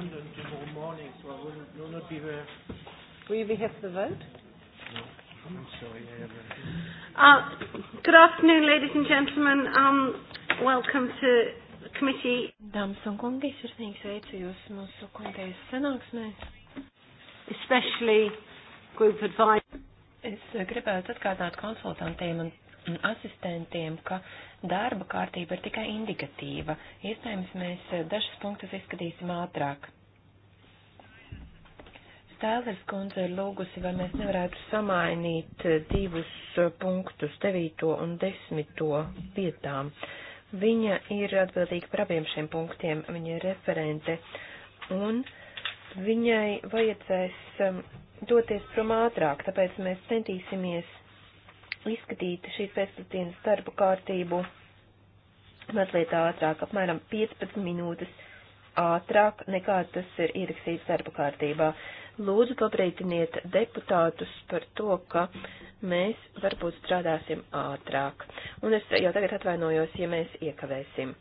London tomorrow morning, so I will not, not be there. Will you be here for the vote? No. I'm sorry. I haven't. Uh, good afternoon, ladies and gentlemen. Um, welcome to the committee. Dāmas un kungi, sirsnīgi sveicu jūs mūsu komitejas sanāksmē. Especially group advice. Es gribētu atkārtāt konsultantiem un asistentiem, ka darba kārtība ir tikai indikatīva. Iespējams, mēs dažus punktus izskatīsim ātrāk. Stēlers kundze ir lūgusi, vai mēs nevarētu samainīt divus punktus, devīto un desmito vietām. Viņa ir atbildīga par abiem šiem punktiem, viņa ir referente, un viņai vajadzēs um, doties prom ātrāk, tāpēc mēs centīsimies izskatīt šīs pēcpusdienas darbu kārtību mazliet ātrāk, apmēram 15 minūtes ātrāk nekā tas ir ierakstīts darba kārtībā. Lūdzu, papreitiniet deputātus par to, ka mēs varbūt strādāsim ātrāk. Un es jau tagad atvainojos, ja mēs iekavēsim.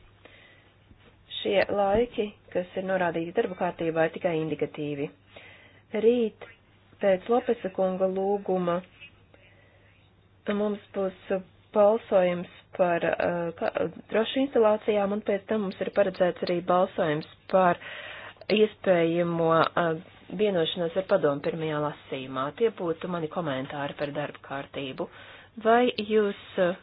Šie laiki, kas ir norādīti darba kārtībā, ir tikai indikatīvi. Rīt pēc Lopesa kunga lūguma mums būs balsojums par uh, kā, drošu instalācijām, un pēc tam mums ir paredzēts arī balsojums par iespējamo uh, vienošanos ar padomu pirmajā lasīmā. Tie būtu mani komentāri par darba kārtību. Vai jūs uh,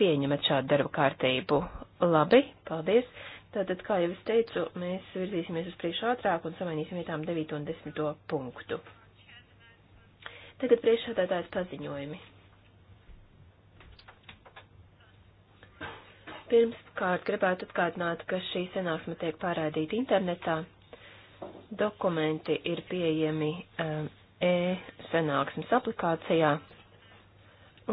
pieņemat šādu darba kārtību? Labi, paldies. Tātad, kā jau es teicu, mēs virzīsimies uz priekšu ātrāk un samainīsim vietām 9 un 10 punktu. Tagad priekšādātājs paziņojumi. Pirmkārt, gribētu atkārtināt, ka šī sanāksme tiek pārādīta internetā. Dokumenti ir pieejami um, e-sanāksmes aplikācijā.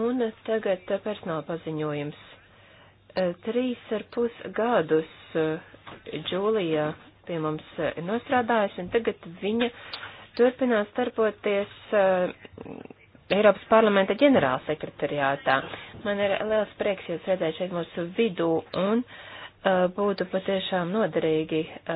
Un tagad personāla paziņojums. Uh, trīs ar pus gadus uh, Džūlija pie mums uh, ir nostrādājusi, un tagad viņa turpinās starpoties Eiropas parlamenta ģenerālsekretariātā. Man ir liels prieks jūs redzēt šeit mūsu vidū un uh, būtu patiešām noderīgi uh,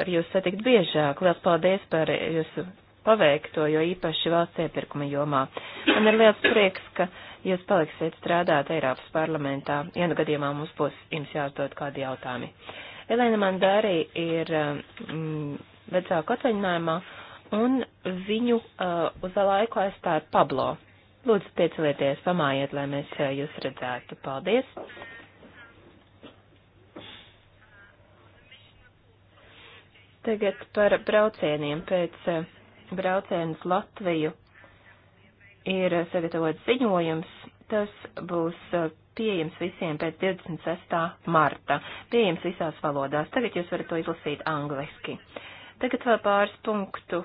ar jūs satikt biežāk. Liels paldies par jūsu paveikto, jo īpaši valsts iepirkuma jomā. Man ir liels prieks, ka jūs paliksiet strādāt Eiropas parlamentā. Ja nu gadījumā mums būs jums jāuzdod kādi jautājumi. Elēna Mandari ir mm, um, vecāka atvaļinājumā un viņu uh, uz laiku aizstāja Pablo. Lūdzu, piecelieties, pamājiet, lai mēs uh, jūs redzētu. Paldies! Tagad par braucieniem. Pēc uh, braucienas Latviju ir uh, sagatavots ziņojums. Tas būs uh, pieejams visiem pēc 26. marta. Pieejams visās valodās. Tagad jūs varat to izlasīt angliski. Tagad vēl pāris punktu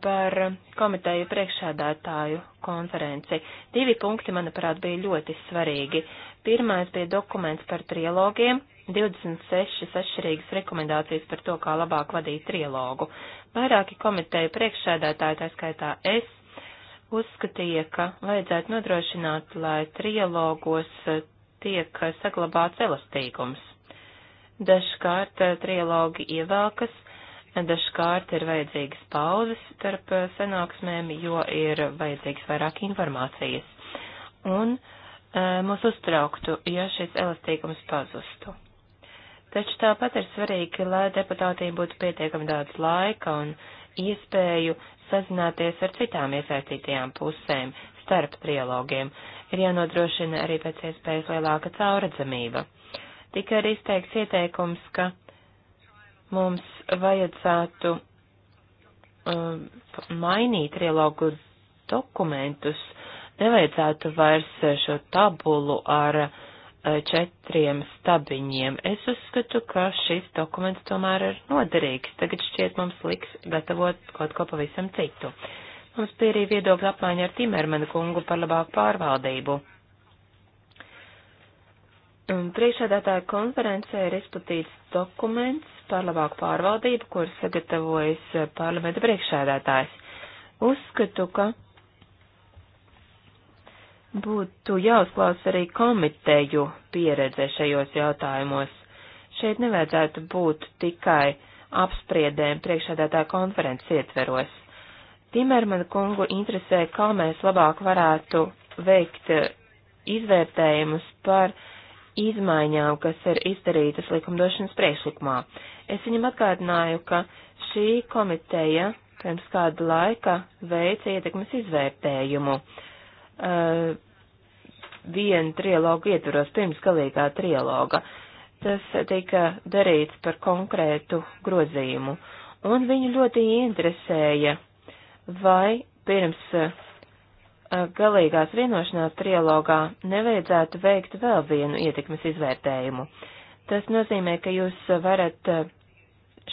par komiteju priekšsēdētāju konferenci. Divi punkti, manuprāt, bija ļoti svarīgi. Pirmais bija dokuments par trilogiem, 26 atšķirīgas rekomendācijas par to, kā labāk vadīt trilogu. Vairāki komiteju priekšsēdētāji, tā skaitā es, uzskatīja, ka vajadzētu nodrošināt, lai trilogos eh, tiek saglabāts elastīgums. Dažkārt eh, trilogi ievelkas Dažkārt ir vajadzīgas pauzes starp eh, sanāksmēm, jo ir vajadzīgs vairāk informācijas. Un eh, mūs uztrauktu, ja šis elastīgums pazustu. Taču tāpat ir svarīgi, lai deputātiem būtu pietiekami daudz laika un iespēju sazināties ar citām iesaistītajām pusēm starp trilogiem. Ir jānodrošina arī pēc iespējas lielāka cauradzamība. Tika arī izteikts ieteikums, ka Mums vajadzētu um, mainīt trilogu dokumentus. Nevajadzētu vairs šo tabulu ar uh, četriem stabiņiem. Es uzskatu, ka šis dokuments tomēr ir noderīgs. Tagad šķiet mums liks gatavot kaut ko pavisam citu. Mums bija arī viedokļa apmaiņa ar Timermanu kungu par labāku pārvaldību. Priekšādātāja konferencē ir izplatīts dokuments par labāku pārvaldību, kur sagatavojas eh, parlamenta priekšādātājs. Uzskatu, ka būtu jāuzklausa arī komiteju pieredze šajos jautājumos. Šeit nevajadzētu būt tikai apspriedēm priekšādātāja konferences ietveros. Timermana kungu interesē, kā mēs labāk varētu veikt eh, izvērtējumus par uh, izmaiņām, kas ir izdarītas likumdošanas priekšlikumā. Es viņam atgādināju, ka šī komiteja pirms kāda laika veica ietekmes izvērtējumu. Uh, vienu trilogu ietvaros pirms galīgā triloga. Tas tika darīts par konkrētu grozījumu, un viņu ļoti interesēja, vai pirms uh, Uh, galīgās vienošanās trialogā nevajadzētu veikt vēl vienu ietekmes izvērtējumu. Tas nozīmē, ka jūs varat uh,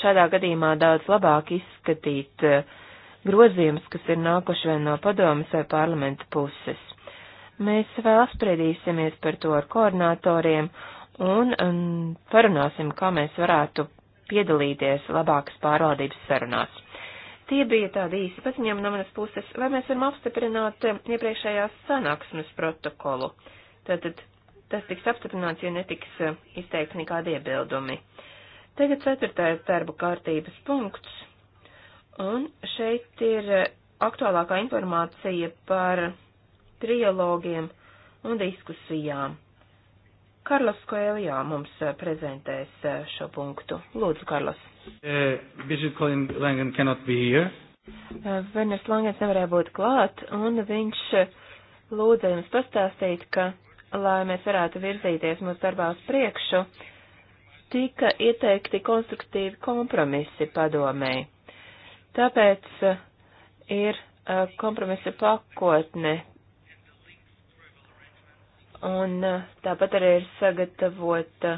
šādā gadījumā daudz labāk izskatīt uh, grozījumus, kas ir nākuši vai no padomas vai parlamenta puses. Mēs vēl apspriedīsimies par to ar koordinatoriem un um, parunāsim, kā mēs varētu piedalīties labākas pārvaldības sarunās. Tie bija tādi īsi paziņojumi no manas puses, vai mēs varam apstiprināt eh, iepriekšējās sanāksmes protokolu. Tātad tas tiks apstiprināts, ja netiks eh, izteikts nekādi iebildumi. Tagad ceturtais darba kārtības punkts. Un šeit ir eh, aktuālākā informācija par trialogiem un diskusijām. Karlos Koelijā mums eh, prezentēs eh, šo punktu. Lūdzu, Karlos. Uh, eh, Verners Langens nevarēja būt klāt, un viņš lūdza jums pastāstīt, ka, lai mēs varētu virzīties mūsu darbā uz priekšu, tika ieteikti konstruktīvi kompromisi padomēji. Tāpēc ir kompromisa pakotne Un eh, tāpat arī ir sagatavota,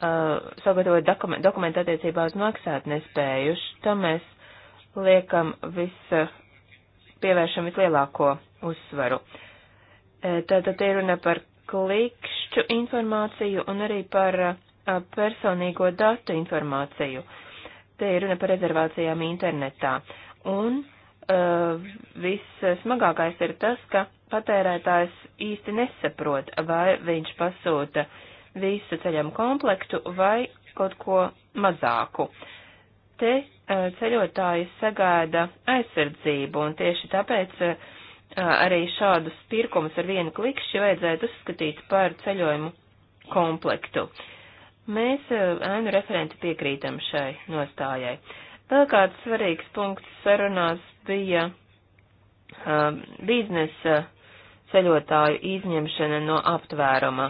uh, sagatavot eh, dokumentu, dokumentu attiecībā uz maksāt nespējuši. Tam mēs liekam visu, pievēršam vislielāko uzsvaru. Eh, tātad ir runa par klikšķu informāciju un arī par uh, personīgo datu informāciju. Te ir runa par rezervācijām internetā. Un uh, vissmagākais ir tas, ka patērētājs īsti nesaprot, vai viņš pasūta visu ceļam komplektu vai kaut ko mazāku. Te eh, ceļotājs sagaida aizsardzību, un tieši tāpēc eh, arī šādus pirkumus ar vienu klikšķi vajadzētu uzskatīt par ceļojumu komplektu. Mēs eh, ēnu referenti piekrītam šai nostājai. Vēl kāds svarīgs punkts sarunās bija biznesa ceļotāju izņemšana no aptvēruma.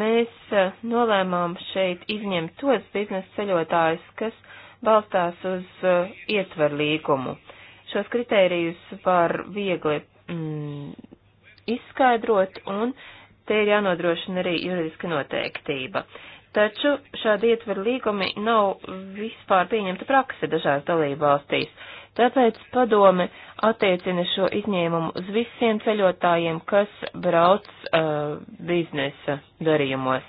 Mēs eh, nolēmām šeit izņemt tos biznesa ceļotājus, kas balstās uz eh, ietver līgumu. Šos kritērijus var viegli mm, izskaidrot un te ir jānodrošina arī juridiska noteiktība. Taču šādi ietver līgumi nav vispār pieņemta prakse dažās dalībvalstīs. valstīs Tāpēc padome attiecina šo izņēmumu uz visiem ceļotājiem, kas brauc uh, biznesa darījumos.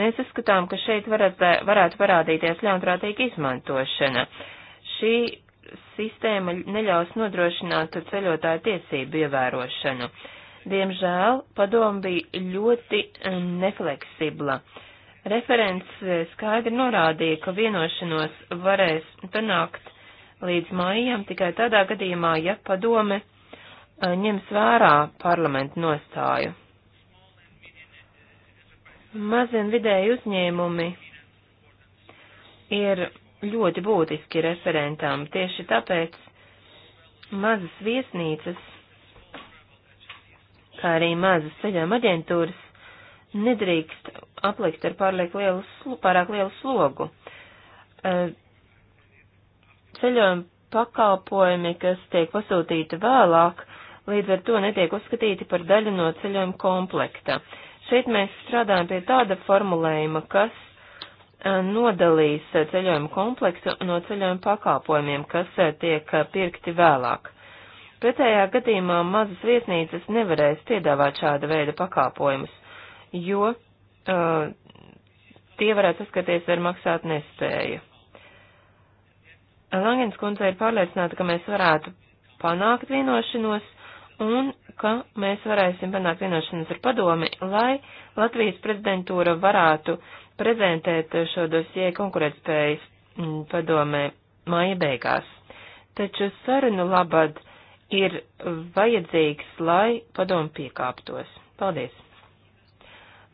Mēs uzskatām, ka šeit varat, varētu parādīties ļaunprātīga izmantošana. Šī sistēma neļaus nodrošināt ceļotāju tiesību ievērošanu. Diemžēl padoma bija ļoti um, nefleksibla. Referents eh, skaidri norādīja, ka vienošanos varēs panākt līdz maijam tikai tādā gadījumā, ja padome eh, ņems vērā parlamentu nostāju. Mazien vidēji uzņēmumi ir ļoti būtiski referentām, tieši tāpēc mazas viesnīcas, kā arī mazas ceļām aģentūras, nedrīkst aplikt ar pārlieku lielu, pārāk lielu slogu. Eh, ceļojuma pakalpojumi, kas tiek pasūtīti vēlāk, līdz ar to netiek uzskatīti par daļu no ceļojuma komplekta. Šeit mēs strādājam pie tāda formulējuma, kas e, nodalīs e, ceļojumu kompleksu no ceļojumu pakalpojumiem, kas e, tiek pirkti vēlāk. Pretējā gadījumā mazas viesnīcas nevarēs piedāvāt šāda veida pakalpojumus, jo uh, tie varētu saskaties ar maksāt nespēju. Langens kundze ir pārliecināta, ka mēs varētu panākt vienošanos un ka mēs varēsim panākt vienošanos ar padomi, lai Latvijas prezidentūra varētu prezentēt šo dosie konkurētspējas mm, padomē māja beigās. Taču sarunu labad ir vajadzīgs, lai padomu piekāptos. Paldies!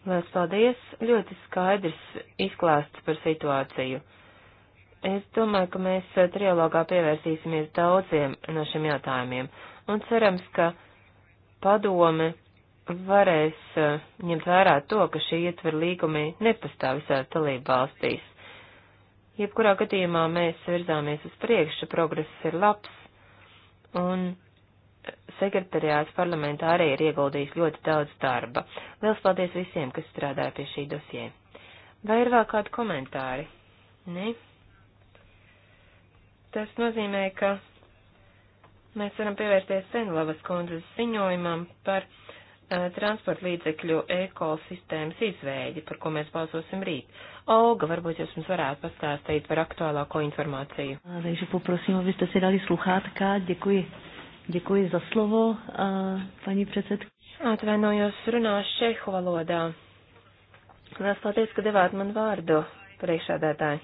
Lielas paldies! Ļoti skaidrs izklāsts par situāciju. Es domāju, ka mēs eh, trialogā pievērsīsimies daudziem no šiem jautājumiem un cerams, ka padome varēs eh, ņemt vērā to, ka šī ietver līgumi nepastāv visās dalību valstīs. Jebkurā gadījumā mēs virzāmies uz priekšu, progress ir labs, un sekretariāts parlamentā arī ir ieguldījis ļoti daudz darba. Liels paldies visiem, kas strādāja pie šī dosie. Vai ir vēl kādi komentāri? Nē? Tas nozīmē, ka mēs varam pievērsties Senlavas kundzes ziņojumam par uh, transporta līdzekļu ekosistēmas izveidi, par ko mēs balsosim rīt. Olga, varbūt jūs mums varētu pastāstīt par aktuālāko informāciju. Takže poprosím, abyste si dali sluchátka. Děkuji. Děkuji za slovo, uh, paní předsedkyně. Atvainojos, runāšu čehu valodā. Lielas paldies, ka devāt man vārdu, priekšādētāji.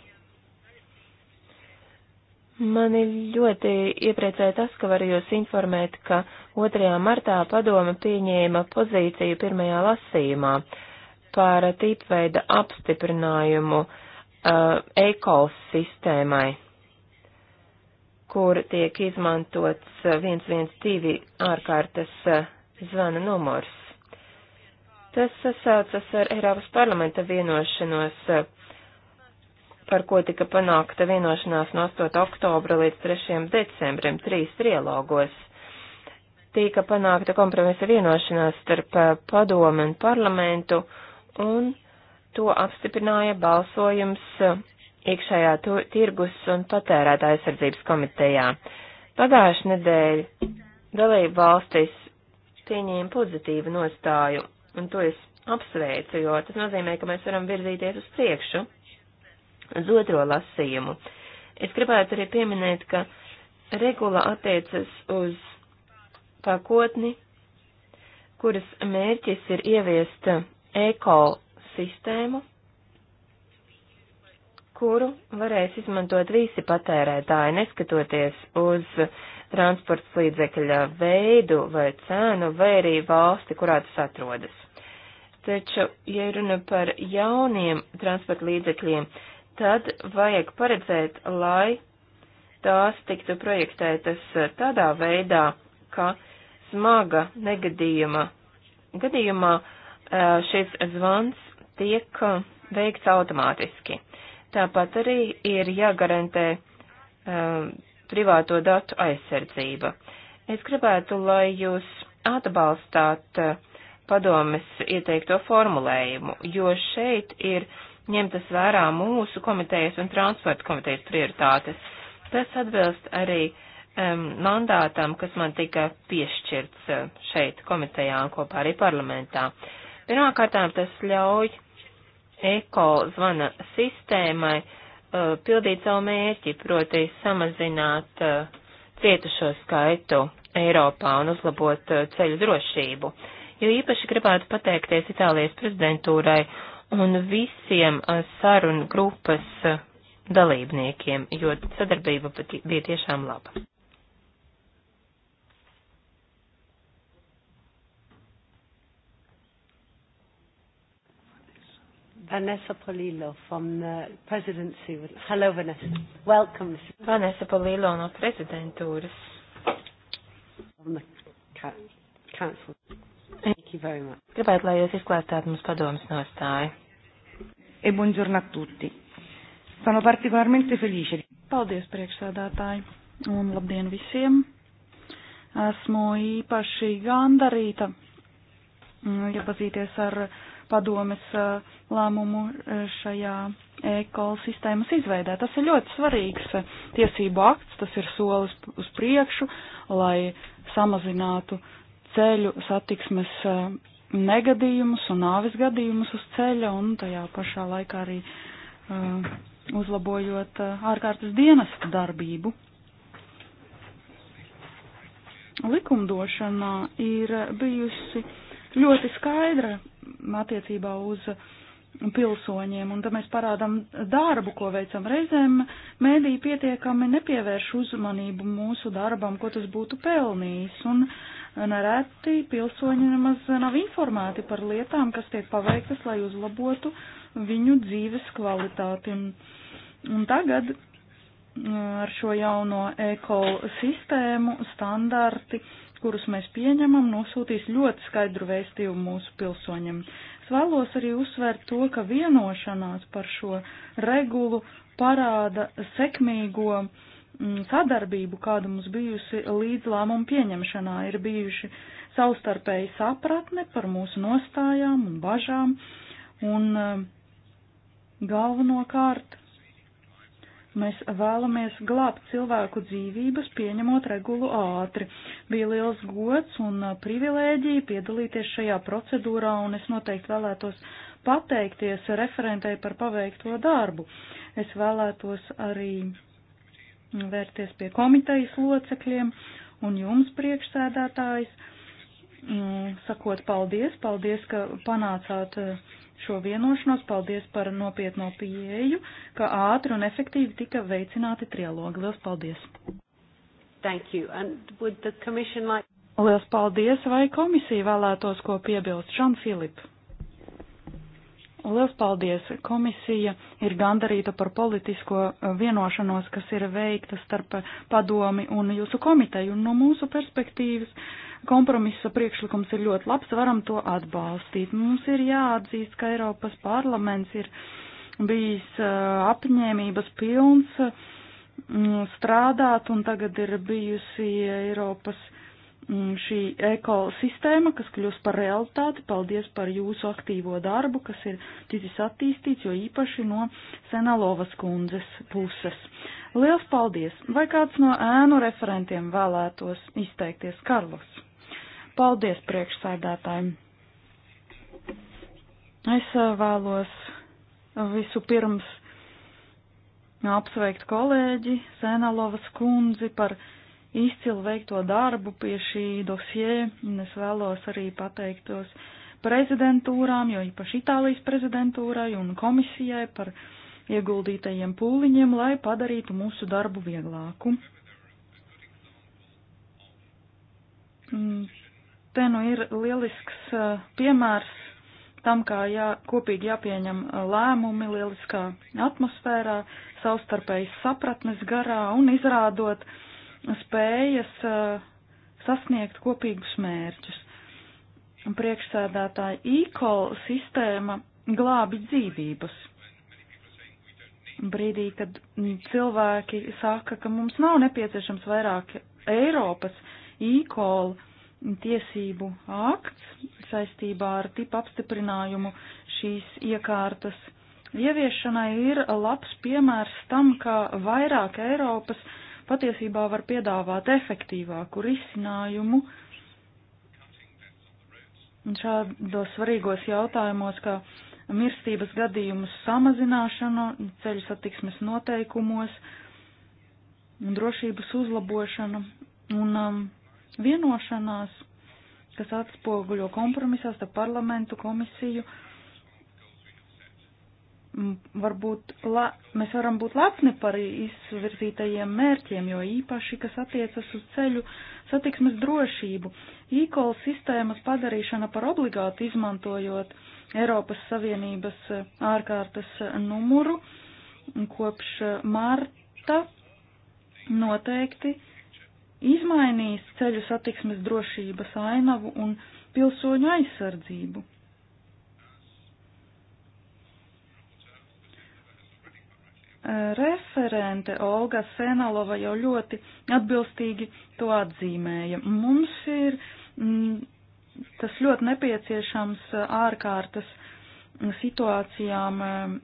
Mani ļoti iepriecēja tas, ka varu jūs informēt, ka 2. martā padoma pieņēma pozīciju pirmajā lasījumā par tīpveida apstiprinājumu uh, ECOLS sistēmai, kur tiek izmantots 112 ārkārtas uh, zvana numurs. Tas sasaucas ar Eiropas parlamenta vienošanos uh, par ko tika panākta vienošanās no 8. oktobra līdz 3. decembrim trīs trialogos. Tika panākta kompromisa vienošanās starp eh, padomu un parlamentu, un to apstiprināja balsojums eh, iekšējā tirgus un patērētāja aizsardzības komitejā. Pagājušajā nedēļā dalību valstis pieņēma pozitīvu nostāju, un to es apsveicu, jo tas nozīmē, ka mēs varam virzīties uz priekšu uz otro lasījumu. Es gribētu arī pieminēt, ka regula attiecas uz pakotni, kuras mērķis ir ieviest ekosistēmu, kuru varēs izmantot visi patērētāji, neskatoties uz transports līdzekļa veidu vai cēnu vai arī valsti, kurā tas atrodas. Taču, ja runa par jauniem transporta līdzekļiem, tad vajag paredzēt, lai tās tiktu projektētas tādā veidā, ka smaga negadījuma gadījumā šis zvans tiek veikts automātiski. Tāpat arī ir jāgarantē um, privāto datu aizsardzība. Es gribētu, lai jūs atbalstāt padomes ieteikto formulējumu, jo šeit ir uh, ņemtas vērā mūsu komitejas un transporta komitejas prioritātes. Tas atbilst arī um, mandātam, kas man tika piešķirts uh, šeit komitejā un kopā arī parlamentā. Pirmkārtām tas ļauj eko zvana sistēmai uh, pildīt savu mērķi, proti samazināt uh, cietušo skaitu Eiropā un uzlabot uh, ceļu drošību. Jo īpaši gribētu pateikties Itālijas prezidentūrai un visiem eh, sarunu grupas eh, dalībniekiem, jo sadarbība bija tiešām laba. Vanessa Polillo from the presidency. Hello, Vanessa. Welcome. Vanessa Polillo no prezidentūras. From the council. Gribētu, lai jūs izklāstāt mums padomas nostāju. E buongiorno a tutti. Sono particolarmente felice. Paldies, priekšsādātāji, un labdien visiem. Esmu īpaši gandarīta mm, iepazīties ja ar padomes eh, lēmumu eh, šajā e-kola sistēmas izveidē. Tas ir ļoti svarīgs eh, tiesību akts, tas ir solis uz priekšu, lai samazinātu ceļu satiksmes eh, negadījumus un nāvis gadījumus uz ceļa un tajā pašā laikā arī uh, uzlabojot uh, ārkārtas dienas darbību. Likumdošana ir bijusi ļoti skaidra attiecībā uz pilsoņiem, un tad mēs parādām darbu, ko veicam reizēm. Mēdī pietiekami nepievērš uzmanību mūsu darbam, ko tas būtu pelnījis, un nereti pilsoņi nemaz nav informēti par lietām, kas tiek paveiktas, lai uzlabotu viņu dzīves kvalitāti. Un tagad mm, ar šo jauno ekosistēmu standarti, kurus mēs pieņemam, nosūtīs ļoti skaidru vēstījumu mūsu pilsoņiem. Es vēlos arī uzsvērt to, ka vienošanās par šo regulu parāda sekmīgo uh, Mm, sadarbību, kāda mums bijusi līdz lēmumu pieņemšanā, ir bijuši savstarpēji sapratne par mūsu nostājām un bažām, un eh, galvenokārt mēs vēlamies glābt cilvēku dzīvības, pieņemot regulu ātri. Bija liels gods un eh, privilēģija piedalīties šajā procedūrā, un es noteikti vēlētos pateikties referentei par paveikto darbu. Es vēlētos arī vērties pie komitejas locekļiem un jums priekšsēdētājs, mm, sakot paldies, paldies, ka panācāt eh, šo vienošanos, paldies par nopietno pieeju, ka ātri un efektīvi tika veicināti trialogi. Lielas paldies! Thank you. And would the commission like... Lielas paldies, vai komisija vēlētos ko piebilst? Žan Filip. Liels paldies! Komisija ir gandarīta par politisko eh, vienošanos, kas ir veikta starp padomi un jūsu komiteju. Un no mūsu perspektīvas kompromisa priekšlikums ir ļoti labs, varam to atbalstīt. Mums ir jāatzīst, ka Eiropas parlaments ir bijis eh, apņēmības pilns mm, strādāt, un tagad ir bijusi Eiropas Mm, šī ekosistēma, kas kļūst par realitāti. Paldies par jūsu aktīvo darbu, kas ir ticis attīstīts, jo īpaši no Senalovas kundzes puses. Liels paldies! Vai kāds no ēnu referentiem vēlētos izteikties, Karlos? Paldies priekšsēdētājiem! Es eh, vēlos visu pirms apsveikt kolēģi Senalovas kundzi par izcilu veikto darbu pie šī dosie, un es vēlos arī pateiktos prezidentūrām, jo īpaši Itālijas prezidentūrai un komisijai par ieguldītajiem pūliņiem, lai padarītu mūsu darbu vieglāku. Te nu ir lielisks uh, piemērs tam, kā jā, kopīgi jāpieņem uh, lēmumi lieliskā atmosfērā, savstarpējas sapratnes garā un izrādot uh, spējas eh, sasniegt kopīgus mērķus. Priekšsēdētāja e-call sistēma glābi dzīvības. Brīdī, kad cilvēki saka, ka mums nav nepieciešams vairāk Eiropas e-call tiesību akts saistībā ar tipu apstiprinājumu šīs iekārtas ieviešanai, ir labs piemērs tam, ka vairāk Eiropas patiesībā var piedāvāt efektīvāku risinājumu šādos svarīgos jautājumos, kā mirstības gadījumu samazināšanu, ceļu satiksmes noteikumos, drošības uzlabošanu un um, vienošanās, kas atspoguļo kompromisās ar parlamentu komisiju varbūt la, mēs varam būt lepni par izvirzītajiem mērķiem, jo īpaši, kas attiecas uz ceļu satiksmes drošību, e-call sistēmas padarīšana par obligātu izmantojot Eiropas Savienības e, ārkārtas e, numuru kopš e, marta noteikti izmainīs ceļu satiksmes drošības ainavu un pilsoņu aizsardzību. referente Olga Senalova jau ļoti atbilstīgi to atzīmēja. Mums ir m, mm, tas ļoti nepieciešams ārkārtas situācijām mm,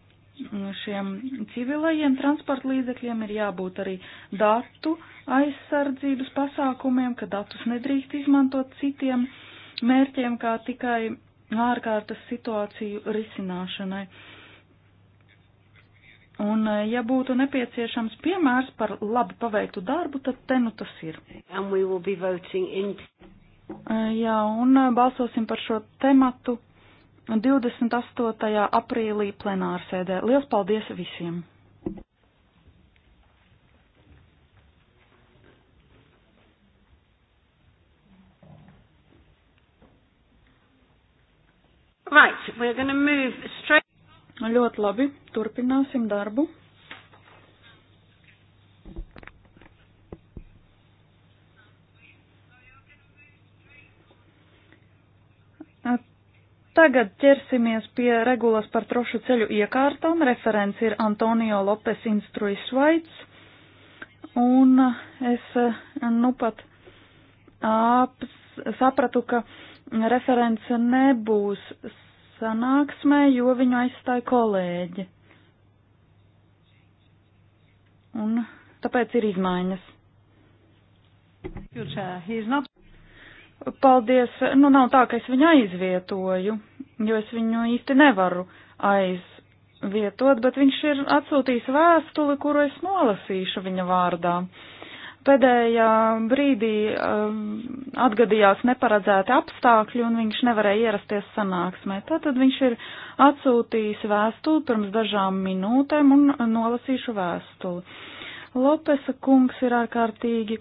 šiem civilajiem transporta līdzekļiem ir jābūt arī datu aizsardzības pasākumiem, ka datus nedrīkst izmantot citiem mērķiem kā tikai ārkārtas situāciju risināšanai. Uh, Un, e, ja būtu nepieciešams piemērs par labi paveiktu darbu, tad te nu tas ir. In... E, jā, un e, balsosim par šo tematu 28. aprīlī plenārsēdē. Lielas paldies visiem! Right, we're going to move straight. Nu, ļoti labi, turpināsim darbu. Tagad ķersimies pie regulas par trošu ceļu iekārtām. Referents ir Antonio Lopes Instruis Vaits. Un es nu pat ap, sapratu, ka referents nebūs sanāksmē, jo viņu aizstāja kolēģi. Un tāpēc ir izmaiņas. Paldies. Nu, nav tā, ka es viņu aizvietoju, jo es viņu īsti nevaru aizvietot, bet viņš ir atsūtījis vēstuli, kuru es nolasīšu viņa vārdā. Uh, Pēdējā brīdī um, atgadījās neparedzēti apstākļi, un viņš nevarēja ierasties sanāksmē. Tātad viņš ir atsūtījis vēstuli pirms dažām minūtēm, un nolasīšu vēstuli. Lopesa kungs ir ārkārtīgi.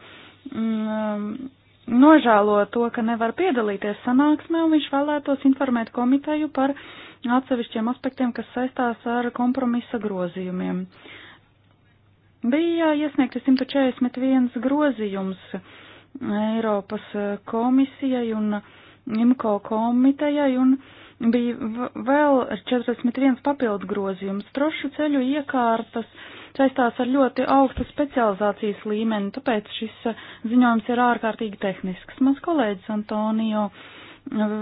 Um, nožēlo to, ka nevar piedalīties sanāksmē, un viņš vēlētos informēt komiteju par atsevišķiem aspektiem, kas saistās ar kompromisa grozījumiem. Uh, Bija iesniegti 141 grozījums Eiropas komisijai un IMCO komitejai un bija vēl 41 papildu grozījums. Trošu ceļu iekārtas saistās ar ļoti augstu specializācijas līmeni, tāpēc šis ziņojums ir ārkārtīgi tehnisks. Mans kolēģis Antonio eh,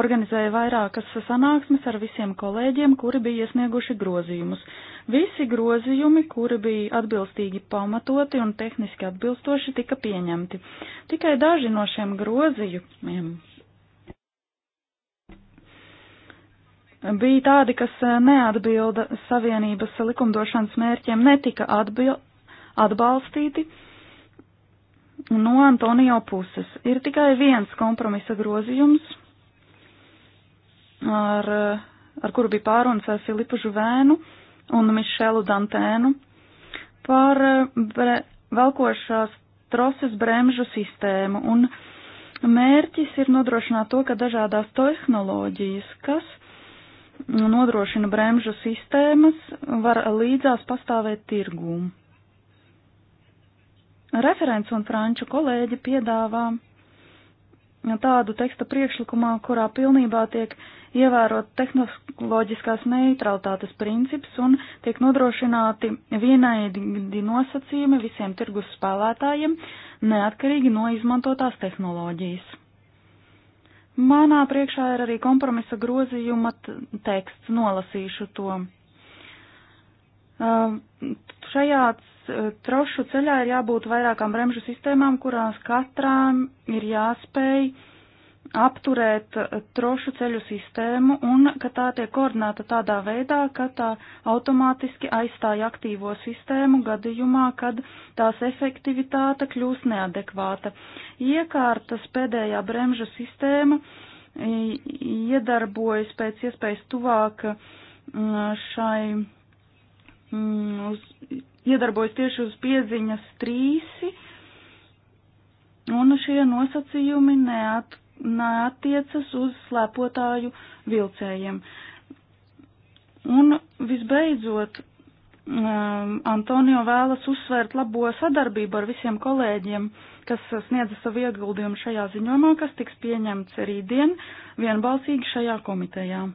organizēja vairākas sanāksmes ar visiem kolēģiem, kuri bija iesnieguši grozījumus. Visi grozījumi, kuri bija atbilstīgi pamatoti un tehniski atbilstoši, tika pieņemti. Tikai daži no šiem grozījumiem bija tādi, kas neatbilda Savienības likumdošanas mērķiem, netika atbil, atbalstīti no Antonio puses. Ir tikai viens kompromisa grozījums, ar, ar kuru bija pārunas ar Filipu Žuvēnu un Mišelu Dantēnu par eh, bre, velkošās troses bremžu sistēmu, un mērķis ir nodrošināt to, ka dažādās tehnoloģijas, kas nodrošina bremžu sistēmas, var līdzās pastāvēt tirgūm. Referents un franču kolēģi piedāvā tādu teksta priekšlikumā, kurā pilnībā tiek ievērot tehnoloģiskās neutralitātes princips un tiek nodrošināti vienaidi nosacījumi visiem tirgus spēlētājiem, neatkarīgi no izmantotās tehnoloģijas. Manā priekšā ir arī kompromisa grozījuma teksts, nolasīšu to. Um, šajā uh, trošu ceļā ir jābūt vairākām bremžu sistēmām, kurās katrām ir jāspēj apturēt uh, trošu ceļu sistēmu un ka tā tiek koordinēta tādā veidā, ka tā automātiski aizstāja aktīvo sistēmu gadījumā, kad tās efektivitāte kļūs neadekvāta. Iekārtas pēdējā bremžu sistēma iedarbojas pēc iespējas tuvāk uh, šai mm, uz, iedarbojas tieši uz pieziņas trīsi, un šie nosacījumi neat, neatiecas uz slēpotāju vilcējiem. Un visbeidzot, um, Antonio vēlas uzsvērt labo sadarbību ar visiem kolēģiem, kas sniedza savu ieguldījumu šajā ziņojumā, kas tiks pieņemts rītdien vienbalsīgi šajā komitejā.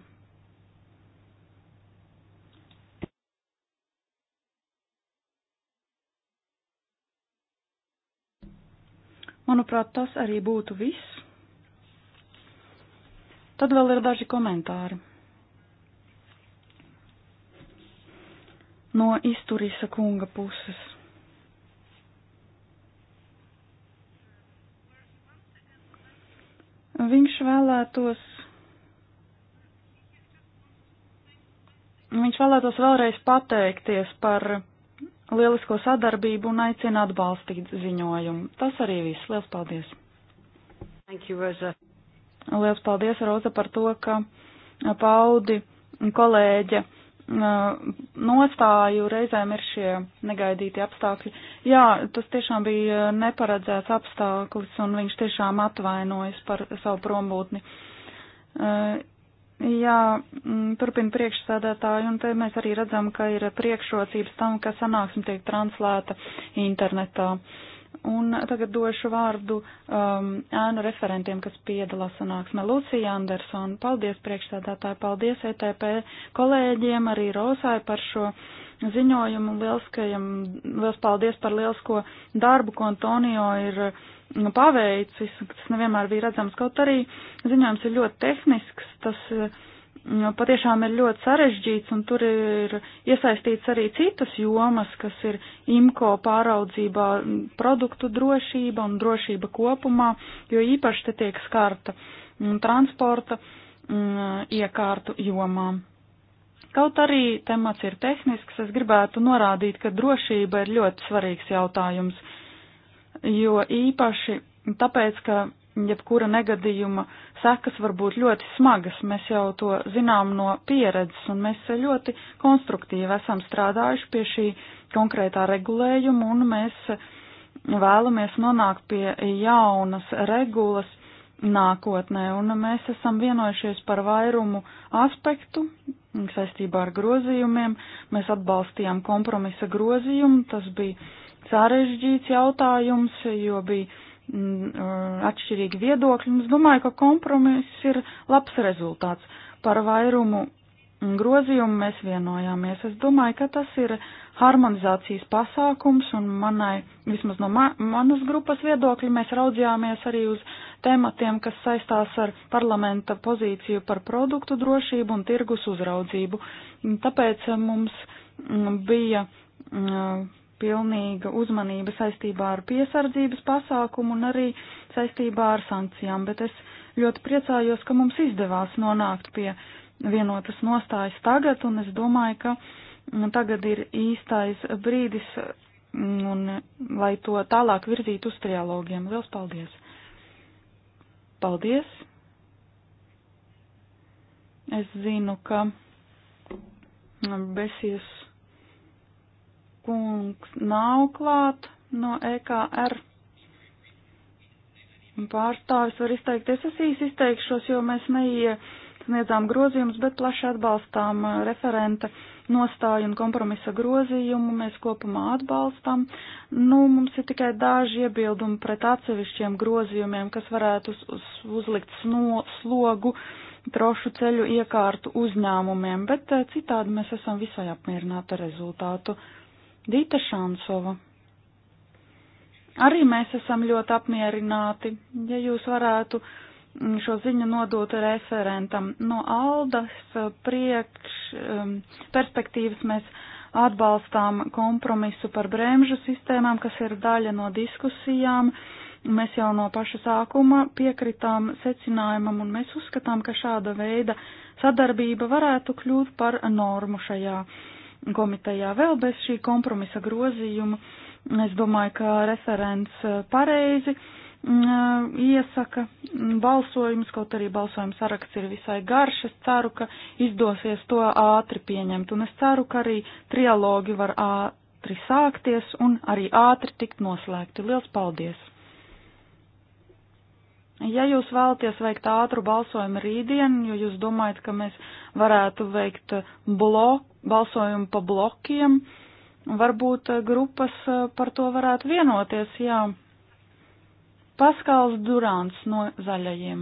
Manuprāt, tas arī būtu viss. Tad vēl ir daži komentāri. No izturīsa kunga puses. Viņš vēlētos, viņš vēlētos vēlreiz pateikties par lielisko sadarbību un aicina atbalstīt ziņojumu. Tas arī viss. Lielas paldies! Thank you, Rosa. Lielas paldies, Roza, par to, ka paudi kolēģe nostāju reizēm ir šie negaidīti apstākļi. Jā, tas tiešām bija neparedzēts apstākļis un viņš tiešām atvainojas par savu prombūtni. Jā, mm, turpina priekšsēdētāji, un te mēs arī redzam, ka ir priekšrocības tam, ka sanāksme tiek translēta internetā. Un tagad došu vārdu um, ēnu referentiem, kas piedalās sanāksmē. Lucija Andersona, paldies priekšsēdētāji, paldies ETP kolēģiem, arī Rosai par šo ziņojumu. Liels paldies par lielisko darbu, ko Antonio ir Nu, paveicis, tas nevienmēr bija redzams, kaut arī ziņojums ir ļoti tehnisks, tas nu, patiešām ir ļoti sarežģīts, un tur ir iesaistīts arī citas jomas, kas ir IMCO pāraudzībā produktu drošība un drošība kopumā, jo īpaši te tiek skarta transporta iekārtu jomām. Kaut arī temats ir tehnisks, es gribētu norādīt, ka drošība ir ļoti svarīgs jautājums jo īpaši tāpēc, ka jebkura negadījuma sekas var būt ļoti smagas. Mēs jau to zinām no pieredzes, un mēs ļoti konstruktīvi esam strādājuši pie šī konkrētā regulējuma, un mēs vēlamies nonākt pie jaunas regulas nākotnē, un mēs esam vienojušies par vairumu aspektu saistībā ar grozījumiem. Mēs atbalstījām kompromisa grozījumu, tas bija sarežģīts jautājums, jo bija mm, uh, atšķirīgi viedokļi. Es domāju, ka kompromiss ir labs rezultāts. Par vairumu grozījumu mēs vienojāmies. Es domāju, ka tas ir harmonizācijas pasākums un manai, vismaz no ma manas grupas viedokļa, mēs raudzījāmies arī uz tematiem, kas saistās ar parlamenta pozīciju par produktu drošību un tirgus uzraudzību. Tāpēc mums mm, bija. Uh, pilnīga uzmanība saistībā ar piesardzības pasākumu un arī saistībā ar sankcijām, bet es ļoti priecājos, ka mums izdevās nonākt pie vienotas nostājas tagad, un es domāju, ka mm, tagad ir īstais brīdis, mm, un lai to tālāk virzītu uz trialogiem. Liels paldies! Paldies! Es zinu, ka besies kungs nav klāt no EKR. Pārstāvis var izteikties. Es īsi izteikšos, jo mēs neiesniedzām grozījumus, bet plaši atbalstām uh, referenta nostāju un kompromisa grozījumu. Mēs kopumā atbalstam. Nu, mums ir tikai daži iebildumi pret atsevišķiem grozījumiem, kas varētu uz, uz, uzlikt sno, slogu trošu ceļu iekārtu uzņēmumiem, bet uh, citādi mēs esam visai apmierināti ar rezultātu. Dīta Šansova. Arī mēs esam ļoti apmierināti, ja jūs varētu mm, šo ziņu nodot referentam. No Aldas priekš um, perspektīvas mēs atbalstām kompromisu par bremžu sistēmām, kas ir daļa no diskusijām. Mēs jau no paša sākuma piekritām secinājumam un mēs uzskatām, ka šāda veida sadarbība varētu kļūt par normu šajā uh, komitejā vēl bez šī kompromisa grozījuma. Es domāju, ka referents eh, pareizi mm, eh, iesaka balsojums, kaut arī balsojums saraksts ir visai garš. Es ceru, ka izdosies to ātri pieņemt, un es ceru, ka arī trialogi var ātri sākties un arī ātri tikt noslēgti. Liels paldies! Ja jūs vēlaties veikt ātru balsojumu rītdien, jo jūs domājat, ka mēs varētu veikt bloku, balsojumu pa blokiem. Varbūt eh, grupas eh, par to varētu vienoties, jā. Paskāls Durāns no zaļajiem.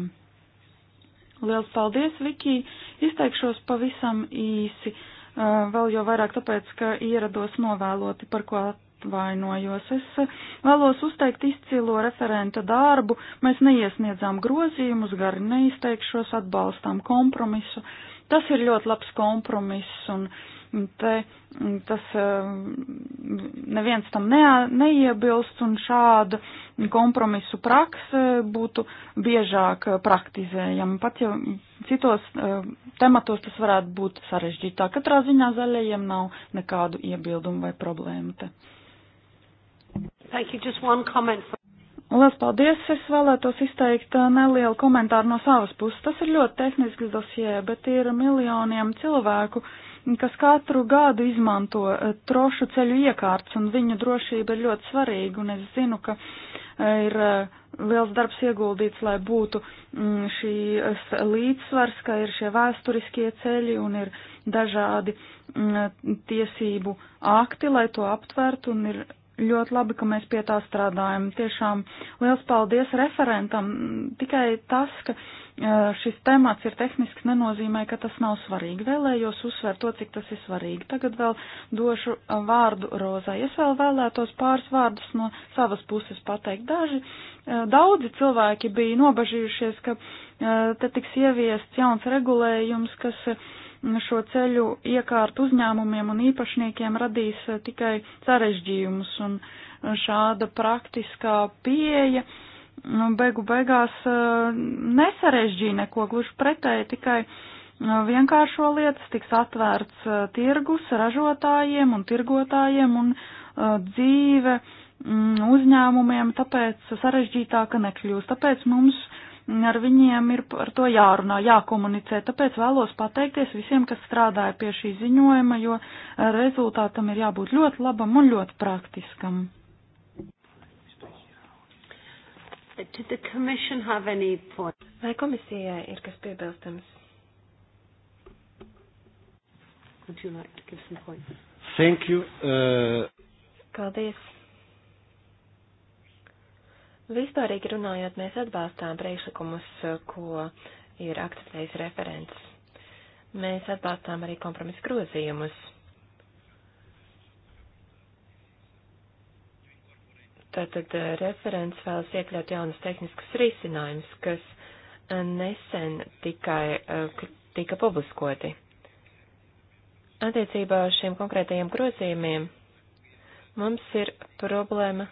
Liels paldies, Viki! Izteikšos pavisam īsi, eh, vēl jau vairāk tāpēc, ka ierados novēloti, par ko atvainojos. Es vēlos uzteikt izcilo referenta darbu. Mēs neiesniedzām grozījumus, gari neizteikšos, atbalstām kompromisu. Tas ir ļoti labs kompromiss un Te, tas eh, neviens tam ne, neiebilst un šāda kompromisu prakse būtu biežāk praktizējama. Pat ja citos eh, tematos tas varētu būt sarežģītāk. Katrā ziņā zaļajiem nav nekādu iebildumu vai problēmu te. Thank you. Just one comment. For Lielas paldies! Es vēlētos izteikt eh, nelielu komentāru no savas puses. Tas ir ļoti tehnisks dosie, bet ir miljoniem cilvēku, uh, kas katru gadu izmanto e, trošu ceļu iekārtas, un viņu drošība ir ļoti svarīga, un es zinu, ka e, ir e, liels darbs ieguldīts, lai būtu mm, šī līdzsvars, ka ir šie vēsturiskie ceļi un ir dažādi mm, tiesību akti, lai to aptvertu, un ir ļoti labi, ka mēs pie tā strādājam. Tiešām liels paldies referentam. Tikai tas, ka šis temats ir tehnisks, nenozīmē, ka tas nav svarīgi. Vēlējos uzsvērt to, cik tas ir svarīgi. Tagad vēl došu vārdu Rozai. Es vēl vēlētos pāris vārdus no savas puses pateikt. Daži, daudzi cilvēki bija nobažījušies, ka te tiks ieviests jauns regulējums, kas šo ceļu iekārtu uzņēmumiem un īpašniekiem radīs eh, tikai sarežģījumus, un eh, šāda praktiskā pieeja nu, beigu beigās eh, nesarežģīja neko, gluži pretēji tikai vienkāršo lietas, tiks atvērts tirgus ražotājiem un tirgotājiem un dzīve mm, uzņēmumiem, tāpēc sarežģītāka nekļūst. Tāpēc mums uh, ar viņiem ir par to jārunā, jākomunicē. Tāpēc vēlos pateikties visiem, kas strādāja pie šī ziņojuma, jo rezultātam ir jābūt ļoti labam un ļoti praktiskam. Vai komisijai ir kas piebilstams? Would you like to give some points? Thank you. Uh... Paldies. Vispārīgi runājot, mēs atbalstām priekšlikumus, eh, ko ir akceptējis referents. Mēs atbalstām arī kompromisu grozījumus. Tātad eh, referents vēlas iekļaut jaunas tehniskas risinājumus, kas eh, nesen tikai tika publiskoti. Attiecībā uz šiem konkrētajiem grozījumiem mums ir problēma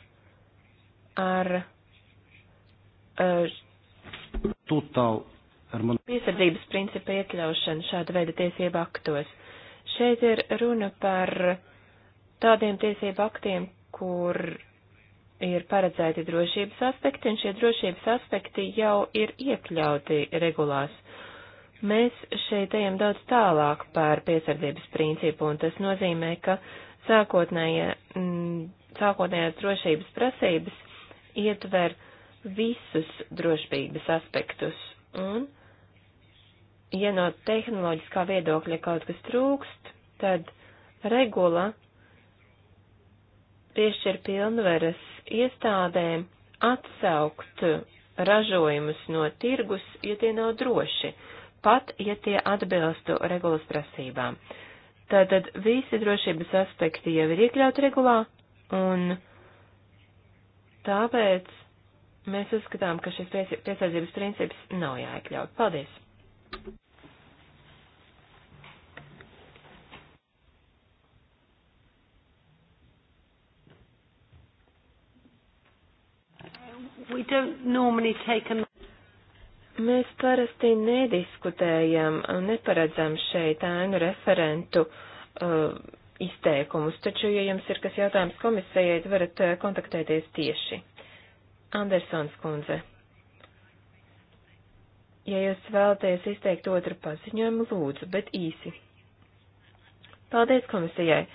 ar Uh, piesardzības principa iekļaušanu šāda veida tiesību aktos. Šeit ir runa par tādiem tiesību aktiem, kur ir paredzēti drošības aspekti, un šie drošības aspekti jau ir iekļauti regulās. Mēs šeit ejam daudz tālāk par piesardzības principu, un tas nozīmē, ka mm, sākotnējās drošības prasības ietver visus drošības aspektus. Un, ja no tehnoloģiskā viedokļa kaut kas trūkst, tad regula piešķir pilnveres iestādēm atsaukt ražojumus no tirgus, ja tie nav droši, pat ja tie atbilstu regulas prasībām. Tātad visi drošības aspekti jau ir iekļauti regulā, un tāpēc Mēs uzskatām, ka šis piesardzības princips nav jāiekļaut. Paldies! We don't normally take a Mēs parasti nediskutējam un neparedzam šeit ēnu referentu uh, izteikumus, taču, ja jums ir kas jautājums komisijai, varat uh, kontaktēties tieši. Andersons kundze. Ja jūs vēlaties izteikt otru paziņojumu, lūdzu, bet īsi. Paldies komisijai.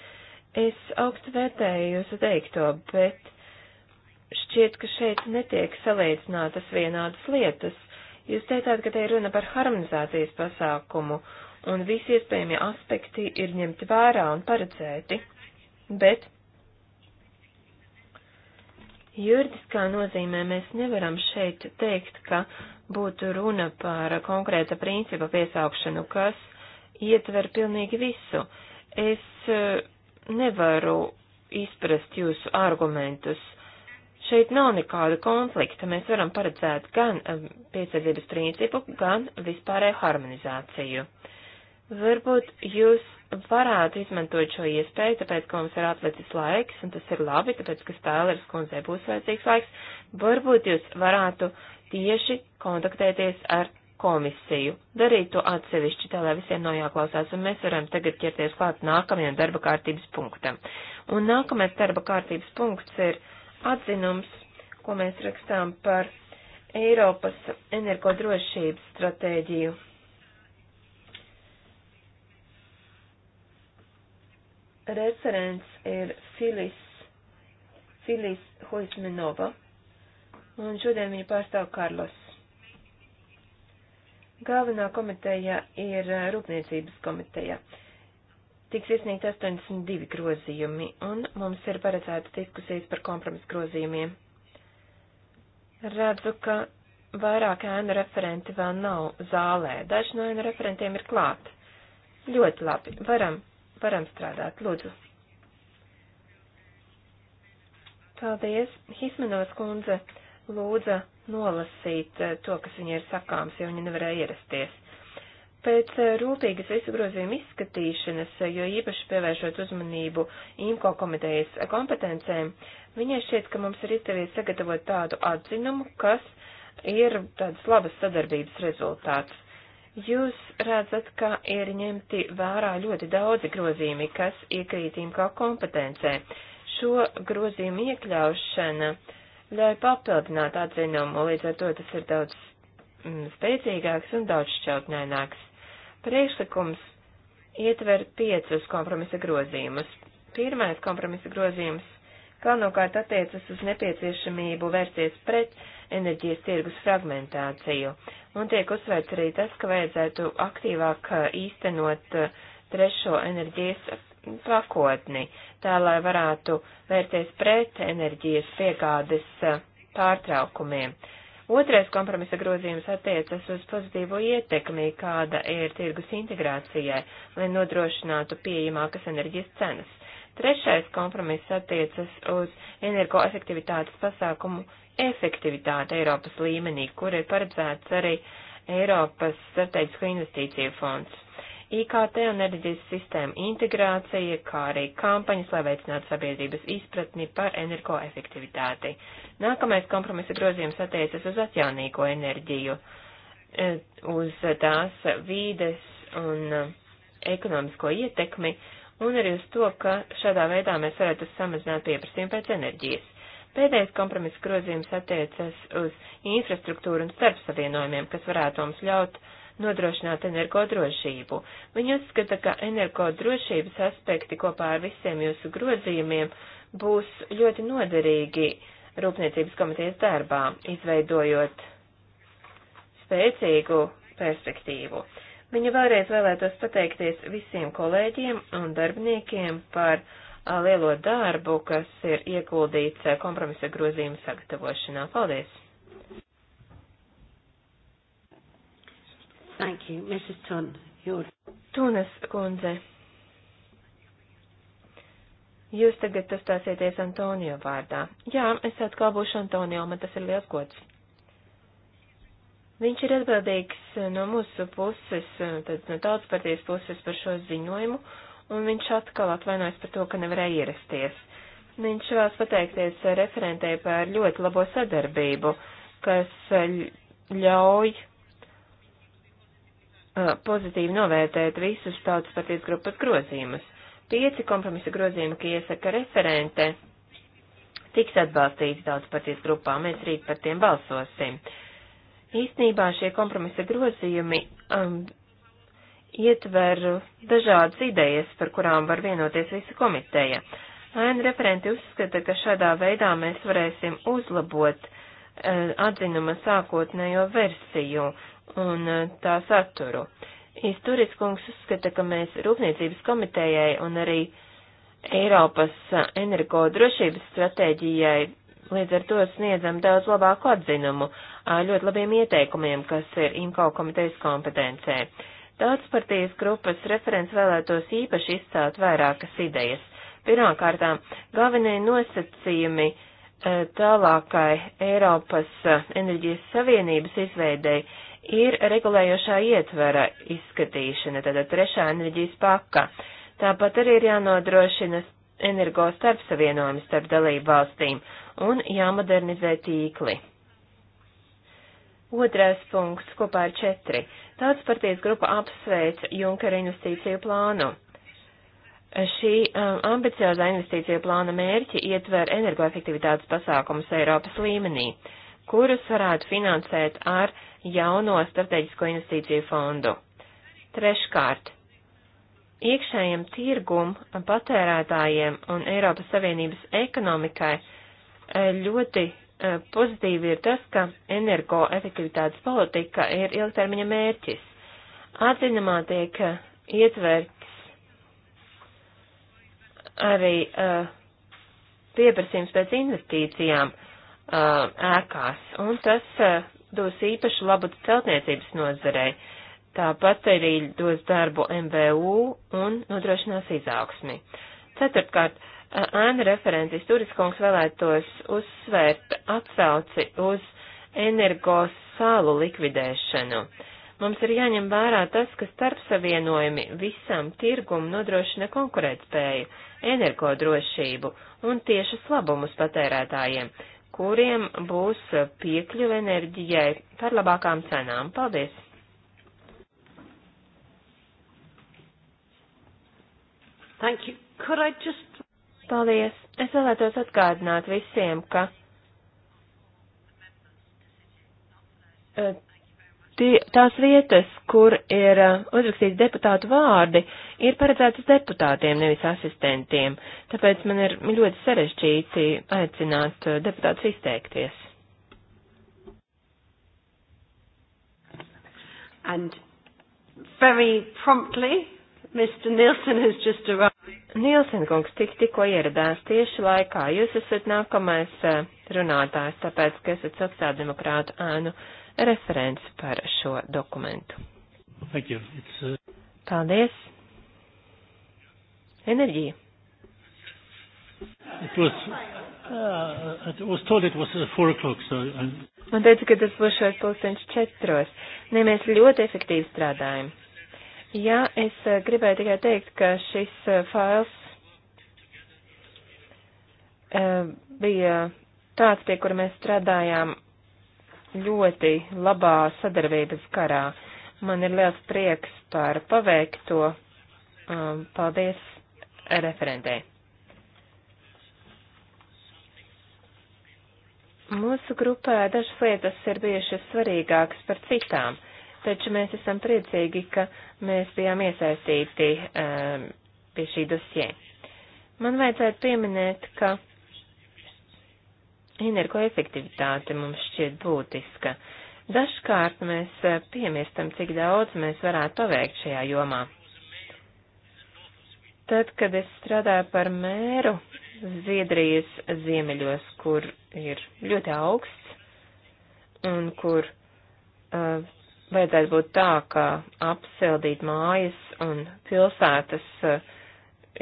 Es augstu vērtēju jūsu teikto, bet šķiet, ka šeit netiek salīdzinātas vienādas lietas. Jūs teicāt, ka te ir runa par harmonizācijas pasākumu, un visi iespējamie aspekti ir ņemti vērā un paredzēti, bet Juridiskā nozīmē mēs nevaram šeit teikt, ka būtu runa par konkrēta principa piesaukšanu, kas ietver pilnīgi visu. Es e, nevaru izprast jūsu argumentus. Šeit nav nekāda konflikta. Mēs varam paredzēt gan e, piesardzības principu, gan vispārēju harmonizāciju. Uh, Varbūt jūs varētu izmantot šo iespēju, tāpēc, ka mums ir atlicis laiks, un tas ir labi, tāpēc, ka spēlēras kundzei būs vajadzīgs laiks. Varbūt jūs varētu tieši kontaktēties ar komisiju, darīt to atsevišķi, tā lai visiem no jāklausās, un mēs varam tagad ķerties klāt nākamajam darba kārtības punktam. Un nākamais darba kārtības punkts ir atzinums, ko mēs rakstām par Eiropas energodrošības stratēģiju Referents ir Filis, Filis Huismenova, un šodien viņu pārstāv Karlos. Galvenā komiteja ir Rūpniecības komiteja. Tiks iesniegt 82 grozījumi, un mums ir paredzēta diskusijas par kompromisu grozījumiem. Redzu, ka vairāk ēnu referenti vēl nav zālē. Daži no ēnu referentiem ir klāt. Ļoti labi. Varam varam strādāt. Lūdzu. Paldies. Hismenos kundze lūdza nolasīt eh, to, kas viņai ir sakāms, jo viņa nevarēja ierasties. Pēc eh, rūpīgas visu grozījumu izskatīšanas, eh, jo īpaši pievēršot uzmanību IMCO komitejas kompetencēm, viņai šķiet, ka mums ir izdevies sagatavot tādu atzinumu, kas ir tādas labas sadarbības rezultāts. Jūs redzat, ka ir ņemti vērā ļoti daudzi grozījumi, kas iekrīt imkā kompetencē. Šo grozījumu iekļaušana ļauj papildināt atzinumu, līdz ar to tas ir daudz mm, spēcīgāks un daudz šķautnēnāks. Priekšlikums ietver piecus kompromisa grozījumus. Pirmais kompromisa grozījums galvenokārt attiecas uz nepieciešamību vērsties pret enerģijas tirgus fragmentāciju, un tiek uzsvērts arī tas, ka vajadzētu aktīvāk eh, īstenot eh, trešo enerģijas pakotni, tā lai varētu vērsties pret enerģijas piegādes eh, pārtraukumiem. Otrais kompromisa grozījums attiecas uz pozitīvo ietekmi, kāda ir tirgus integrācijai, lai nodrošinātu pieejamākas enerģijas cenas. Trešais kompromiss attiecas uz energoefektivitātes pasākumu efektivitāti Eiropas līmenī, kur ir paredzēts arī Eiropas strateģisko investīciju fonds. IKT un enerģijas sistēma integrācija, kā arī kampaņas, lai veicinātu sabiedrības izpratni par energoefektivitāti. Nākamais kompromisa grozījums attiecas uz atjaunīgo enerģiju, e, uz tās vīdes un ekonomisko ietekmi un arī uz to, ka šādā veidā mēs varētu samazināt pieprasījumu pēc enerģijas. Pēdējais kompromiss grozījums attiecas uz infrastruktūru un starpsavienojumiem, kas varētu mums ļaut nodrošināt energodrošību. Viņi uzskata, ka energodrošības aspekti kopā ar visiem jūsu grozījumiem būs ļoti noderīgi Rūpniecības komitejas darbā, izveidojot spēcīgu perspektīvu. Viņa vēlreiz vēlētos pateikties visiem kolēģiem un darbiniekiem par lielo darbu, kas ir ieguldīts kompromisa grozījuma sagatavošanā. Paldies! Thank you, Mrs. Tun. Your... Tunas kundze. Jūs tagad uzstāsieties Antonio vārdā. Jā, es atkal būšu Antonio, man tas ir liels gods. Viņš ir atbildīgs eh, no mūsu puses, eh, tad no tautas partijas puses par šo ziņojumu, un viņš atkal atvainojas par to, ka nevarēja ierasties. Viņš vēlas pateikties referentē par ļoti labo sadarbību, kas eh, ļauj pozitīvi novērtēt visus tautas partijas grupas grozījumus. Pieci kompromisa grozījumi, ka iesaka referente, tiks atbalstīts tautas partijas grupā, mēs rīt par tiem balsosim. Uh, Īsnībā šie kompromisa grozījumi um, ietver dažādas idejas, par kurām var vienoties visa komiteja. Ainu referenti uzskata, ka šādā veidā mēs varēsim uzlabot uh, atzinuma sākotnējo versiju un uh, tā saturu. Izturis kungs uzskata, ka mēs Rūpniecības komitejai un arī Eiropas energo drošības stratēģijai Līdz ar to sniedzam daudz labāku atzinumu, ļoti labiem ieteikumiem, kas ir IMCO komitejas kompetencē. Daudzpartijas grupas referents vēlētos īpaši izcelt vairākas idejas. Pirmkārtām, galvenie nosacījumi tālākai Eiropas enerģijas savienības izveidei ir regulējošā ietvera izskatīšana, tātad trešā enerģijas paka. Tāpat arī ir jānodrošina energo starpsavienojumi starp dalību valstīm un jāmodernizē tīkli. Otrais punkts kopā ar četri. Tāds partijas grupa apsveic Junkera investīciju plānu. Šī um, ambiciozā investīciju plāna mērķi ietver energoefektivitātes pasākumus Eiropas līmenī, kurus varētu finansēt ar jauno strateģisko investīciju fondu. Treškārt, iekšējiem tirgum, patērētājiem un Eiropas Savienības ekonomikai e, ļoti e, pozitīvi ir tas, ka energoefektivitātes politika ir ilgtermiņa mērķis. Atzinamā tiek e, ietverts arī uh, pieprasījums pēc investīcijām uh, ēkās, un tas uh, dos īpašu labu celtniecības nozarei. Tāpat arī dos darbu MVU un nodrošinās izaugsmi. Ceturtkārt, ēna references turiskungs vēlētos uzsvērt atsauci uz energos salu likvidēšanu. Mums ir jāņem vērā tas, ka starpsavienojumi visam tirgumu nodrošina konkurētspēju, energodrošību un tiešas labumus patērētājiem, kuriem būs piekļuve enerģijai par labākām cenām. Paldies! Thank you. Could I just... Paldies. Es vēlētos atgādināt visiem, ka eh, tās vietas, kur ir eh, uzrakstīts deputātu vārdi, ir paredzētas deputātiem, nevis asistentiem. Tāpēc man ir ļoti sarežģīti aicināt eh, deputātus izteikties. And very promptly Mr. Nielsen has just arrived. Nielsen kungs tik, tikko ieradās tieši laikā. Jūs esat nākamais eh, runātājs, tāpēc, ka esat sociāldemokrātu ēnu referents par šo dokumentu. Thank you. It's, uh... Paldies. Enerģija. It was, uh, it was told it was uh, four o'clock, so I'm... Uh, Man teica, ka tas būs šos pulkstenš četros. Ne, mēs ļoti efektīvi strādājam. Jā, es eh, gribēju tikai teikt, ka šis eh, fails eh, bija tāds, pie kura mēs strādājām ļoti labā sadarbības karā. Man ir liels prieks par paveikto. Um, paldies referentē. Mūsu grupā dažas lietas ir bijušas svarīgākas par citām. Uh, taču mēs esam priecīgi, ka mēs bijām iesaistīti um, pie šī dosie. Man vajadzētu pieminēt, ka energoefektivitāte mums šķiet būtiska. Dažkārt mēs eh, piemirstam, cik daudz mēs varētu paveikt šajā jomā. Tad, kad es strādāju par mēru Zviedrijas ziemeļos, kur ir ļoti augsts un kur uh, vajadzētu būt tā, ka apsildīt mājas un pilsētas eh,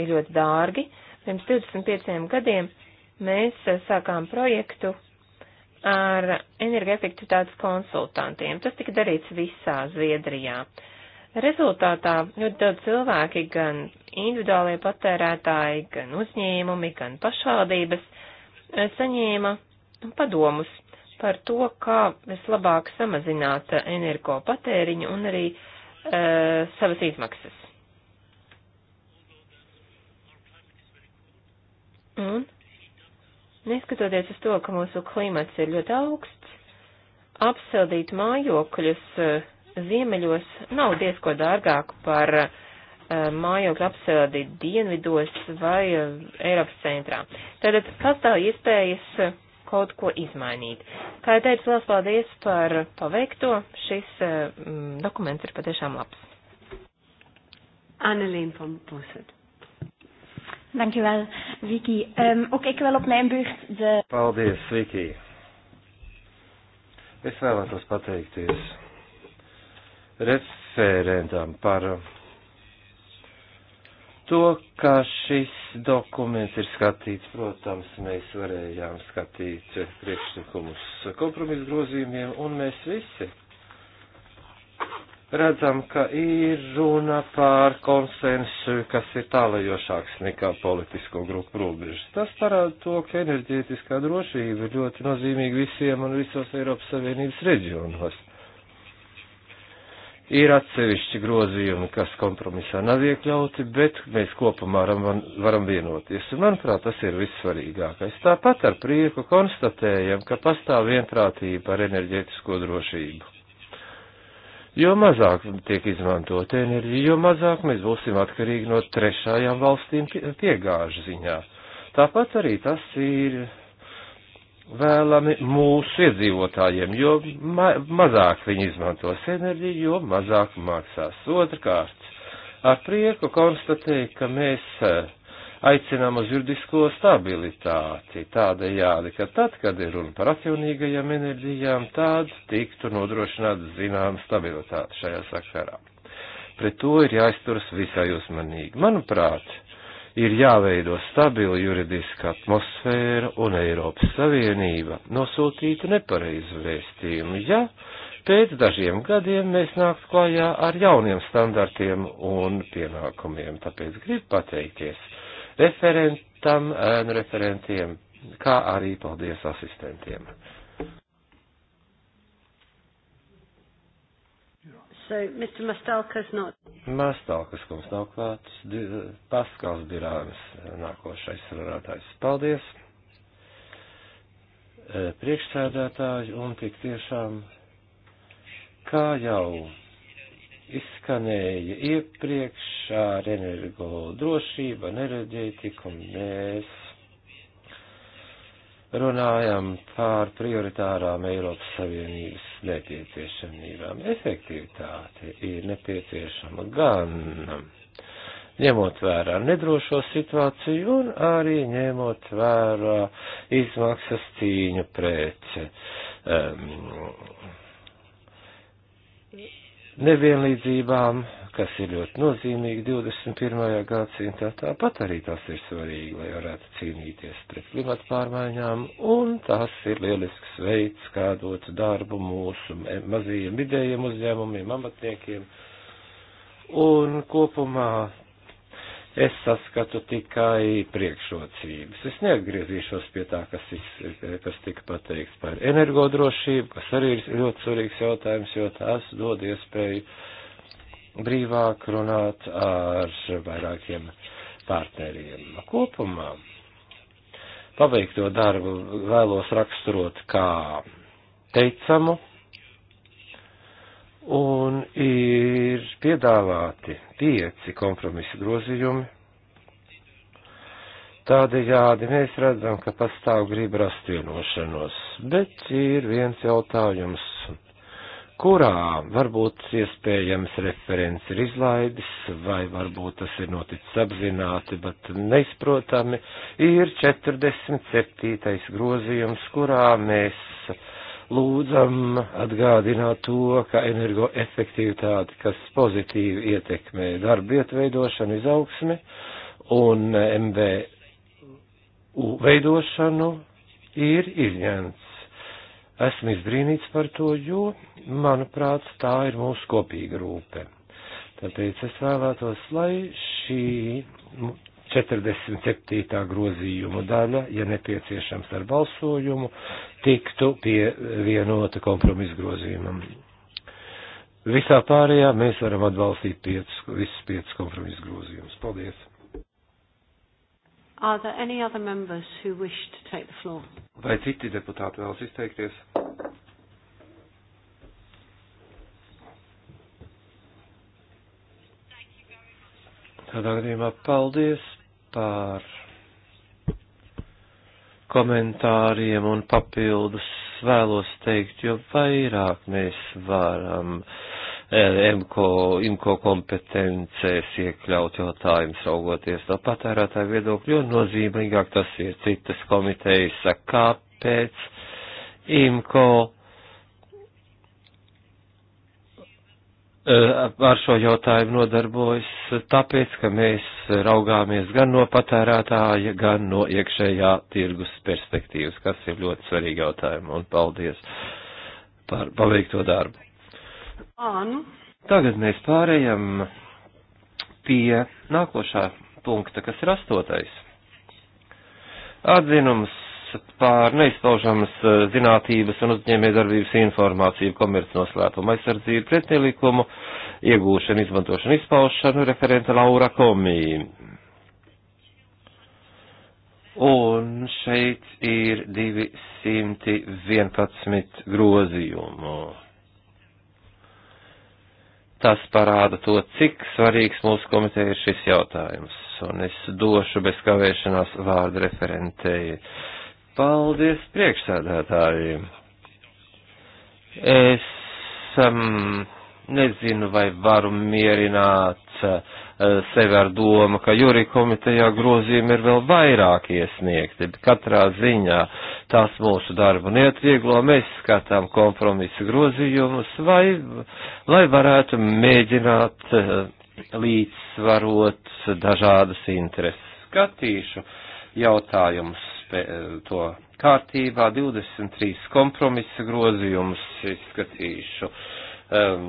ir ļoti dārgi. Pirms 25 gadiem mēs eh, sākām projektu ar energoefektivitātes konsultantiem. Tas tika darīts visā Zviedrijā. Rezultātā ļoti daudz cilvēki, gan individuālie patērētāji, gan uzņēmumi, gan pašvaldības eh, saņēma padomus par to, kā vislabāk samazināt energo patēriņu un arī e, savas izmaksas. Un, neskatoties uz to, ka mūsu klimats ir ļoti augsts, apsildīt mājokļus e, ziemeļos nav diezko dārgāk par e, mājokļu apsildi dienvidos vai e, Eiropas centrā. Tātad pastāv iespējas kaut ko izmainīt. Kā jau teicu, liels paldies par paveikto. Šis mm, dokuments ir patiešām labs. Annelien van Bossert. Dankjewel, Vicky. Um, ook ik wil op mijn beurt de... Paldies, Vicky. Es vēlētos pateikties referentam par to, ka šis dokuments ir skatīts, protams, mēs varējām skatīt priekšlikumus kompromisu grozījumiem, un mēs visi redzam, ka ir runa pār konsensu, kas ir tālajošāks nekā politisko grupu robežas. Tas parāda to, ka enerģētiskā drošība ir ļoti nozīmīga visiem un visos Eiropas Savienības reģionos Ir atsevišķi grozījumi, kas kompromisā nav iekļauti, bet mēs kopumā varam, varam vienoties. Un, manuprāt, tas ir vissvarīgākais. Tāpat ar prieku konstatējam, ka pastāv vienprātība par enerģētisko drošību. Jo mazāk tiek izmantot enerģija, jo mazāk mēs būsim atkarīgi no trešajām valstīm piegāžu ziņā. Tāpat arī tas ir vēlami mūsu iedzīvotājiem, jo ma mazāk viņi izmantos enerģiju, jo mazāk maksās. Otrkārt, ar prieku konstatēju, ka mēs eh, aicinām uz juridisko stabilitāti tādējādi, ka tad, kad ir runa par atjaunīgajām enerģijām, tād tiktu nodrošināta zināma stabilitāte šajā sakarā. Pret to ir jāizturas visai uzmanīgi. Manuprāt, ir jāveido stabila juridiska atmosfēra un Eiropas Savienība nosūtītu nepareizu vēstījumu, ja pēc dažiem gadiem mēs nāktu klājā ar jauniem standartiem un pienākumiem. Tāpēc gribu pateikties referentam, ēnu referentiem, kā arī paldies asistentiem. So, Mr. Mastalkas not. Mastalkas kungs nav klāts. Paskals Birānas eh, nākošais runātājs. Paldies. Eh, priekšsēdētāji un tik tiešām, kā jau izskanēja iepriekš ar energo drošību un enerģētiku, mēs runājam par prioritārām Eiropas Savienības nepieciešamībām. Efektivitāte ir nepieciešama gan ņemot vērā nedrošo situāciju un arī ņemot vērā izmaksas cīņu pret um, nevienlīdzībām kas ir ļoti nozīmīgi 21. gadsimtā, tāpat arī tas ir svarīgi, lai varētu cīnīties pret klimatu pārmaiņām, un tas ir lielisks veids, kā dot darbu mūsu mazajiem vidējiem uzņēmumiem, amatniekiem, un kopumā es saskatu tikai priekšrocības. Es neatgriezīšos pie tā, kas, kas tika pateikts par energodrošību, kas arī ir ļoti svarīgs jautājums, jo tās dod iespēju brīvāk runāt ar vairākiem partneriem. Kopumā pabeigto darbu vēlos raksturot kā teicamu un ir piedāvāti pieci kompromisa grozījumi. Tādējādi mēs redzam, ka pastāv grib rast vienošanos, bet ir viens jautājums, kurā varbūt iespējams referents ir izlaidis, vai varbūt tas ir noticis apzināti, bet neizprotami, ir 47. grozījums, kurā mēs lūdzam atgādināt to, ka energoefektivitāte, kas pozitīvi ietekmē darba vietveidošanu, izaugsmi un MVU veidošanu, ir izņemts Esmu izbrīnīts par to, jo, manuprāt, tā ir mūsu kopīga rūpe. Tāpēc es vēlētos, lai šī 47. grozījumu daļa, ja nepieciešams ar balsojumu, tiktu pievienota kompromisa grozījumam. Visā pārējā mēs varam atbalstīt piecus, visus piecus kompromisu grozījumus. Paldies! Are there any other members who wish to take the floor? Vai citi deputāti vēlas izteikties? Tādā gadījumā paldies par komentāriem un papildus vēlos teikt, jo vairāk mēs varam uh, MKO, IMKO kompetencēs iekļaut jautājums raugoties no patērētāja viedokļa, jo nozīmīgāk tas ir citas komitejas, kāpēc IMKO eh, ar šo jautājumu nodarbojas, tāpēc, ka mēs raugāmies gan no patērētāja, gan no iekšējā tirgus perspektīvas, kas ir ļoti svarīgi jautājumi, un paldies par paveikto darbu. Anu. Tagad mēs pārējām pie nākošā punkta, kas ir astotais. Atzinums pār neizpaužamas eh, zinātības un uzņēmējdarbības informāciju, komercnoslēpuma aizsardzību, pretnelikumu, iegūšanu, izmantošanu, izpaušanu, referenta Laura Komī. Un šeit ir 211 grozījumu. Tas parāda to, cik svarīgs mūsu komiteja ir šis jautājums, un es došu bez kavēšanās vārdu referentēji. Paldies priekšsēdētājiem! Es um, nezinu, vai varu mierināt uh, Eh, sevi ar domu, ka jūri komitejā grozījumi ir vēl vairāk iesniegti, bet katrā ziņā tās mūsu darbu neatvieglo, mēs skatām kompromisu grozījumus, vai, lai varētu mēģināt eh, līdzsvarot dažādas intereses. Skatīšu jautājumus eh, to kārtībā, 23 kompromisa grozījumus izskatīšu. Um,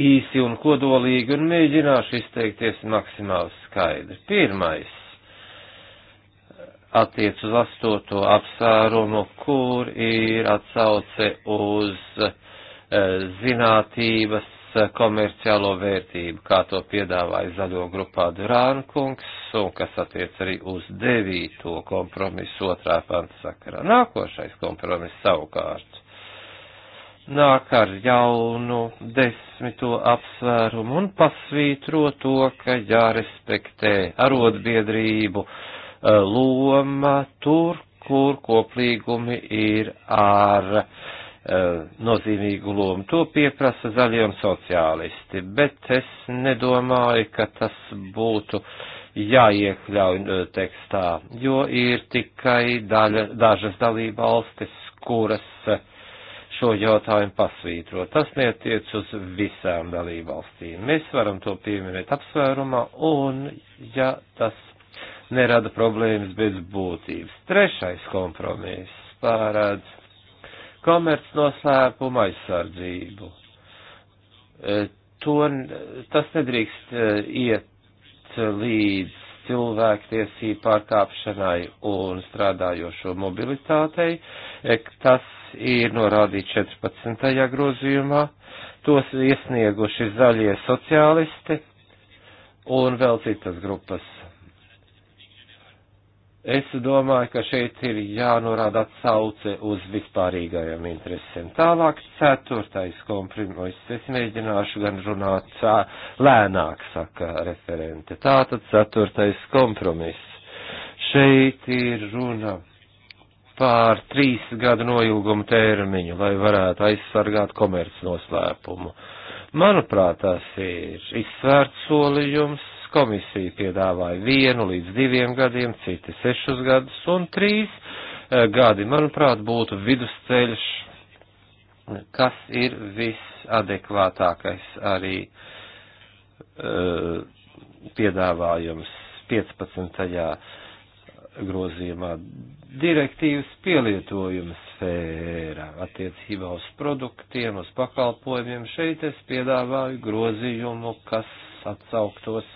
īsi un kodolīgi un mēģināšu izteikties maksimāli skaidri. Pirmais attiec uz astoto apsvērumu, kur ir atsauce uz uh, zinātības e, komerciālo vērtību, kā to piedāvāja zaļo grupā Durānkungs, un kas attiec arī uz devīto kompromisu otrā panta sakarā. Nākošais kompromiss savukārt nāk ar jaunu desmito apsvērumu un pasvītro to, ka jārespektē arotbiedrību eh, loma tur, kur koplīgumi ir ar eh, nozīmīgu lomu. To pieprasa zaļie un sociālisti, bet es nedomāju, ka tas būtu jāiekļauj eh, tekstā, jo ir tikai daļa, dažas dalība valstis, kuras šo jautājumu pasvītrot. Tas netiec uz visām dalībvalstīm. Mēs varam to pieminēt apsvērumā, un ja tas nerada problēmas bez būtības. Trešais kompromiss pārādz komerc noslēpuma aizsardzību. E, to, tas nedrīkst e, iet līdz cilvēktiesību pārkāpšanai un strādājošo mobilitātei. E, tas ir norādīts 14. grozījumā, tos iesnieguši zaļie sociālisti un vēl citas grupas. Es domāju, ka šeit ir jānorāda atsauce uz vispārīgajām interesēm. Tālāk, ceturtais kompromiss. Es mēģināšu gan runāt lēnāk, saka referente. Tātad ceturtais kompromiss. Šeit ir runa pār trīs gadu noilgumu termiņu, lai varētu aizsargāt komerc noslēpumu. Manuprāt, tas ir izsvērts solījums. Komisija piedāvāja vienu līdz diviem gadiem, citi sešus gadus un trīs eh, gadi, manuprāt, būtu vidusceļš, kas ir visadekvātākais arī uh, piedāvājums 15 grozījumā direktīvas pielietojuma sfērā attiecībā uz produktiem, uz pakalpojumiem. Šeit es piedāvāju grozījumu, kas atsauktos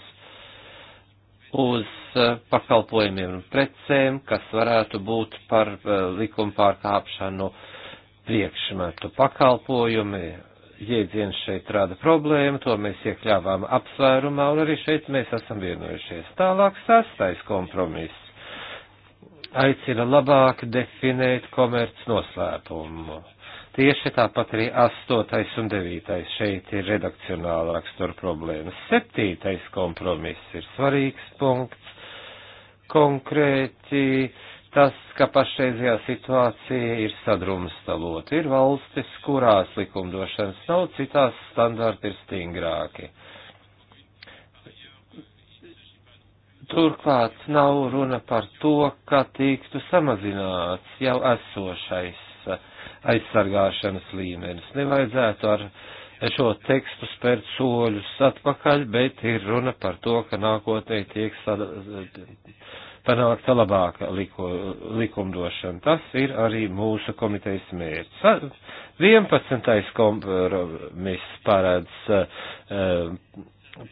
uz eh, pakalpojumiem un precēm, kas varētu būt par eh, likuma pārkāpšanu priekšmetu pakalpojumi. Jēdziens šeit rada problēmu, to mēs iekļāvām apsvērumā, un arī šeit mēs esam vienojušies. Tālāk sastais kompromiss aicina labāk definēt komerc noslēpumu. Tieši tāpat arī 8. un 9. šeit ir redakcionāla rakstura problēmas. 7. kompromiss ir svarīgs punkts. Konkrēti tas, ka pašreizajā situācija ir sadrumstalota. Ir valstis, kurās likumdošanas nav, citās standarti ir stingrāki. Turklāt nav runa par to, ka tiktu samazināts jau esošais eh, aizsargāšanas līmenis. Nevajadzētu ar šo tekstu spērt soļus atpakaļ, bet ir runa par to, ka nākotnē tiek sada, panākta labāka liko, likumdošana. Tas ir arī mūsu komitejas mērķis. 11. kompromiss parāds uh, eh,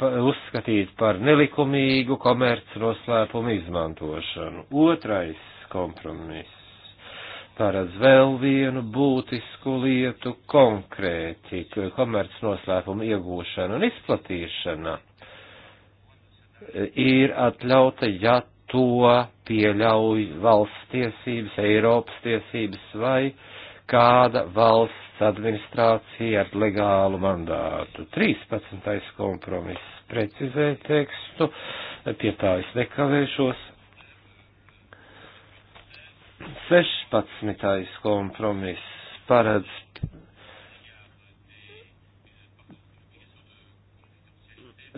uzskatīt par nelikumīgu komerc noslēpumu izmantošanu. Otrais kompromiss paredz vēl vienu būtisku lietu konkrēti - komerc noslēpumu iegūšana un izplatīšana ir atļauta, ja to pieļauj valsts tiesības, Eiropas tiesības vai kāda valsts administrācija ar legālu mandātu. 13. kompromiss precizē tekstu, pie tā es nekavēšos. 16. kompromiss paredz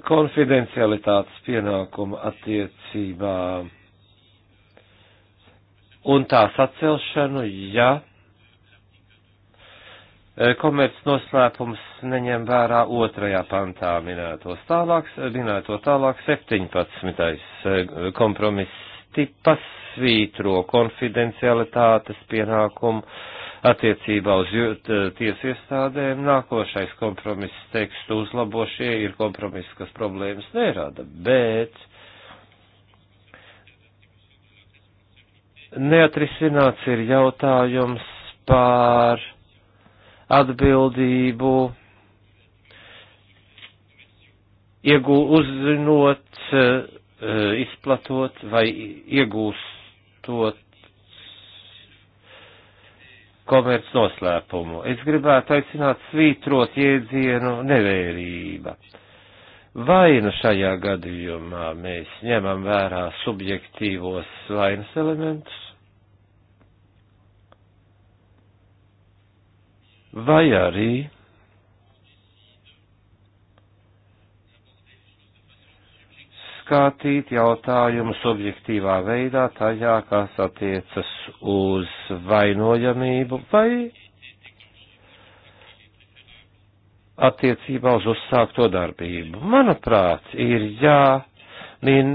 konfidencialitātes pienākumu attiecībā un tās atcelšanu, ja Eh, komerc noslēpums neņem vērā otrajā pantā minētos tālāk, minēto tālāk 17. Eh, eh, kompromiss pasvītro konfidencialitātes pienākumu attiecībā uz tiesu iestādēm. Nākošais kompromiss tekstu uzlabošie ir kompromiss, kas problēmas nerada, bet neatrisināts ir jautājums par atbildību, iegū, uzzinot, eh, izplatot vai iegūstot komerc noslēpumu. Es gribētu aicināt svītrot jēdzienu nevērība. Vainu šajā gadījumā mēs ņemam vērā subjektīvos vainas elementus, vai arī skatīt jautājumu subjektīvā veidā tajā, kas attiecas uz vainojamību vai attiecībā uz uzsākto darbību. Manuprāt, ir jāmin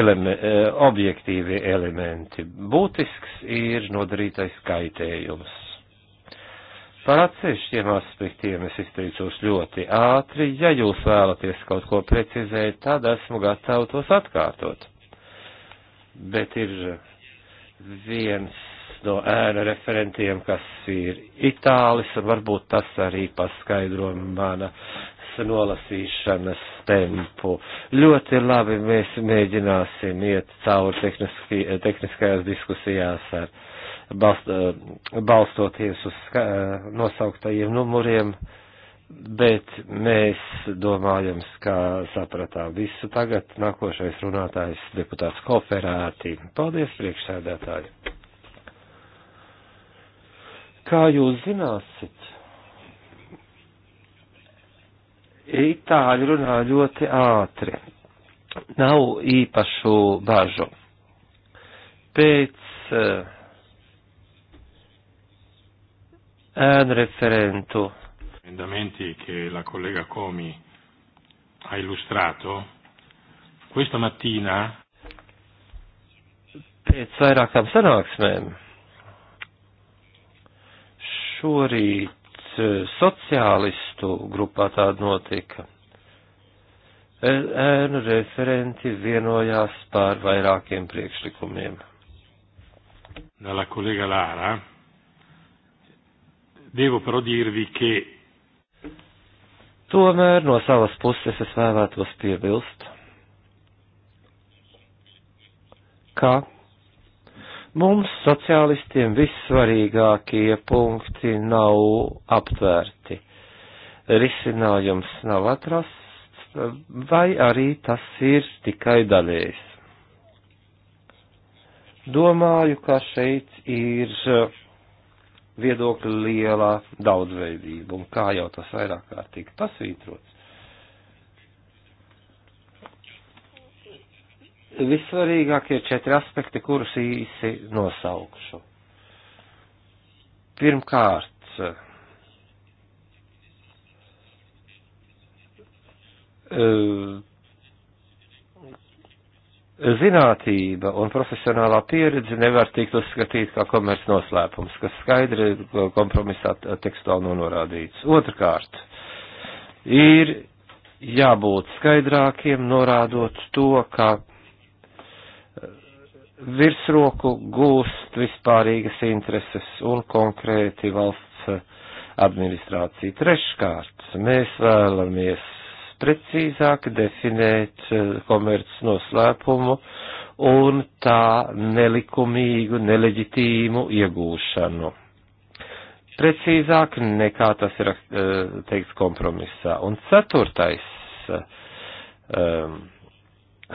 eleme, e, objektīvi elementi. Būtisks ir nodarītais kaitējums. Par atsevišķiem aspektiem es izteicos ļoti ātri. Ja jūs vēlaties kaut ko precizēt, tad esmu gatavs tos atkārtot. Bet ir viens no ēna referentiem, kas ir itālis, un varbūt tas arī paskaidro mana nolasīšanas tempu. Ļoti labi mēs mēģināsim iet cauri tehniskajās diskusijās ar balst, eh, balstoties uz eh, nosauktajiem numuriem, bet mēs domājam, ka sapratām visu. Tagad nākošais runātājs deputāts Koferāti. Paldies, priekšsēdētāji! Kā jūs zināsit? Itāļi runā ļoti ātri. Nav īpašu bažu. Pēc uh, ēnu referentu. Emendamenti, che la collega Comi ha illustrato, questa mattina pēc vairākām sanāksmēm šorīt eh, sociālistu grupā tāda notika. Ēnu referenti vienojās pār vairākiem priekšlikumiem. Dalla collega Lara devo però dirvi che Tomēr no savas puses es vēlētos piebilst, ka mums sociālistiem vissvarīgākie punkti nav aptvērti. Risinājums nav atrasts, vai arī tas ir tikai daļējs. Domāju, ka šeit ir uh, viedokļu lielā daudzveidība, un kā jau tas vairāk kārt tika pasvītrots. Vissvarīgākie četri aspekti, kurus īsi nosaukšu. Pirmkārt, uh, Zinātība un profesionālā pieredze nevar tikt uzskatīt kā komerc noslēpums, kas skaidri kompromisā tekstuāli norādīts. Otrkārt, ir jābūt skaidrākiem, norādot to, ka eh, virsroku gūst vispārīgas intereses un konkrēti valsts eh, administrācija. Treškārt, mēs vēlamies precīzāk definēt eh, komerces noslēpumu un tā nelikumīgu, neleģitīmu iegūšanu. Precīzāk nekā tas ir eh, teikts kompromisā. Un ceturtais um,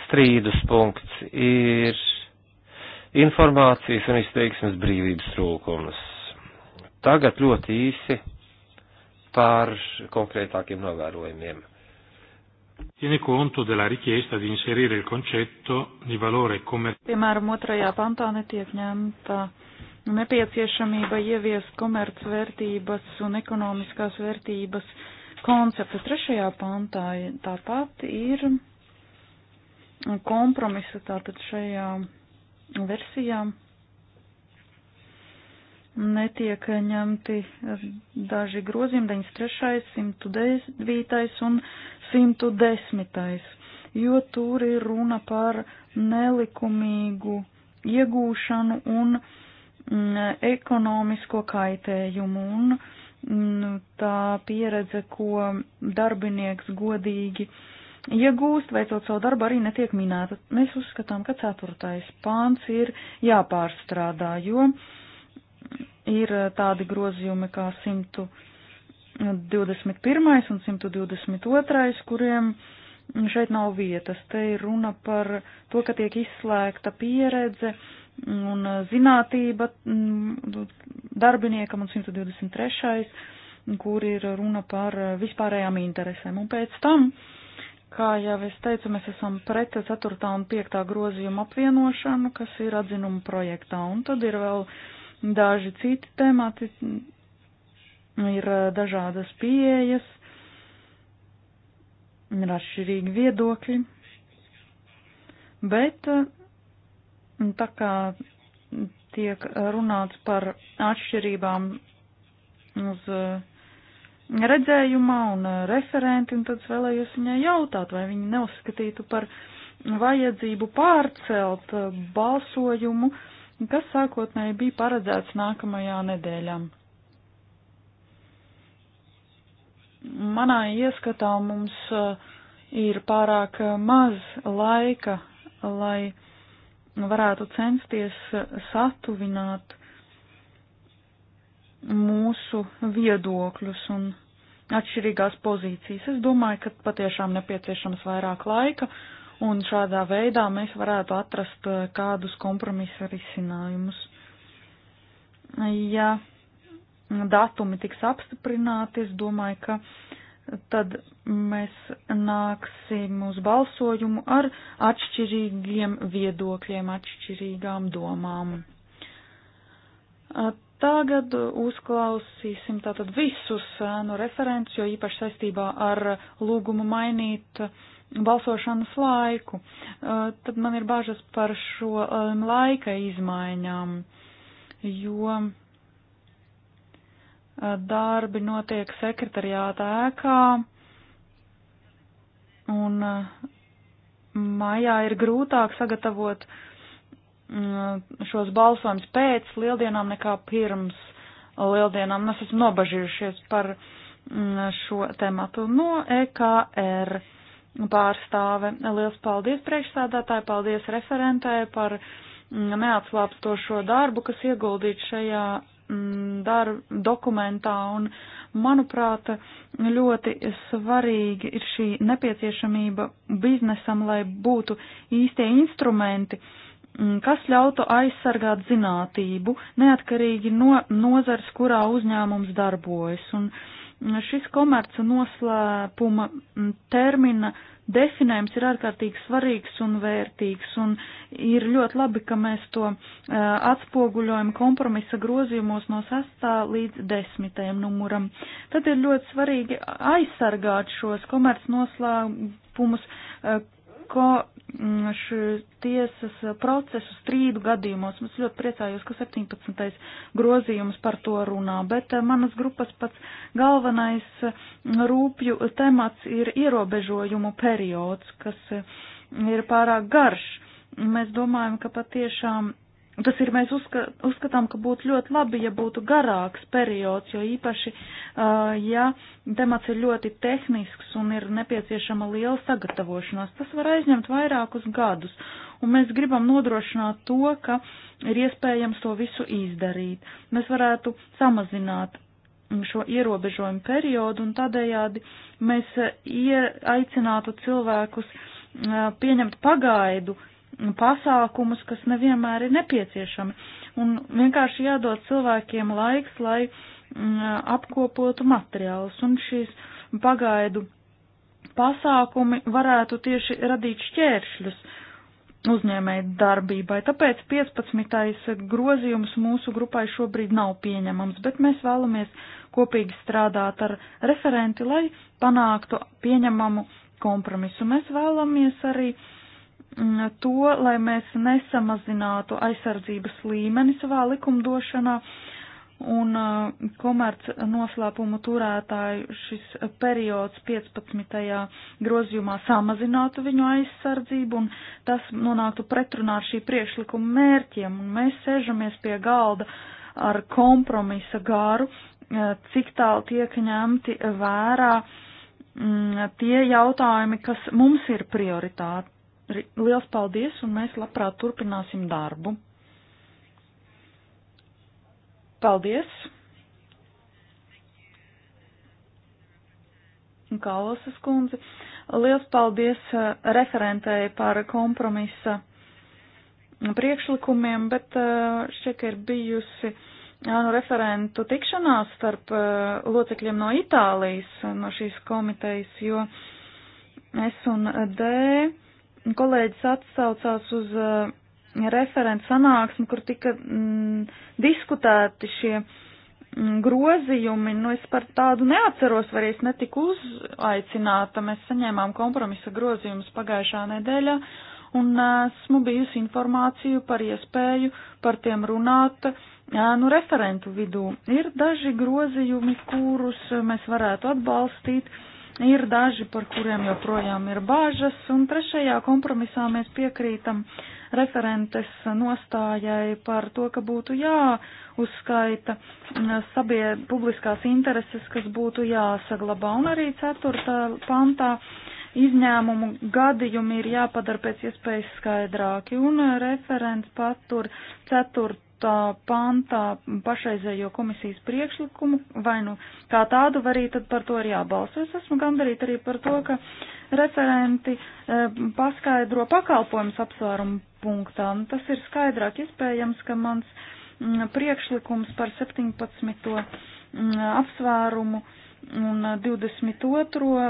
strīdus punkts ir informācijas un izteiksmes brīvības trūkums. Tagad ļoti īsi par konkrētākiem novērojumiem. Tiene conto della richiesta di inserire il concetto di valore commerciale. Piemēram, otrajā pantā netiek ņemta nepieciešamība ieviest komercvērtības un ekonomiskās vērtības konceptu. Trešajā pantā tāpat ir kompromisa tātad šajā versijā netiek ņemti daži grozījumi 93., 109. un 110. jo tur ir runa par nelikumīgu iegūšanu un mm, ekonomisko kaitējumu un mm, tā pieredze, ko darbinieks godīgi iegūst, ja veicot savu darbu, arī netiek minēta. Mēs uzskatām, ka ceturtais pāns ir jāpārstrādā, jo mm, ir eh, tādi grozījumi kā 121. un 122., kuriem šeit nav vietas. Te ir runa par to, ka tiek izslēgta pieredze un eh, zinātība mm, darbiniekam un 123., kur ir runa par eh, vispārējām interesēm. Un pēc tam, kā jau es teicu, mēs esam pret 4. un 5. grozījumu apvienošanu, kas ir atzinuma projektā. Un tad ir vēl uh, Daži citi temati ir eh, dažādas pieejas, ir atšķirīgi viedokļi, bet eh, tā kā tiek runāts par atšķirībām uz eh, redzējumā un referenti, un tad es vēlējos viņai jautāt, vai viņa neuzskatītu par vajadzību pārcelt balsojumu uh, kas sākotnēji bija paredzēts nākamajā nedēļā. Manā ieskatā mums uh, ir pārāk uh, maz laika, lai varētu censties uh, satuvināt mūsu viedokļus un atšķirīgās pozīcijas. Es domāju, ka patiešām nepieciešams vairāk laika, un šādā veidā mēs varētu atrast eh, kādus kompromisa risinājumus. Ja datumi tiks apstiprināti, es domāju, ka tad mēs nāksim uz balsojumu ar atšķirīgiem viedokļiem, atšķirīgām domām. Tagad uzklausīsim tātad visus no referents, jo īpaši saistībā ar lūgumu mainīt uh, balsošanas laiku, tad man ir bažas par šo laika izmaiņām, jo darbi notiek sekretariāta ēkā un mājā ir grūtāk sagatavot šos balsojumus pēc lieldienām nekā pirms lieldienām. Es esmu nobažījušies par šo tematu no EKR pārstāve. Liels paldies priekšsādātāji, paldies referentē par mm, neatslāpstošo darbu, kas ieguldīts šajā mm, darb, dokumentā, un, manuprāt, ļoti svarīgi ir šī nepieciešamība biznesam, lai būtu īstie instrumenti, mm, kas ļautu aizsargāt zinātību, neatkarīgi no nozars, kurā uzņēmums darbojas. Un, uh, šis komerca noslēpuma termina definējums ir ārkārtīgi svarīgs un vērtīgs, un ir ļoti labi, ka mēs to uh, atspoguļojam kompromisa grozījumos no 6. līdz 10. numuram. Tad ir ļoti svarīgi aizsargāt šos komerc noslēpumus, uh, ko mm, šīs tiesas eh, procesu strīdu gadījumos. Es ļoti priecājos, ka 17. grozījums par to runā, bet eh, manas grupas pats galvenais eh, rūpju temats ir ierobežojumu periods, kas ir pārāk garš. Mēs domājam, ka patiešām Tas ir, mēs uzska, uzskatām, ka būtu ļoti labi, ja būtu garāks periods, jo īpaši, uh, ja temats ir ļoti tehnisks un ir nepieciešama liela sagatavošanās, tas var aizņemt vairākus gadus, un mēs gribam nodrošināt to, ka ir iespējams to visu izdarīt. Mēs varētu samazināt šo ierobežojumu periodu, un tādējādi mēs aicinātu cilvēkus pieņemt pagaidu pasākumus, kas nevienmēr ir nepieciešami. Un vienkārši jādod cilvēkiem laiks, lai mm, apkopotu materiālus. Un šīs pagaidu pasākumi varētu tieši radīt šķēršļus uzņēmēju darbībai. Tāpēc 15. grozījums mūsu grupai šobrīd nav pieņemams, bet mēs vēlamies kopīgi strādāt ar referenti, lai panāktu pieņemamu kompromisu. Mēs vēlamies arī uh, to, lai mēs nesamazinātu aizsardzības līmeni savā likumdošanā un uh, komerc noslēpumu turētāju šis periods 15. grozījumā samazinātu viņu aizsardzību, un tas nonāktu pretrunā ar šī priekšlikuma mērķiem, un mēs sežamies pie galda ar kompromisa garu, uh, cik tālu tiek ņemti vērā mm, tie jautājumi, kas mums ir prioritāti Liels paldies, un mēs labprāt turpināsim darbu. Paldies! Kalasas kundze. Liels paldies uh, referentēji par kompromisa priekšlikumiem, bet uh, šķiet, ka ir bijusi nu, referentu tikšanās starp uh, locekļiem no Itālijas, no šīs komitejas, jo S un D kolēģis atsaucās uz uh, referents sanāksmi, kur tika mm, diskutēti šie mm, grozījumi. Nu, es par tādu neatceros, vai es netiku uzaicināta. Mēs saņēmām kompromisa grozījumus pagājušā nedēļā, un esmu bijusi informāciju par iespēju par tiem runāt. Eh, nu, referentu vidū ir daži grozījumi, kurus mēs varētu atbalstīt. Uh, Ir daži, par kuriem joprojām ir bāžas, un trešajā kompromisā mēs piekrītam referentes nostājai par to, ka būtu jāuzskaita mm, sabie publiskās intereses, kas būtu jāsaglabā, un arī ceturtā pantā izņēmumu gadījumi ir jāpadara pēc iespējas skaidrāki, un referents patur ceturt pantā pašreizējo komisijas priekšlikumu, vai nu kā tādu, vai arī tad par to ir jābalso. Es esmu gandarīta arī par to, ka referenti e, paskaidro pakalpojums apsvērumu punktā. Nu, tas ir skaidrāk iespējams, ka mans priekšlikums par 17. apsvērumu un 22.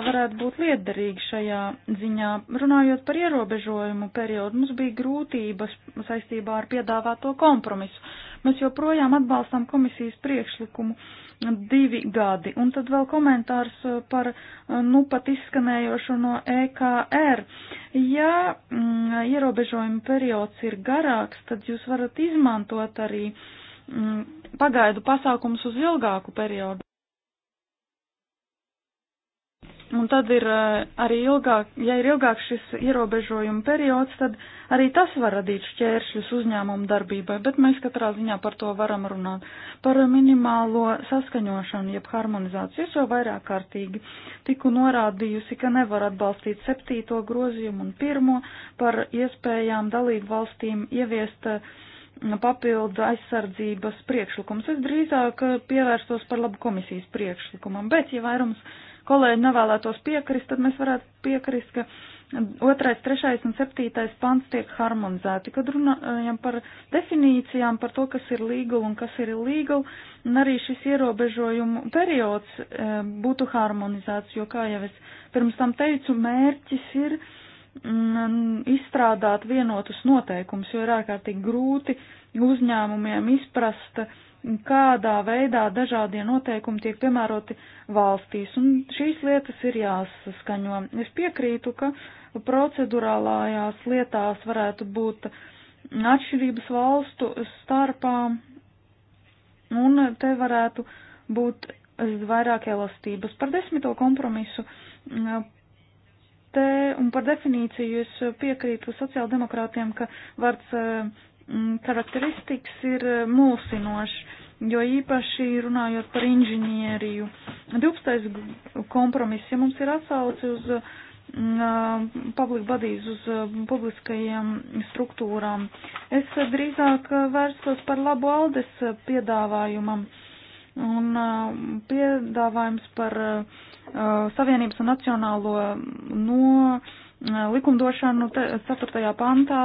varētu būt liederīgi šajā ziņā. Runājot par ierobežojumu periodu, mums bija grūtības saistībā ar piedāvāto kompromisu. Mēs joprojām atbalstām komisijas priekšlikumu divi gadi. Un tad vēl komentārs par nu pat izskanējošo no EKR. Ja mm, ierobežojuma periods ir garāks, tad jūs varat izmantot arī mm, pagaidu pasākumus uz ilgāku periodu. Un tad ir eh, arī ilgāk, ja ir ilgāk šis ierobežojuma periods, tad arī tas var radīt šķēršļus uzņēmumu darbībai, bet mēs katrā ziņā par to varam runāt. Par minimālo saskaņošanu, jeb harmonizāciju, es jau vairāk kārtīgi tiku norādījusi, ka nevar atbalstīt septīto grozījumu un pirmo par iespējām dalību valstīm ieviest eh, papildu aizsardzības priekšlikums. Es drīzāk eh, pievērstos par labu komisijas priekšlikumam, bet ja vairums kolēģi nevēlētos piekrist, tad mēs varētu piekrist, ka otrais, trešais un septītais pants tiek harmonizēti. Kad runājam par definīcijām, par to, kas ir legal un kas ir illegal, un arī šis ierobežojumu periods e, būtu harmonizēts, jo, kā jau es pirms tam teicu, mērķis ir mm, izstrādāt vienotus noteikumus, jo ir ārkārtīgi grūti uzņēmumiem izprast, kādā veidā dažādie noteikumi tiek piemēroti valstīs, un šīs lietas ir jāsaskaņo. Es piekrītu, ka procedurālājās lietās varētu būt atšķirības valstu starpā, un te varētu būt vairāk elastības. Par desmito kompromisu te, un par definīciju es piekrītu sociāldemokrātiem, ka vārds Mm, karakteristikas ir eh, mulsinošas, jo īpaši runājot par inženieriju. 12. kompromiss, ja mums ir atsauci uz mm, eh, public bodies, uz eh, publiskajiem struktūrām, es drīzāk vērstos par labu Aldes piedāvājumam un piedāvājums par Savienības un Nacionālo no likumdošanu 4. pantā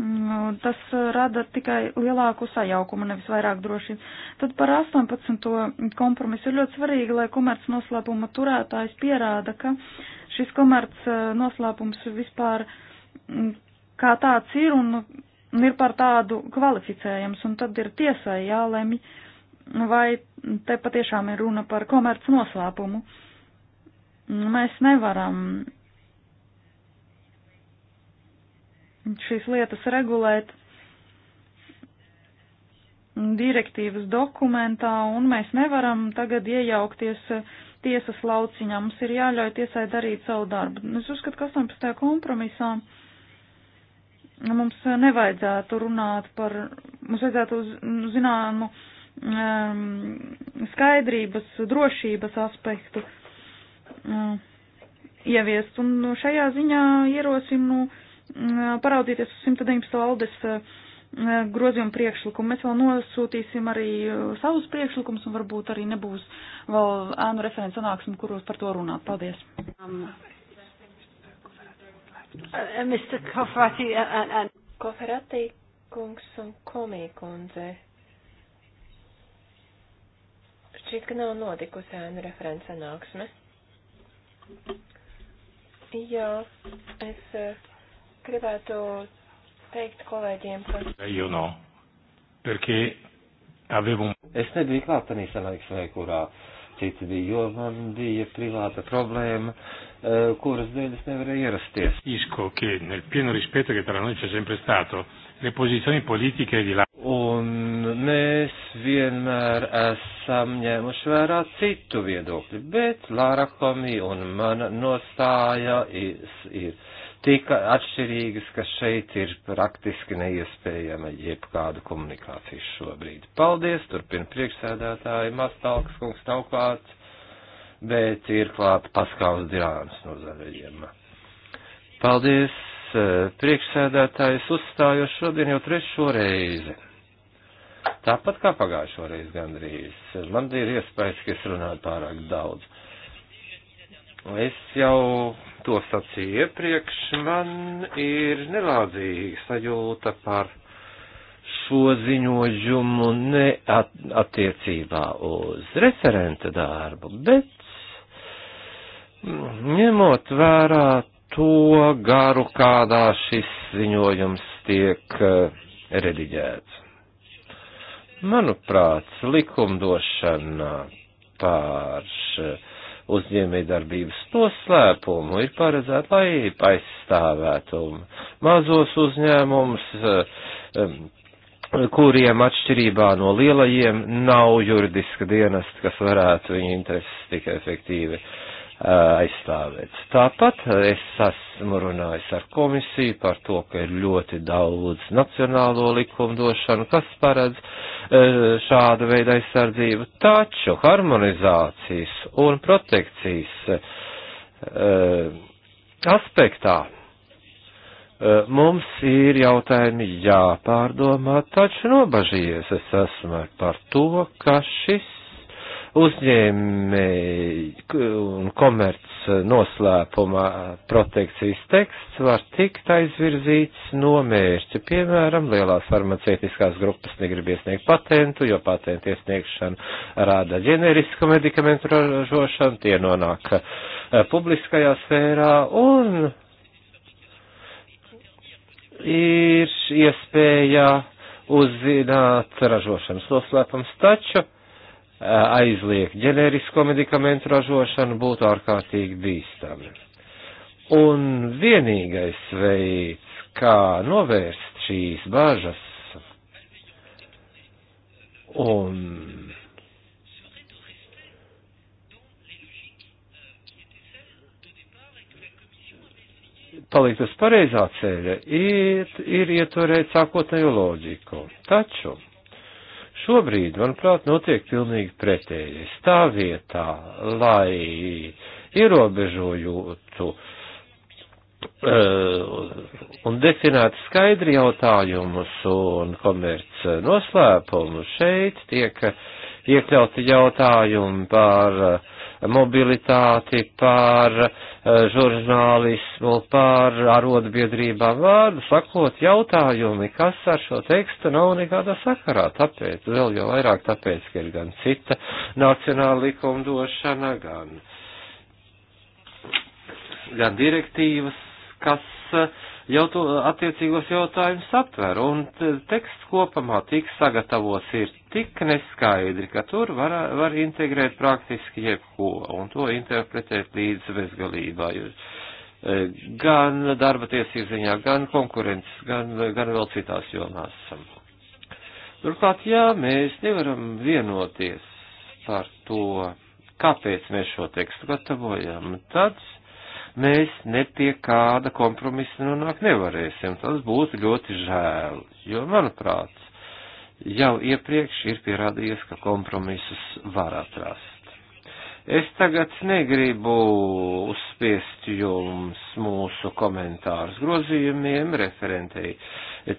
Nu, tas rada tikai lielāku sajaukumu, nevis vairāk drošību. Tad par 18. kompromisu ir ļoti svarīgi, lai komerc noslēpuma turētājs pierāda, ka šis komerc eh, noslēpums vispār mm, kā tāds ir un, un ir par tādu kvalificējams, un tad ir tiesai jālemj, vai te patiešām ir runa par komerc noslēpumu. Mēs nevaram šīs lietas regulēt direktīvas dokumentā, un mēs nevaram tagad iejaukties eh, tiesas lauciņā. Mums ir jāļauj tiesai darīt savu darbu. Es uzskatu, ka 18. kompromisā mums nevajadzētu runāt par, mums vajadzētu uz, zināmu um, skaidrības, drošības aspektu um, ieviest, un šajā ziņā ierosinu. Nu, Mm, paraudzīties uz 119. aldes mm, grozījumu priekšlikumu. Mēs vēl nosūtīsim arī uh, savus priekšlikumus un varbūt arī nebūs vēl ēnu referents sanāksmi, kuros par to runāt. Paldies. Um, uh, Mr. Koferati, uh, uh, uh, Koferati kungs un komī kundze. Šķiet, ka nav notikusi ēnu referents sanāksme. Jā, es. Uh, Gribētu teikt kolēģiem, ka. You know, perché avevo... Es nebiju klātenī sanāksmē, kurā citi bija, jo man bija privāta problēma, eh, kuras dēļ es nevarēju ierasties. Isko, che nel pieno rispetto che tra noi c'è sempre stato, le posizioni politiche di là. Un mēs vienmēr esam ņēmuši vērā citu viedokļu, bet Lāra Komī un mana nostāja ir. ir tik atšķirīgas, ka šeit ir praktiski neiespējama jebkāda komunikācija šobrīd. Paldies, turpina priekšsēdētāji, Mastalks kungs nav klāts, bet ir klāta Paskāls Dirāns no zaļajiem. Paldies, eh, priekšsēdētājs uzstāju šodien jau trešo reizi. Tāpat kā pagājušo reizi gandrīz. Man ir iespējas, ka es runāju pārāk daudz. Uh, Es jau to sacīju iepriekš, man ir nelādīga sajūta par šo ziņojumu ne at attiecībā uz referenta darbu, bet ņemot vērā to garu, kādā šis ziņojums tiek eh, rediģēts. Manuprāt, likumdošana pār uzņēmējdarbības noslēpumu ir paredzēta, lai aizstāvētu mazos uzņēmumus, eh, kuriem atšķirībā no lielajiem nav juridiska dienesta, kas varētu viņu intereses tik efektīvi uh, aizstāvēts. Tāpat es esmu runājis ar komisiju par to, ka ir ļoti daudz nacionālo likumdošanu, kas paredz šādu veidu aizsardzību, taču harmonizācijas un protekcijas aspektā mums ir jautājumi jāpārdomā, taču nobažījies es esmu par to, ka šis uzņēmēji un komerc noslēpumā protekcijas teksts var tikt aizvirzīts no mērķa. Piemēram, lielās farmaceitiskās grupas negrib iesniegt patentu, jo patentu iesniegšana rāda ģenerisku medikamentu ražošanu, tie nonāk eh, publiskajā sfērā un ir iespēja uzzināt ražošanas noslēpums taču Eh, aizliegt ģenerisko medikamentu ražošanu, būtu ārkārtīgi bīstami. Un vienīgais veids, kā novērst šīs bažas un palikt uz pareizā ceļa, ir, ir ieturēt sākotnējo loģiku. Taču Šobrīd, manuprāt, notiek pilnīgi pretēji. Tā vietā, lai ierobežojotu eh, un definētu skaidri jautājumus un komerc noslēpumu, šeit tiek iekļauti jautājumi par uh, mobilitāti, par eh, žurnālismu, par arotbiedrībām vārdu, nu, sakot jautājumi, kas ar šo tekstu nav nekādā sakarā. Tāpēc, vēl jau vairāk tāpēc, ka ir gan cita nacionāla likumdošana, gan, gan direktīvas, kas uh, jau to attiecīgos jautājumus aptver, un teksts kopumā tik sagatavots ir tik neskaidri, ka tur var, var integrēt praktiski jebko, un to interpretēt līdz bezgalībā. E, gan darba tiesību ziņā, gan konkurences, gan, gan vēl citās jomās. Turklāt, jā, mēs nevaram vienoties par to, kāpēc mēs šo tekstu gatavojam. Tad mēs ne pie kāda kompromisa nonākt nevarēsim. Tas būtu ļoti žēl, jo, manuprāt, jau iepriekš ir pierādījies, ka kompromisus var atrast. Es tagad negribu uzspiest jums mūsu komentārus grozījumiem, referentei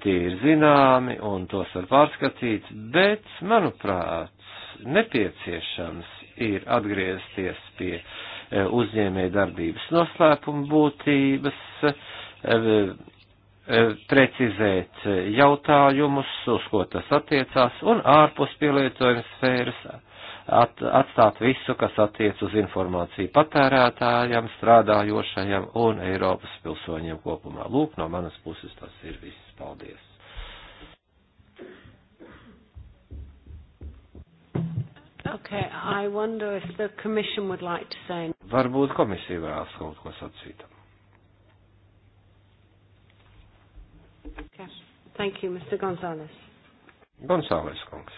tie ir zināmi un tos var pārskatīt, bet, manuprāt, nepieciešams ir atgriezties pie uh, E, uzņēmē darbības noslēpuma būtības, e, e, precizēt jautājumus, uz ko tas attiecās, un ārpus pielietojuma sfēras at, atstāt visu, kas attiec uz informāciju patērētājiem, strādājošajiem un Eiropas pilsoņiem kopumā. Lūk, no manas puses tas ir viss. Paldies! Okay, I wonder if the commission would like to say. Varbūt komisija vēlas kaut ko sacīt. Okay. Thank you, Mr. Gonzales. Gonzales kungs.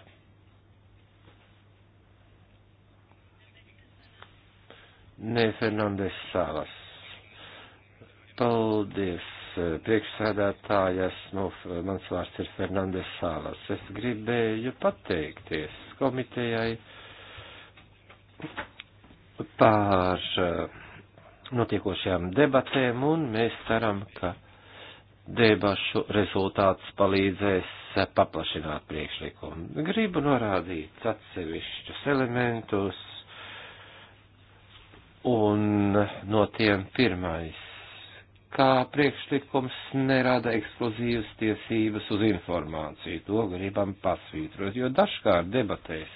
Ne Fernandes Salas. Paldies, priekšsēdētāji, esmu, nu, mans vārds ir Fernandes Salas. Es gribēju pateikties komitejai par eh, notiekošajām debatēm, un mēs ceram, ka debašu rezultāts palīdzēs eh, paplašināt priekšlikumu. Gribu norādīt atsevišķus elementus, un no tiem pirmais, kā priekšlikums nerada ekskluzīvas tiesības uz informāciju. To gribam pasvītrot, jo dažkārt debatēs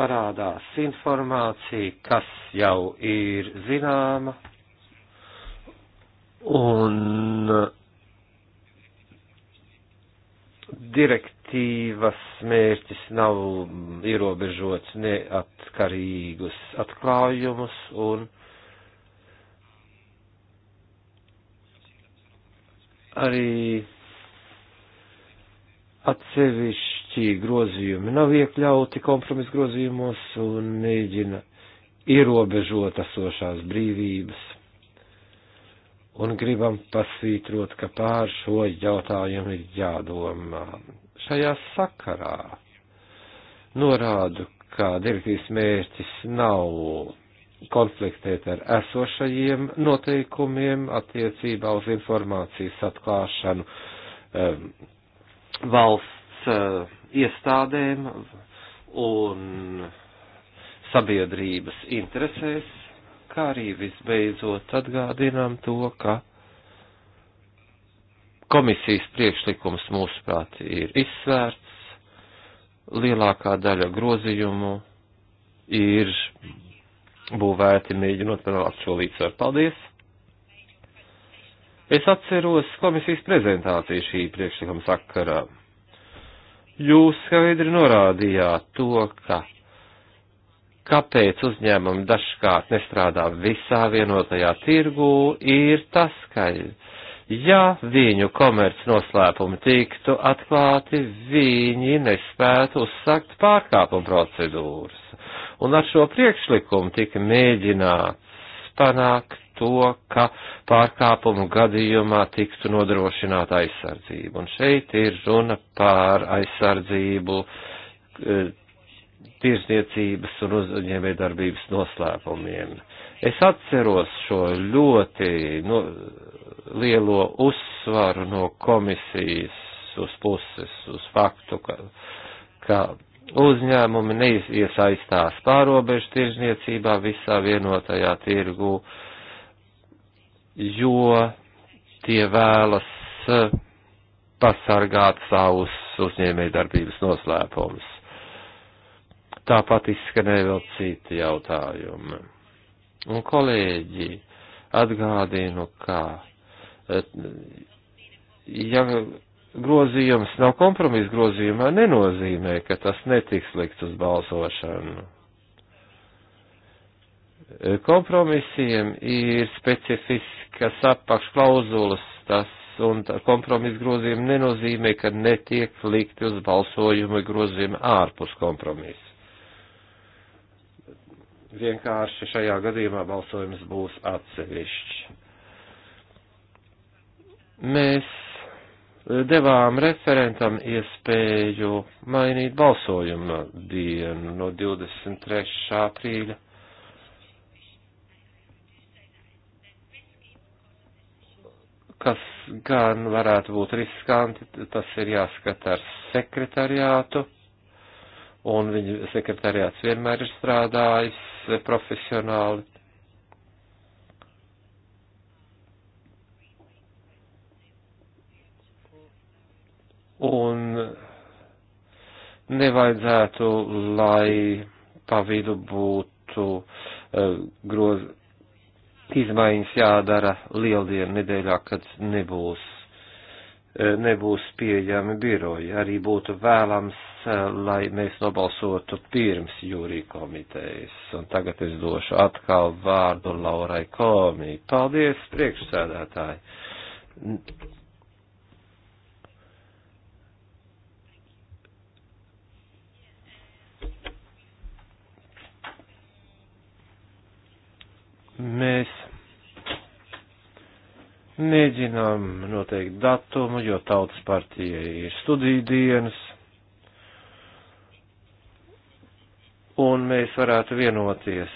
parādās informācija, kas jau ir zināma, un direktīvas mērķis nav ierobežots neatkarīgus atklājumus un arī atsevišķi atsevišķi grozījumi nav iekļauti kompromisu grozījumos un mēģina ierobežot esošās brīvības. Un gribam pasvītrot, ka pār šo jautājumu ir jādomā. Šajā sakarā norādu, ka direktīvas mērķis nav konfliktēt ar esošajiem noteikumiem attiecībā uz informācijas atklāšanu um, valsts uh, iestādēm un sabiedrības interesēs, kā arī visbeidzot atgādinām to, ka komisijas priekšlikums mūsuprāt ir izsvērts, lielākā daļa grozījumu ir būvēti mēģinot panākt šo līdzsvaru. Paldies! Es atceros komisijas prezentāciju šī priekšlikuma sakarā. Jūs skaidri norādījāt to, ka kāpēc uzņēmumi dažkārt nestrādā visā vienotajā tirgū, ir tas, ka, ja viņu komerc noslēpumi tiktu atklāti, viņi nespētu uzsākt pārkāpumu procedūras. Un ar šo priekšlikumu tika mēģināts panākt to, ka pārkāpumu gadījumā tiktu nodrošināta aizsardzība. Un šeit ir runa par aizsardzību e, tirsniecības un uzņēmējdarbības noslēpumiem. Es atceros šo ļoti no, lielo uzsvaru no komisijas uz puses, uz faktu, ka, ka uzņēmumi neiesaistās pārobežu tirzniecībā visā vienotajā tirgu, jo tie vēlas eh, pasargāt savus uzņēmēju darbības noslēpumus. Tāpat izskanēja vēl citi jautājumi. Un kolēģi atgādinu, ka eh, ja grozījums nav kompromis grozījumā, nenozīmē, ka tas netiks likt uz balsošanu kompromisiem ir specifiskas apakšklauzulas, tas un kompromis grozījumi nenozīmē, ka netiek likti uz balsojumu grozījumi ārpus kompromisa. Vienkārši šajā gadījumā balsojums būs atsevišķs. Mēs devām referentam iespēju mainīt balsojuma dienu no 23. aprīļa kas gan varētu būt riskanti, tas ir jāskata ar sekretariātu, un viņa sekretariāts vienmēr ir strādājis profesionāli. Un nevajadzētu, lai pa vidu būtu uh, eh, grozi izmaiņas jādara lieldienu nedēļā, kad nebūs, e, nebūs pieejami biroji. Arī būtu vēlams, e, lai mēs nobalsotu pirms jūrī komitejas. Un tagad es došu atkal vārdu Laurai Komī. Paldies, priekšsēdētāji! Mēs mēģinām noteikt datumu, jo tautas partija ir studiju dienas, un mēs varētu vienoties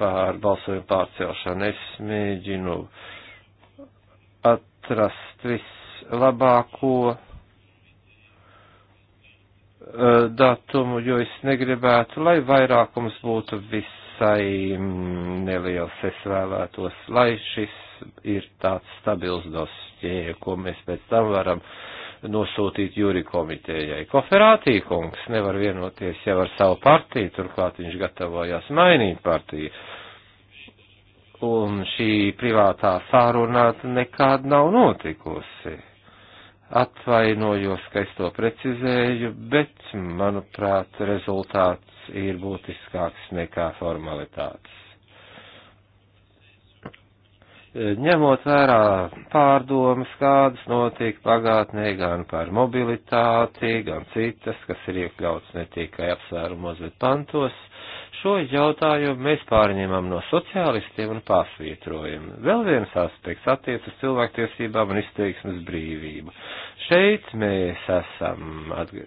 pār balsojumu pārcelšanu. Es mēģinu atrast vislabāko eh, datumu, jo es negribētu, lai vairākums būtu viss Saksai mm, neliels es vēlētos, lai šis ir tāds stabils dosķē, ko mēs pēc tam varam nosūtīt jūri komitējai. Koferātī kungs nevar vienoties jau ar savu partiju, turklāt viņš gatavojās mainīt partiju. Un šī privātā sārunā nekād nav notikusi Atvainojos, ka es to precizēju, bet, manuprāt, rezultāts ir būtiskāks nekā formalitātes. Ņemot vērā pārdomas, kādas notiek pagātnē gan par mobilitāti, gan citas, kas ir iekļauts ne tikai apsvērumos, bet pantos, šo jautājumu mēs pārņemam no sociālistiem un pārsvītrojam. Vēl viens aspekts attiec uz cilvēktiesībām un izteiksmes brīvību. Šeit mēs esam atg...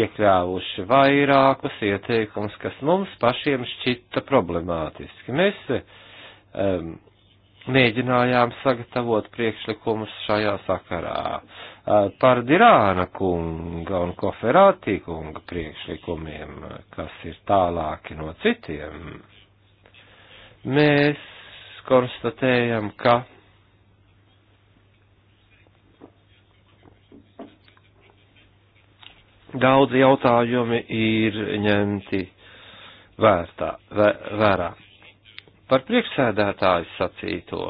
iekļāvuši vairākus ieteikumus, kas mums pašiem šķita problemātiski. Mēs um, mēģinājām sagatavot priekšlikumus šajā sakarā. Uh, Eh, par Dirāna kunga un Koferātī kunga priekšlikumiem, kas ir tālāki no citiem, mēs konstatējam, ka daudzi jautājumi ir ņemti vērtā, vē, vērā. Par priekšsēdētāju sacīto,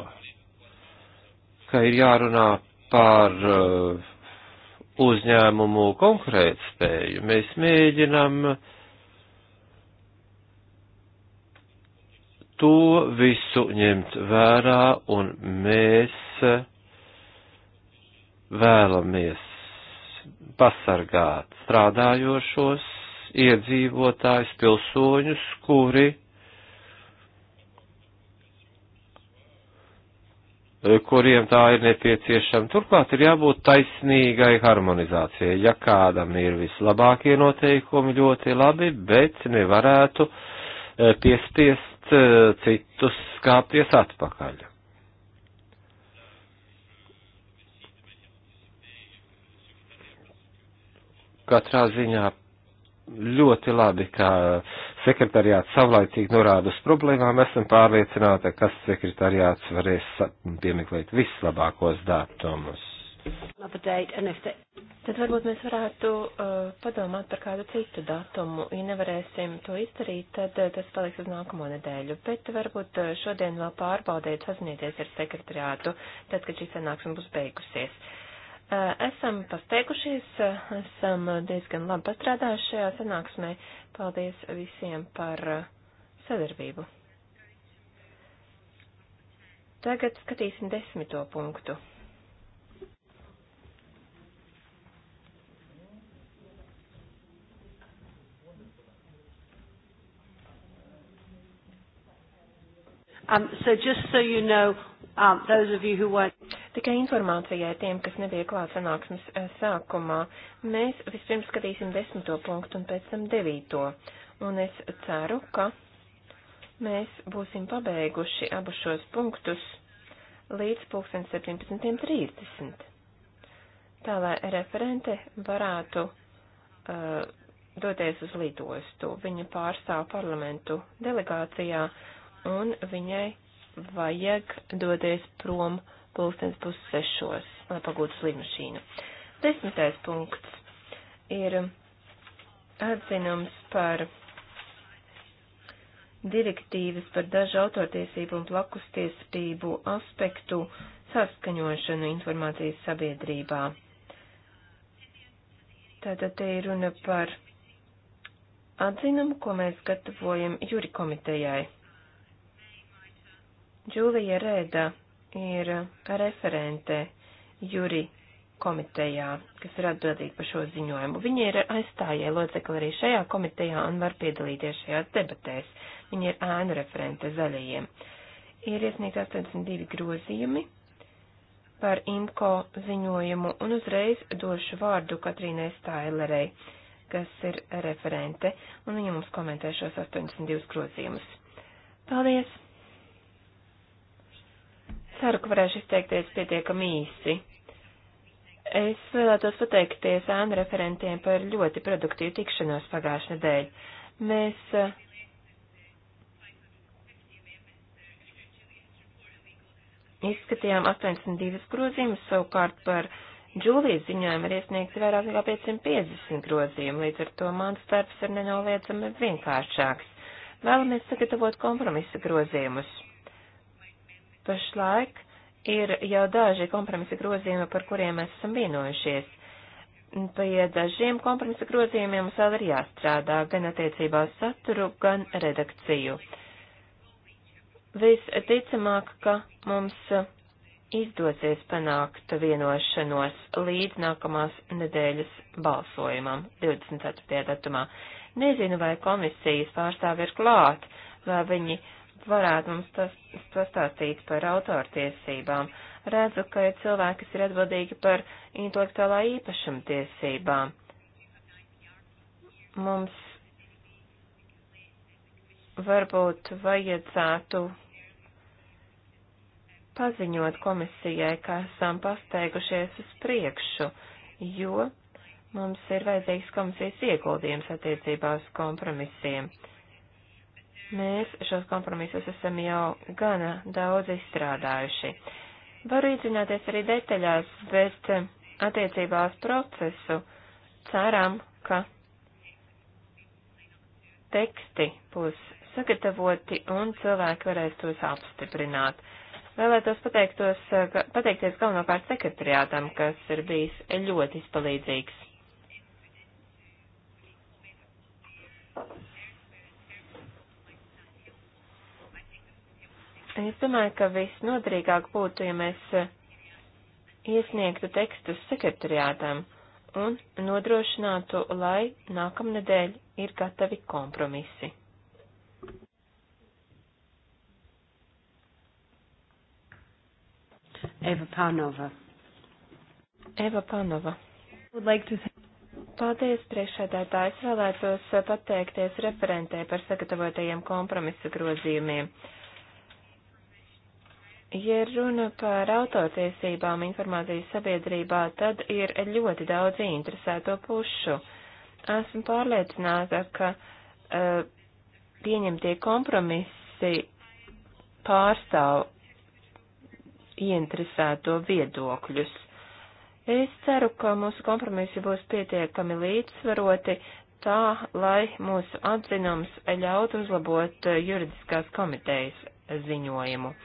ka ir jārunā par uh, uzņēmumu konkurētspēju. Mēs mēģinam to visu ņemt vērā un mēs vēlamies pasargāt strādājošos iedzīvotājus, pilsoņus, kuri Eh, kuriem tā ir nepieciešama. Turklāt ir jābūt taisnīgai harmonizācijai. Ja kādam ir vislabākie noteikumi, ļoti labi, bet nevarētu eh, piespiest eh, citus skāpties atpakaļ. Katrā ziņā ļoti labi, ka sekretariāts savlaicīgi norāda uz problēmām. Esam pārliecināti, ka sekretariāts varēs piemeklēt vislabākos datumus. Tad varbūt mēs varētu uh, padomāt par kādu citu datumu. Ja nevarēsim to izdarīt, tad uh, tas paliks uz nākamo nedēļu. Bet varbūt uh, šodien vēl pārbaudiet, sazinieties ar sekretariātu, tad, kad šī sanāksme būs beigusies. Uh, Eh, esam pasteikušies, eh, esam diezgan labi pastrādājuši šajā sanāksmē. Paldies visiem par eh, sadarbību. Tagad skatīsim desmito punktu. Um, so just so you know, um, those of you who weren't Tikai informācijai tiem, kas nebija klāt sanāksmes eh, sākumā, mēs vispirms skatīsim desmito punktu un pēc tam devīto. Un es ceru, ka mēs būsim pabeiguši abus šos punktus līdz 17.30. Tā lai referente varētu uh, doties uz lidostu. Viņa pārstāv parlamentu delegācijā un viņai vajag doties prom uh, pulkstens pussešos, lai pagūtu slimašīnu. Desmitais punkts ir atzinums par direktīvas par dažu autortiesību un plakus tiesību aspektu saskaņošanu informācijas sabiedrībā. Tātad te ir runa par atzinumu, ko mēs gatavojam jūri komitejai. Džūlija Rēda ir referente Juri komitejā, kas ir atbildīga par šo ziņojumu. Viņa ir aizstājēja locekli arī šajā komitejā un var piedalīties šajās debatēs. Viņa ir ēnu referente zaļajiem. Ir iesniegt 82 grozījumi par IMCO ziņojumu un uzreiz došu vārdu Katrīnai Stailerei, kas ir referente, un viņa mums komentē šos 82 grozījumus. Paldies! Ceru, ka varēšu izteikties pietiekami īsi. Es vēlētos pateikties ēnu referentiem par ļoti produktīvu tikšanos pagājušajā nedēļ. Mēs eh, izskatījām 82 grozījumus, savukārt par Džūlijas ziņojumu ir iesniegts vairāk nekā 550 grozījumu, līdz ar to mans darbs ir nenoliedzami vienkāršāks. Vēlamies sagatavot kompromisa grozījumus. Pašlaik ir jau daži kompromisa grozījumi, par kuriem mēs esam vienojušies. Pie dažiem kompromisa grozījumiem mums vēl ir jāstrādā gan attiecībā uz saturu, gan redakciju. Visticamāk, ka mums izdosies panākt vienošanos līdz nākamās nedēļas balsojumam 24. datumā. Nezinu, vai komisijas pārstāvi ir klāt, vai viņi varētu mums tas, pastāstīt par autortiesībām. Redzu, ka ir cilvēki, kas ir atbildīgi par intelektuālā īpašuma tiesībām. Mums varbūt vajadzētu paziņot komisijai, ka esam pasteigušies uz priekšu, jo mums ir vajadzīgs komisijas ieguldījums attiecībā uz kompromisiem. Mēs šos kompromisus esam jau gana daudz izstrādājuši. Var iedzināties arī detaļās, bet eh, attiecībā uz procesu ceram, ka teksti būs sagatavoti un cilvēki varēs tos apstiprināt. Vēlētos pateiktos, eh, pateikties galvenokārt sekretariātam, kas ir bijis ļoti izpalīdzīgs. Es domāju, ka visnoderīgāk būtu, ja mēs eh, iesniegtu tekstus sekretariātam un nodrošinātu, lai nākamnedēļ ir gatavi kompromisi. Eva Panova. Eva Panova. Like to... Paldies, priekšsēdētāji. Es vēlētos eh, pateikties referentē par sagatavotajiem kompromisa grozījumiem. Uh, Ja runa par autortiesībām informācijas sabiedrībā, tad ir ļoti daudz interesēto pušu. Esmu pārliecināta, ka uh, pieņemtie kompromisi pārstāv ieinteresēto viedokļus. Es ceru, ka mūsu kompromisi būs pietiekami līdzsvaroti tā, lai mūsu atzinums ļautu uzlabot eh, juridiskās komitejas ziņojumu. Uh,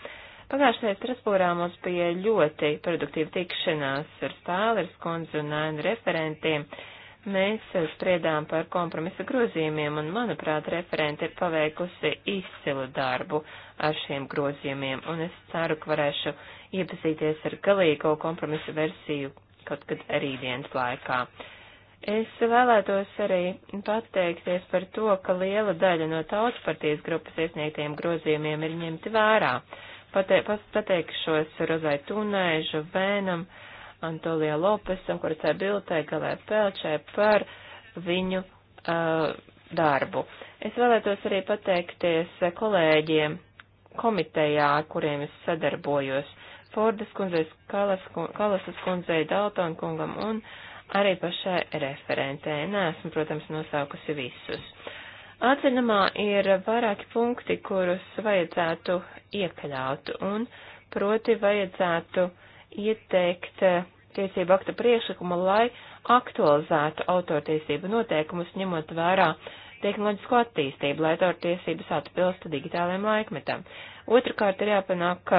Pagājušajā Strasbūrā mums bija ļoti produktīva tikšanās ar Stāleris kundzi un ēnu referentiem. Mēs spriedām par kompromisa grozījumiem, un, manuprāt, referente ir paveikusi izcilu darbu ar šiem grozījumiem, un es ceru, ka varēšu iepazīties ar galīgo kompromisa versiju kaut kad rītdienas laikā. Es vēlētos arī pateikties par to, ka liela daļa no tautspartijas grupas iesniegtiem grozījumiem ir ņemti vērā. Uh, Pate, pateikšos Rozai Tunai, Žuvēnam, Antolija Lopesam, Koricai Biltai, Galē Pelčai par viņu uh, darbu. Es vēlētos arī pateikties kolēģiem komitejā, kuriem es sadarbojos. Fordas kundzei, Kalas, Kalasas kundzei, Dalton kungam un arī pašai referentē. Nē, esmu, protams, nosaukusi visus. Atzinumā ir vairāki punkti, kurus vajadzētu iekļaut, un proti vajadzētu ieteikt eh, tiesību akta priekšlikumu, lai aktualizētu autortiesību noteikumus, ņemot vērā tehnoloģisko attīstību, lai autortiesības atbilstu digitālajiem laikmetam. Otrakārt ir jāpanāk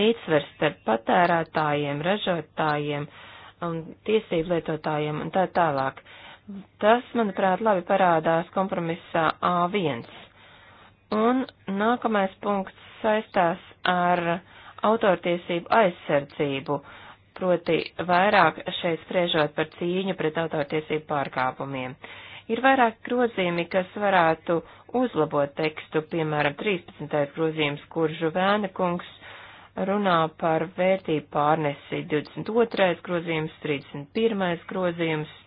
līdzsvers starp patērētājiem, ražotājiem, tiesību lietotājiem un tā tālāk. Uh, Tas, manuprāt, labi parādās kompromisā A1. Un nākamais punkts saistās ar autortiesību aizsardzību, proti vairāk šeit spriežot par cīņu pret autortiesību pārkāpumiem. Ir vairāk grozījumi, kas varētu uzlabot tekstu, piemēram, 13. grozījums, kur Žuvēna kungs runā par vērtību pārnesi, 22. grozījums, 31. grozījums,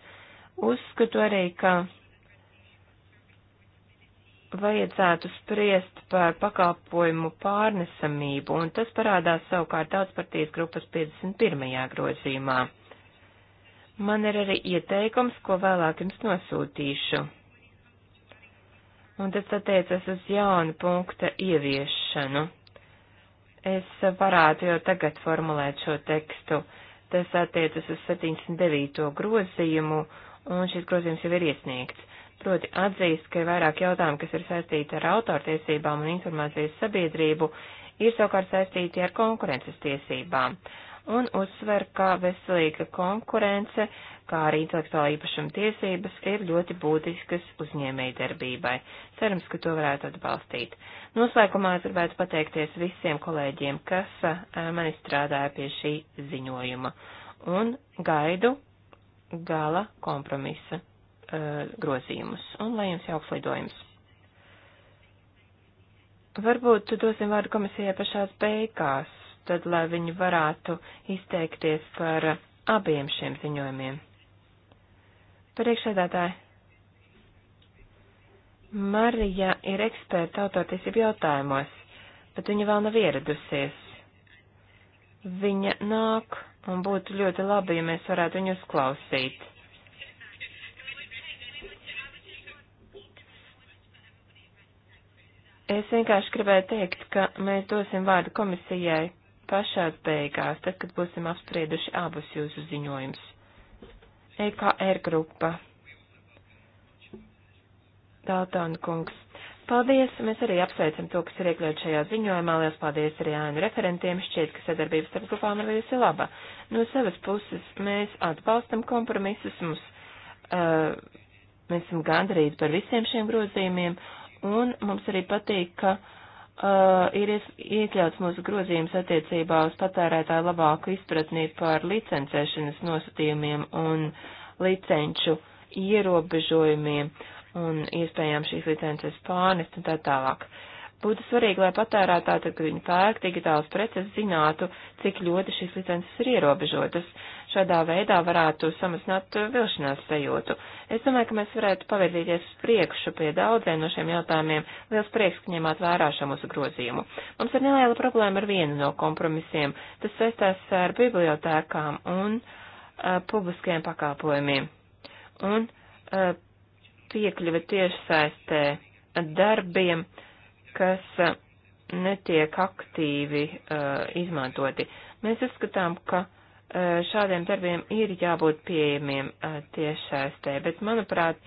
Uzskatu arī, ka vajadzētu spriest par pakalpojumu pārnesamību, un tas parādās savukārt tautspartijas grupas 51. grozījumā. Man ir arī ieteikums, ko vēlāk jums nosūtīšu. Un tas attiecas uz jaunu punkta ieviešanu. Es varētu jau tagad formulēt šo tekstu. Tas attiecas uz 79. grozījumu un šis grozījums jau ir iesniegts. Proti atzīst, ka ir vairāk jautājumu, kas ir saistīti ar autortiesībām un informācijas sabiedrību, ir savukārt saistīti ar konkurences tiesībām. Un uzsver, ka veselīga konkurence, kā arī intelektuāla īpašuma tiesības, ir ļoti būtiskas uzņēmēji darbībai. Cerams, ka to varētu atbalstīt. Noslēgumā es gribētu pateikties visiem kolēģiem, kas eh, mani strādāja pie šī ziņojuma. Un gaidu gala kompromisa uh, grozījumus. Un lai jums jauks lidojums. Varbūt dosim vārdu komisijai pašās beigās, tad lai viņi varētu izteikties par abiem šiem ziņojumiem. Priekšsēdētāji, Marija ir eksperta autortiesību jautājumos, bet viņa vēl nav ieradusies Viņa nāk, un būtu ļoti labi, ja mēs varētu viņu uzklausīt. Es vienkārši gribēju teikt, ka mēs dosim vārdu komisijai pašās beigās, tad, kad būsim apsprieduši abus jūsu ziņojumus. EKR grupa. Daltona kungs. Paldies! Mēs arī apsveicam to, kas ir iekļauts šajā ziņojumā. Lielas paldies arī ēnu referentiem. Šķiet, ka sadarbības starp grupām ir bijusi laba. No savas puses mēs atbalstam kompromisus. Mums, uh, mēs esam gandrīz par visiem šiem grozījumiem, un mums arī patīk, ka uh, ir iekļauts mūsu grozījums attiecībā uz patērētāju labāku izpratni par licencēšanas nosacījumiem un licenču ierobežojumiem. Uh, un iespējām šīs licences pārnest un tā tālāk. Būtu svarīgi, lai patērētāji, tad, kad viņi pērk digitālas preces, zinātu, cik ļoti šīs licences ir ierobežotas. Šādā veidā varētu samazināt vilšanās sajūtu. Es domāju, ka mēs varētu pavirzīties uz priekšu pie daudziem no šiem jautājumiem. Liels prieks, ka ņemāt vērā šo mūsu grozījumu. Mums ir neliela problēma ar vienu no kompromisiem. Tas saistās ar bibliotēkām un uh, publiskajiem pakalpojumiem. Un uh, piekļuve tiešsaistē darbiem, kas uh, netiek aktīvi uh, izmantoti. Mēs uzskatām, ka uh, šādiem darbiem ir jābūt pieejamiem uh, tiešsaistē, bet, manuprāt,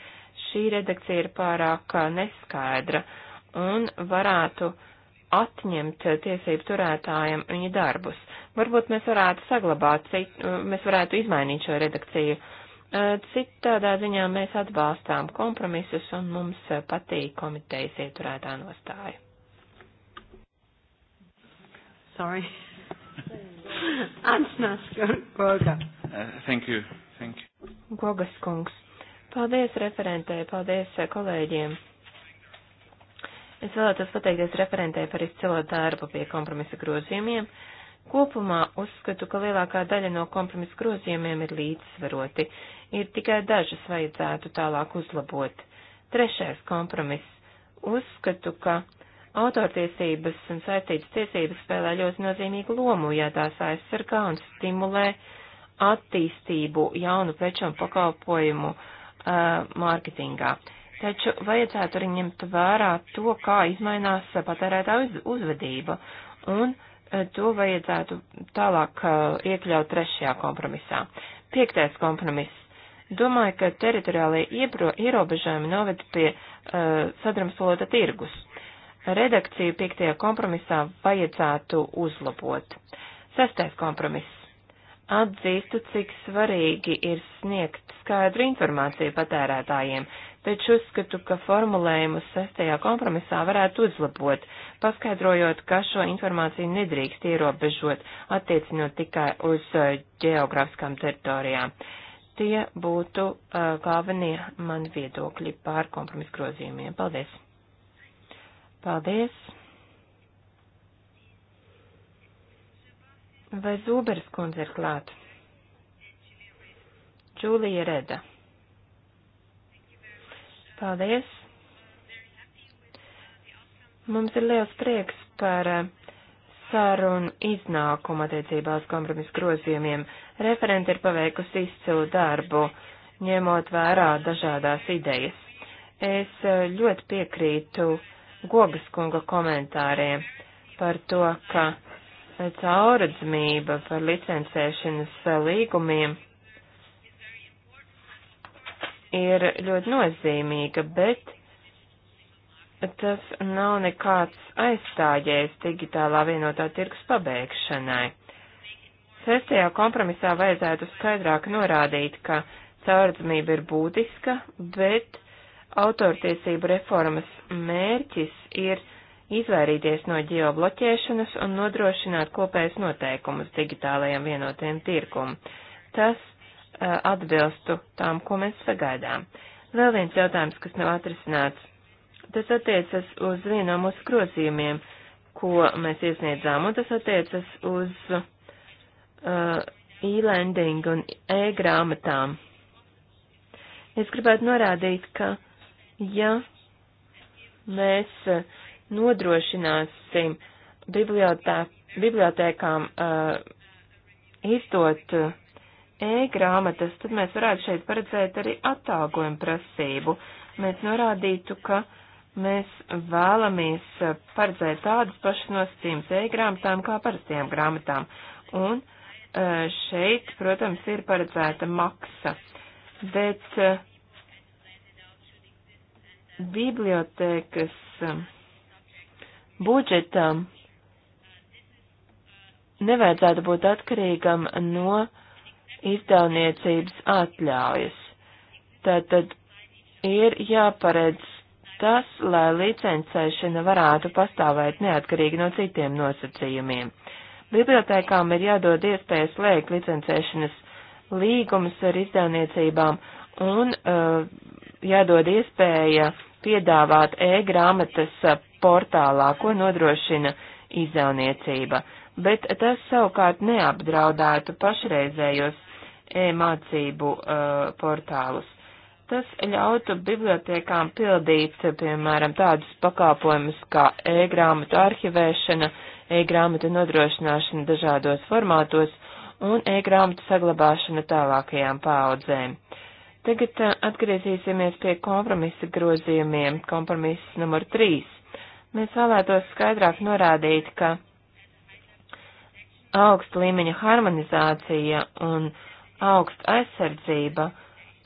šī redakcija ir pārāk uh, neskaidra un varētu atņemt tiesību turētājiem viņa darbus. Varbūt mēs varētu saglabāt, uh, mēs varētu izmainīt šo redakciju, uh, Eh, citādā ziņā mēs atbalstām kompromisus un mums eh, patīk komitejas ieturētā nostāja. Sorry. Ansnās Goga. Uh, thank you. Thank you. Gogas kungs. Paldies referentē, paldies kolēģiem. Es vēlētos pateikties referentē par izcilo darbu pie kompromisa grozījumiem. Kopumā uzskatu, ka lielākā daļa no kompromisa grozījumiem ir līdzsvaroti ir tikai dažas vajadzētu tālāk uzlabot. Trešais kompromiss. Uzskatu, ka autortiesības un saistītas tiesības spēlē ļoti nozīmīgu lomu, ja tās aizsargā un stimulē attīstību jaunu preču un pakalpojumu uh, mārketingā. Taču vajadzētu arī ņemt vērā to, kā izmainās patērētāju uzvedība, un to vajadzētu tālāk iekļaut trešajā kompromisā. Piektais kompromiss. Domāju, ka teritoriālie ierobežojumi noved pie uh, sadrumstalota tirgus. Redakciju piektajā kompromisā vajadzētu uzlabot. Sestais kompromiss. Atzīstu, cik svarīgi ir sniegt skaidru informāciju patērētājiem, taču uzskatu, ka formulējumu sestajā kompromisā varētu uzlabot, paskaidrojot, ka šo informāciju nedrīkst ierobežot, attiecinot tikai uz ģeogrāfiskām uh, teritorijām. Uh, Tie būtu uh, galvenie mani viedokļi pār kompromisu grozījumiem. Paldies! Paldies! Vai Zūberis kundze ir klāt? Džūlija Reda. Paldies! Mums ir liels prieks par uh, sarunu iznākumu attiecībā uz kompromisu grozījumiem. Referenti ir paveikusi izcilu darbu, ņemot vērā dažādās idejas. Es e, ļoti piekrītu Gogas kunga komentāriem par to, ka cauradzmība par licencēšanas līgumiem ir ļoti nozīmīga, bet tas nav nekāds aizstājies digitālā vienotā tirgus pabeigšanai. Sestajā kompromisā vajadzētu skaidrāk norādīt, ka caurdzamība ir būtiska, bet autortiesību reformas mērķis ir izvairīties no ģeobloķēšanas un nodrošināt kopējas noteikumus digitālajiem vienotiem tirkumu. Tas uh, atbilstu tām, ko mēs sagaidām. Vēl viens jautājums, kas nav atrisināts Tas attiecas uz vienu no mūsu grozījumiem, ko mēs iesniedzām, un tas attiecas uz uh, e-lending un e-grāmatām. Es gribētu norādīt, ka ja mēs uh, nodrošināsim bibliotēkām uh, izdot uh, e-grāmatas, tad mēs varētu šeit paredzēt arī attālgojumu prasību. Mēs norādītu, ka uh, Mēs vēlamies eh, paredzēt tādus pašus nosacījumus e-grāmatām kā parastajām grāmatām. Un eh, šeit, protams, ir paredzēta maksa. Bet eh, bibliotēkas budžetam nevajadzētu būt atkarīgam no izdevniecības atļaujas. Tātad ir jāparedz tas, lai licencēšana varētu pastāvēt neatkarīgi no citiem nosacījumiem. Bibliotēkām ir jādod iespēja slēgt licencēšanas līgumus ar izdevniecībām un uh, jādod iespēja piedāvāt e-grāmatas uh, portālā, ko nodrošina izdevniecība, bet tas savukārt neapdraudētu pašreizējos e-mācību uh, portālus. Tas ļautu bibliotekām pildīt, piemēram, tādus pakāpojumus kā e-grāmatu arhivēšana, e-grāmatu nodrošināšana dažādos formātos un e-grāmatu saglabāšana tālākajām paudzēm. Tagad eh, atgriezīsimies pie kompromisa grozījumiem, kompromiss numur 3. Mēs vēlētos skaidrāk norādīt, ka augsta līmeņa harmonizācija un augsta aizsardzība –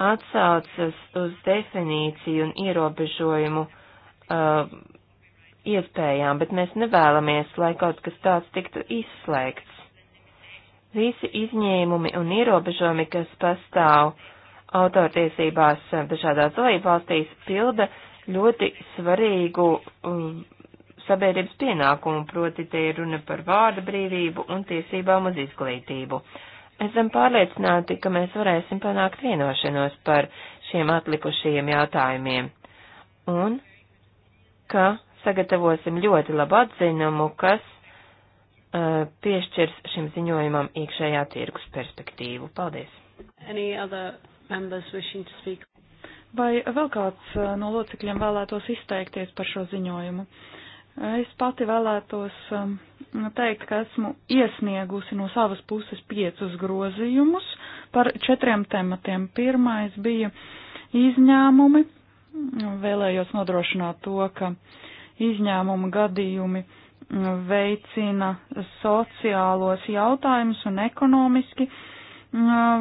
atsaucas uz definīciju un ierobežojumu uh, iespējām, bet mēs nevēlamies, lai kaut kas tāds tiktu izslēgts. Visi izņēmumi un ierobežojumi, kas pastāv autortiesībās dažādās dalībvalstīs, pilda ļoti svarīgu um, sabiedrības pienākumu, proti tie ir runa par vārda brīvību un tiesībām uz izglītību. Uh, Esam pārliecināti, ka mēs varēsim panākt vienošanos par šiem atlikušajiem jautājumiem un ka sagatavosim ļoti labu atzinumu, kas uh, piešķirs šim ziņojumam iekšējā tirgus perspektīvu. Paldies! Vai vēl kāds eh, no locekļiem vēlētos izteikties par šo ziņojumu? Eh, es pati vēlētos um, Nu, teikt, ka esmu iesniegusi no savas puses piecus grozījumus par četriem tematiem. Pirmais bija izņēmumi. Vēlējos nodrošināt to, ka izņēmumu gadījumi veicina sociālos jautājumus un ekonomiski uh,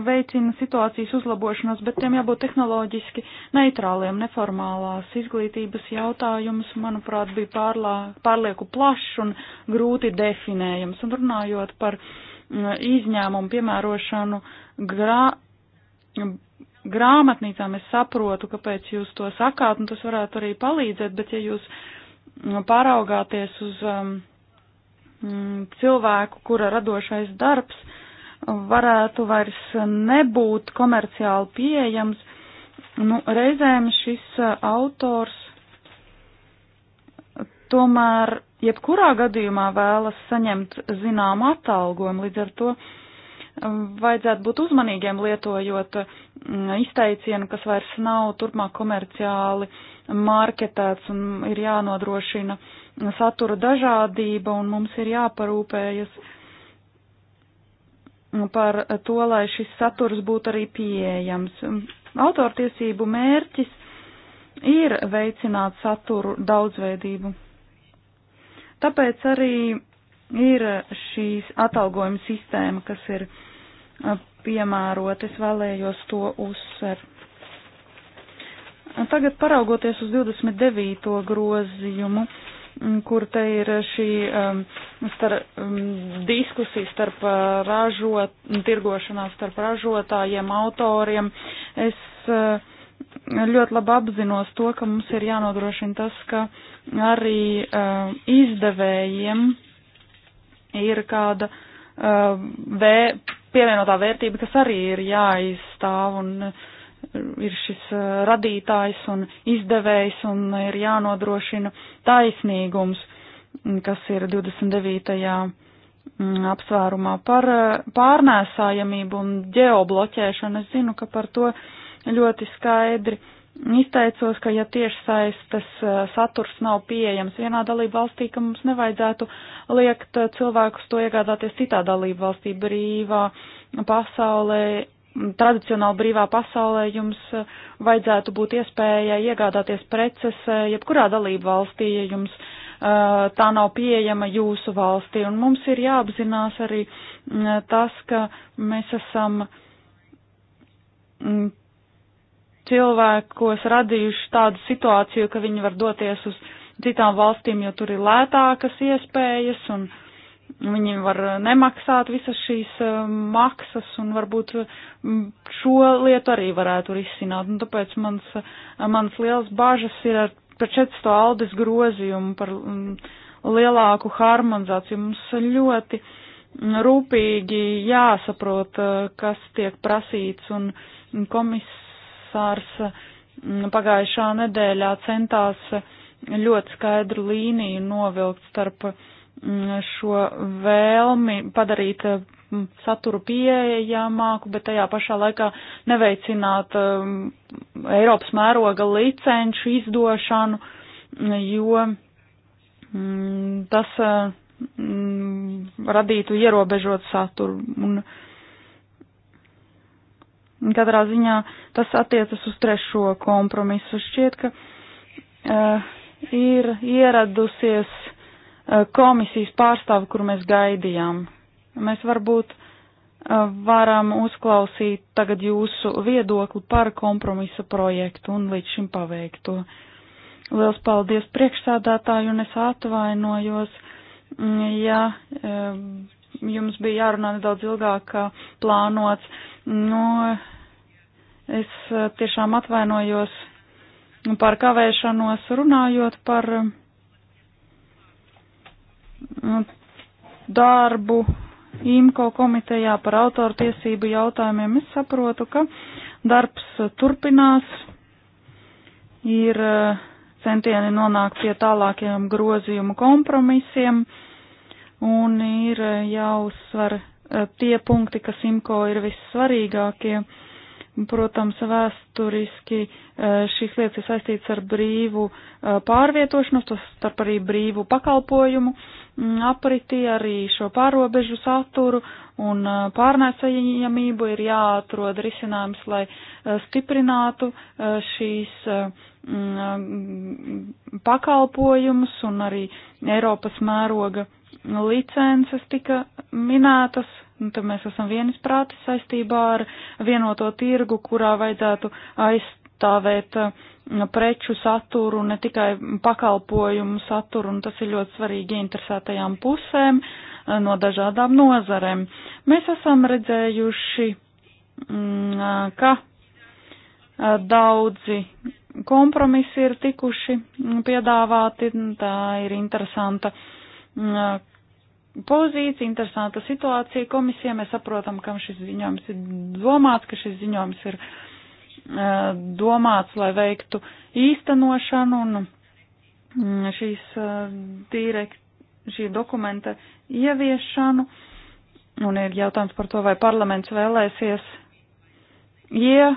veicina situācijas uzlabošanos, bet tiem jābūt tehnoloģiski neitrāliem. Neformālās izglītības jautājums, manuprāt, bija pārlā, pārlieku plašs un grūti definējams. Un runājot par izņēmumu piemērošanu grā, grāmatnīcām, es saprotu, kāpēc jūs to sakāt, un tas varētu arī palīdzēt, bet ja jūs pāraugāties uz um, cilvēku, kura radošais darbs, varētu vairs nebūt komerciāli pieejams. Nu, reizēm šis uh, autors tomēr jebkurā gadījumā vēlas saņemt zināmu atalgojumu, līdz ar to um, vajadzētu būt uzmanīgiem lietojot um, izteicienu, kas vairs nav turpmāk komerciāli marketēts un ir jānodrošina satura dažādība un mums ir jāparūpējas par to, lai šis saturs būtu arī pieejams. Autortiesību mērķis ir veicināt saturu daudzveidību. Tāpēc arī ir šīs atalgojuma sistēma, kas ir piemērota. Es vēlējos to uzsvert. Tagad paraugoties uz 29. grozījumu, Mm, kur te ir šī mm, star, mm, diskusija starp uh, ražot, tirgošanās starp ražotājiem, autoriem. Es uh, ļoti labi apzinos to, ka mums ir jānodrošina tas, ka arī uh, izdevējiem ir kāda vē, pievienotā vērtība, kas arī ir jāizstāv un uh, ir šis uh, radītājs un izdevējs un ir jānodrošina taisnīgums, mm, kas ir 29. Mm, apsvērumā par uh, pārnēsājamību un ģeobloķēšanu. Es zinu, ka par to ļoti skaidri izteicos, ka ja tiešsaistes uh, saturs nav pieejams vienā dalību valstī, ka mums nevajadzētu liekt cilvēkus to iegādāties citā dalību valstī brīvā pasaulē tradicionāli brīvā pasaulē jums eh, vajadzētu būt iespējai iegādāties preces eh, jebkurā dalību valstī, ja jums uh, tā nav pieejama jūsu valstī. Un mums ir jāapzinās arī uh, tas, ka mēs esam um, cilvēkos radījuši tādu situāciju, ka viņi var doties uz citām valstīm, jo tur ir lētākas iespējas un uh, Viņi var nemaksāt visas šīs eh, maksas un varbūt mm, šo lietu arī varētu risināt. Un tāpēc mans, eh, mans liels bāžas ir ar, par 400 aldes grozījumu, par mm, lielāku harmonizāciju. Mums ļoti mm, rūpīgi jāsaprot, eh, kas tiek prasīts un komisārs pagājušā nedēļā centās ļoti skaidru līniju novilkt starp uh, Mm, šo vēlmi padarīt eh, saturu pieejamāku, bet tajā pašā laikā neveicināt um, Eiropas mēroga licenču izdošanu, jo mm, tas eh, mm, radītu ierobežot saturu. Un katrā ziņā tas attiecas uz trešo kompromisu. Šķiet, ka uh, ir ieradusies uh, Eh, komisijas pārstāvi, kuru mēs gaidījām. Mēs varbūt eh, varam uzklausīt tagad jūsu viedokli par kompromisa projektu un līdz šim paveikto. Liels paldies priekšsādātāju un es atvainojos, mm, ja eh, jums bija jārunā nedaudz ilgāk kā plānots. Nu, es tiešām atvainojos par kavēšanos runājot par Nu, darbu IMCO komitejā par autortiesību jautājumiem, es saprotu, ka darbs eh, turpinās, ir eh, centieni nonākt pie tālākiem grozījumu kompromisiem un ir eh, jāuzsver tie punkti, kas IMCO ir vissvarīgākie. Protams, vēsturiski šīs lietas ir saistīts ar brīvu pārvietošanos, tas starp arī brīvu pakalpojumu. Uh, Mm, apritī arī šo pārobežu saturu un uh, pārnēsajamību ir jāatrod risinājums, lai uh, stiprinātu uh, šīs mm, pakalpojumus un arī Eiropas mēroga licences tika minētas, un tad mēs esam vienisprātis saistībā ar vienoto tirgu, kurā vajadzētu aizstāvēt aizstāvēt uh, preču saturu, ne tikai pakalpojumu saturu, un tas ir ļoti svarīgi interesētajām pusēm uh, no dažādām nozarēm. Mēs esam redzējuši, mm, uh, ka daudzi kompromisi ir tikuši mm, piedāvāti, tā ir interesanta mm, pozīcija, interesanta situācija komisija. Mēs saprotam, kam šis ziņojums ir domāts, ka šis ziņojums ir uh, Eh, domāts, lai veiktu īstenošanu un mm, šīs eh, direkt, šī dokumenta ieviešanu. Un ir jautājums par to, vai parlaments vēlēsies ja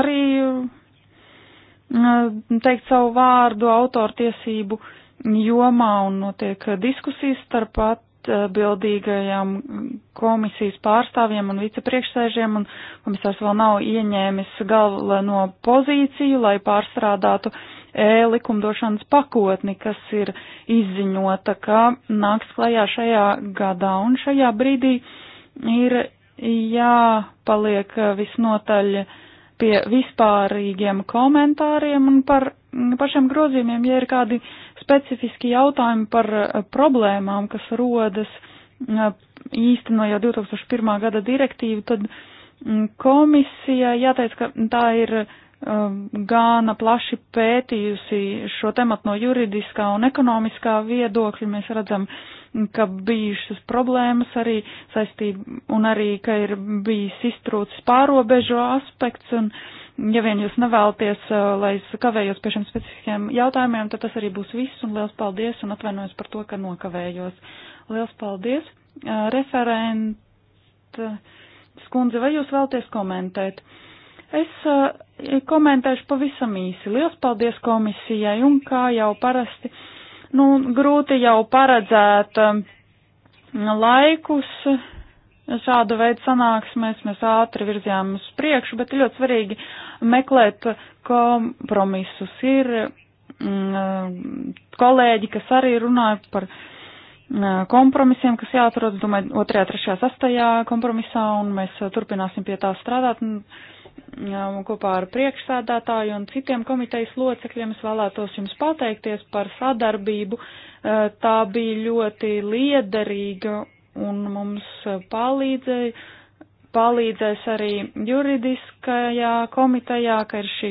arī eh, teikt savu vārdu autortiesību jomā un notiek diskusijas starp at, atbildīgajam eh, mm, komisijas pārstāvjiem un vicepriekšsēžiem, un komisārs vēl nav ieņēmis galveno pozīciju, lai pārstrādātu e-likumdošanas pakotni, kas ir izziņota, ka nāks klajā šajā gadā, un šajā brīdī ir jāpaliek eh, visnotaļ pie vispārīgiem komentāriem un par mm, pašiem grozījumiem, ja ir kādi uh, specifiski jautājumi par eh, problēmām, kas rodas eh, īstenojot 2001. gada direktīvu, tad mm, komisija jāteic, ka tā ir eh, gāna plaši pētījusi šo tematu no juridiskā un ekonomiskā viedokļa. Mēs redzam, mm, ka bijušas problēmas arī saistība un arī, ka ir bijis iztrūcis pārobežu aspekts un uh, Ja vien jūs nevēlaties, uh, lai es kavējos pie šiem specifiskiem jautājumiem, tad tas arī būs viss, un liels paldies, un atvainojos par to, ka nokavējos. Liels paldies. Uh, referent uh, skundze, vai jūs vēlaties komentēt? Es komentēšu pavisam īsi. Liels paldies komisijai, un kā jau parasti, nu, grūti jau paredzēt um, laikus šāda veida sanāksmēs mēs ātri virzījām uz priekšu, bet ļoti svarīgi meklēt kompromisus. Ir mm, kolēģi, kas arī runāja par mm, kompromisiem, kas jāatrod, domāju, otrajā, trešajā, sastajā kompromisā, un mēs turpināsim pie tā strādāt. Un, mm, kopā ar priekšsēdētāju un citiem komitejas locekļiem es vēlētos jums pateikties par sadarbību. Eh, tā bija ļoti liederīga un mums palīdzēja, palīdzēs arī juridiskajā komitejā, ka ir šī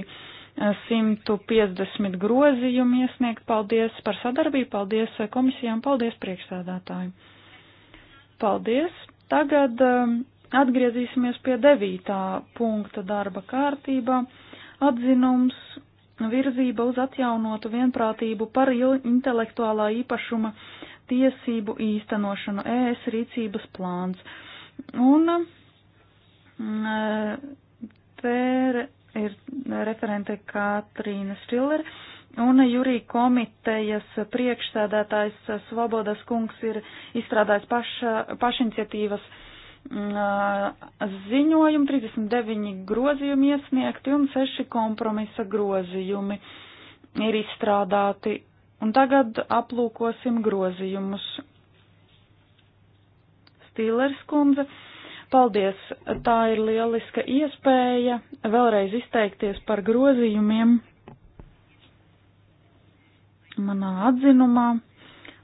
150 eh, grozījumi iesniegt. Paldies par sadarbību, paldies eh, komisijām, paldies priekšsādātājiem. Paldies! Tagad eh, atgriezīsimies pie devītā punkta darba kārtībā - atzinums virzība uz atjaunotu vienprātību par intelektuālā īpašuma tiesību īstenošanu, ES rīcības plāns. Un mm, te ir referente Katrīna Štilere un jūrija komitejas priekšsēdētājs Svobodas kungs ir izstrādājis paša, pašiniciatīvas mm, ziņojumu, 39 grozījumi iesniegti un 6 kompromisa grozījumi ir izstrādāti Un tagad aplūkosim grozījumus. Stīlers kundze, paldies, tā ir lieliska iespēja vēlreiz izteikties par grozījumiem manā atzinumā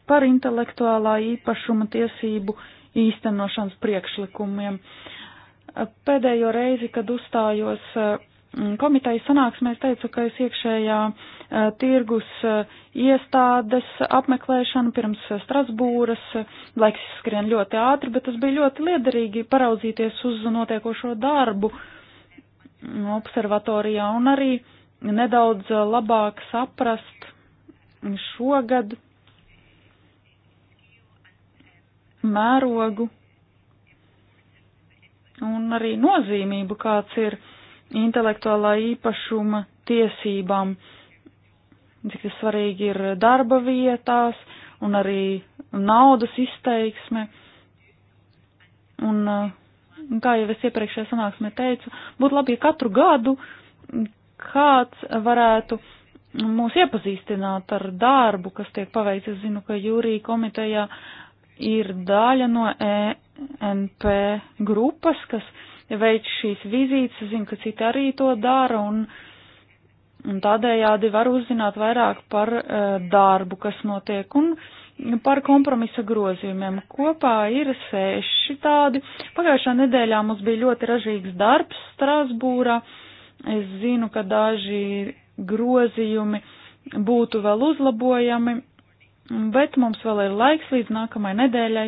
par intelektuālā īpašuma tiesību īstenošanas priekšlikumiem. Pēdējo reizi, kad uzstājos Mm, komitejas sanāksmēs teicu, ka es iekšējā eh, tirgus eh, iestādes apmeklēšanu pirms eh, Strasbūras, laiks skrien ļoti ātri, bet tas bija ļoti liederīgi paraudzīties uz notiekošo darbu mm, observatorijā un arī nedaudz labāk saprast šogad mērogu un arī nozīmību, kāds ir intelektuālā īpašuma tiesībām, cik tas svarīgi ir darba vietās un arī naudas izteiksme. Un, uh, kā jau es iepriekšējā sanāksmē teicu, būtu labi, ja katru gadu kāds varētu mūs iepazīstināt ar darbu, kas tiek paveikts. Es zinu, ka jūrija komitejā ir daļa no ENP grupas, kas veic šīs vizītes, zinu, ka citi arī to dara, un, un tādējādi var uzzināt vairāk par uh, darbu, kas notiek, un par kompromisa grozījumiem. Kopā ir seši tādi. Pagājušā nedēļā mums bija ļoti ražīgs darbs Strasbūrā. Es zinu, ka daži grozījumi būtu vēl uzlabojami, bet mums vēl ir laiks līdz nākamajai nedēļai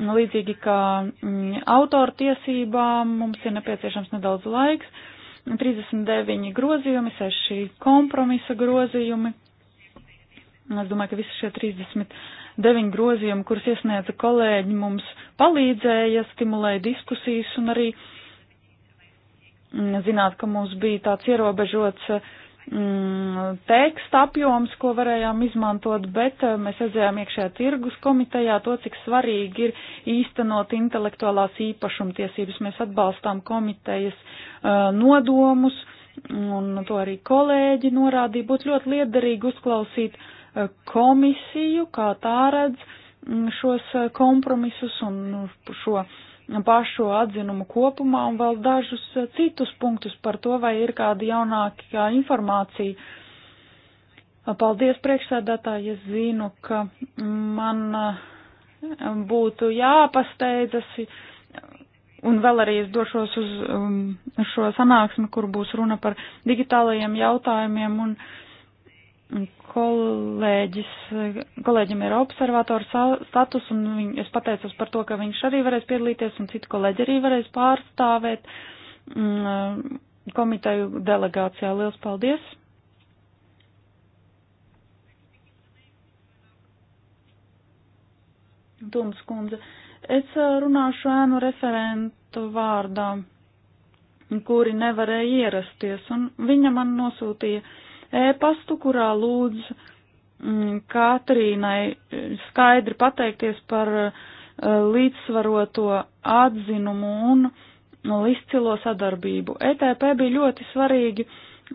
Līdzīgi kā mm, autora tiesībām mums ir nepieciešams nedaudz laiks, 39 grozījumi, 6 kompromisa grozījumi. Es domāju, ka visi šie 39 grozījumi, kurus iesniedza kolēģi, mums palīdzēja, stimulēja diskusijas un arī mm, zināt, ka mums bija tāds ierobežots uh, mm, teksta apjoms, ko varējām izmantot, bet eh, mēs redzējām iekšējā tirgus komitejā to, cik svarīgi ir īstenot intelektuālās īpašumtiesības. Mēs atbalstām komitejas uh, nodomus, un to arī kolēģi norādīja. Būtu ļoti liederīgi uzklausīt uh, komisiju, kā tā redz mm, šos kompromisus un šo. Uh, pašu atzinumu kopumā un vēl dažus eh, citus punktus par to, vai ir kāda jaunākā informācija. Paldies priekšsēdētāji, es zinu, ka man eh, būtu jāpasteidzas un vēl arī es došos uz um, šo sanāksmi, kur būs runa par digitālajiem jautājumiem un uh, kolēģis, kolēģim ir observatoru status, un viņ, es pateicos par to, ka viņš arī varēs piedalīties, un citi kolēģi arī varēs pārstāvēt mm, komiteju delegācijā. Liels paldies! Tums kundze, es runāšu ēnu referentu vārdā, kuri nevarēja ierasties, un viņa man nosūtīja uh, e-pastu, kurā lūdz mm, Katrīnai skaidri pateikties par e, līdzsvaroto atzinumu un izcilo sadarbību. ETP bija ļoti svarīgi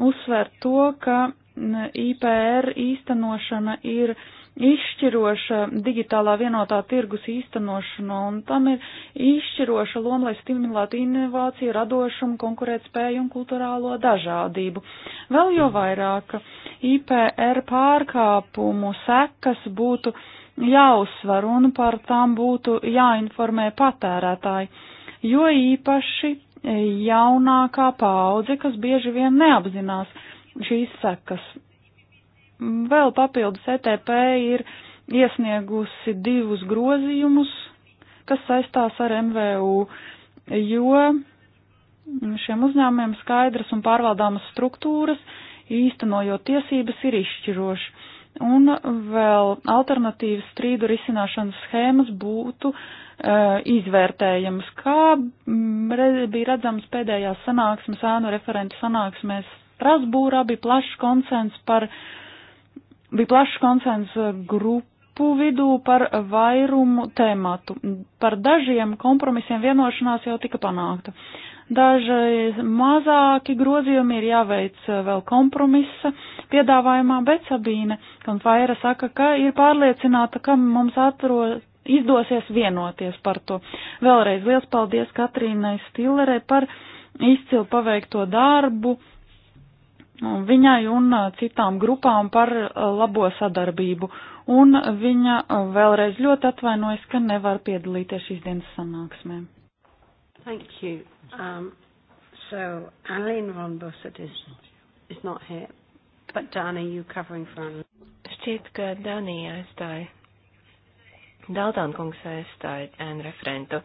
uzsvērt to, ka mm, IPR īstenošana ir izšķiroša digitālā vienotā tirgus īstenošana, un tam ir izšķiroša loma, lai stimulētu inovāciju, radošumu, konkurētspēju un kulturālo dažādību. Vēl jau vairāk IPR pārkāpumu sekas būtu jāuzsver un par tām būtu jāinformē patērētāji, jo īpaši jaunākā paudze, kas bieži vien neapzinās šīs sekas vēl papildus ETP ir iesniegusi divus grozījumus, kas saistās ar MVU, jo šiem uzņēmumiem skaidras un pārvaldāmas struktūras, īstenojot tiesības, ir izšķiroši. Un vēl alternatīvas strīdu risināšanas schēmas būtu uh, e, izvērtējams, kā mm, bija redzams pēdējās sanāksmes, ēnu referentu sanāksmēs Strasbūrā, bija plašs konsens par uh, bija plašs konsens eh, grupu vidū par vairumu tēmatu. Par dažiem kompromisiem vienošanās jau tika panākta. Daži mazāki grozījumi ir jāveic eh, vēl kompromisa piedāvājumā, bet Sabīne Konfaira saka, ka ir pārliecināta, ka mums atrod, izdosies vienoties par to. Vēlreiz liels paldies Katrīnai Stillerei par izcilu paveikto darbu viņai un citām grupām par labo sadarbību, un viņa vēlreiz ļoti atvainojas, ka nevar piedalīties šīs dienas sanāksmē. Thank you. Um, so, Aline von Bussard is, is not here, but Dana, you covering for Aline. Šķiet, ka Danija aizstāja. Daldāna kungs aizstāja ēnu referentu.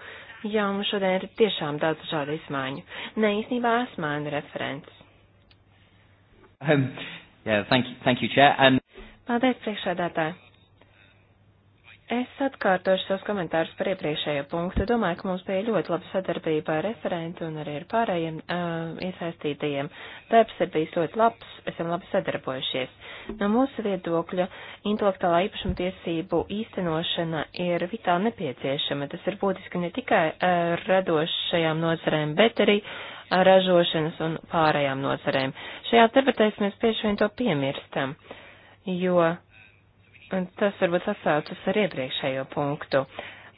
Jā, mums šodien ir tiešām daudz šādu izmaiņu. Ne, īstenībā esmu ēnu referents Um, yeah, thank you, thank you, Chair. And... Um, Paldies, priekšsēdētāji. Es atkārtošu savus komentārus par iepriekšējo punktu. Domāju, ka mums bija ļoti laba sadarbība ar referentu un arī ar pārējiem uh, iesaistītajiem. Darbs ir bijis ļoti labs, esam labi sadarbojušies. No mūsu viedokļa intelektuālā īpašuma tiesību īstenošana ir vitāli nepieciešama. Tas ir būtiski ne tikai uh, radošajām nozarēm, bet arī uh, ražošanas un pārējām nozarēm. Šajā debatēs mēs bieži vien to piemirstam, jo tas varbūt sasaucas ar iepriekšējo punktu.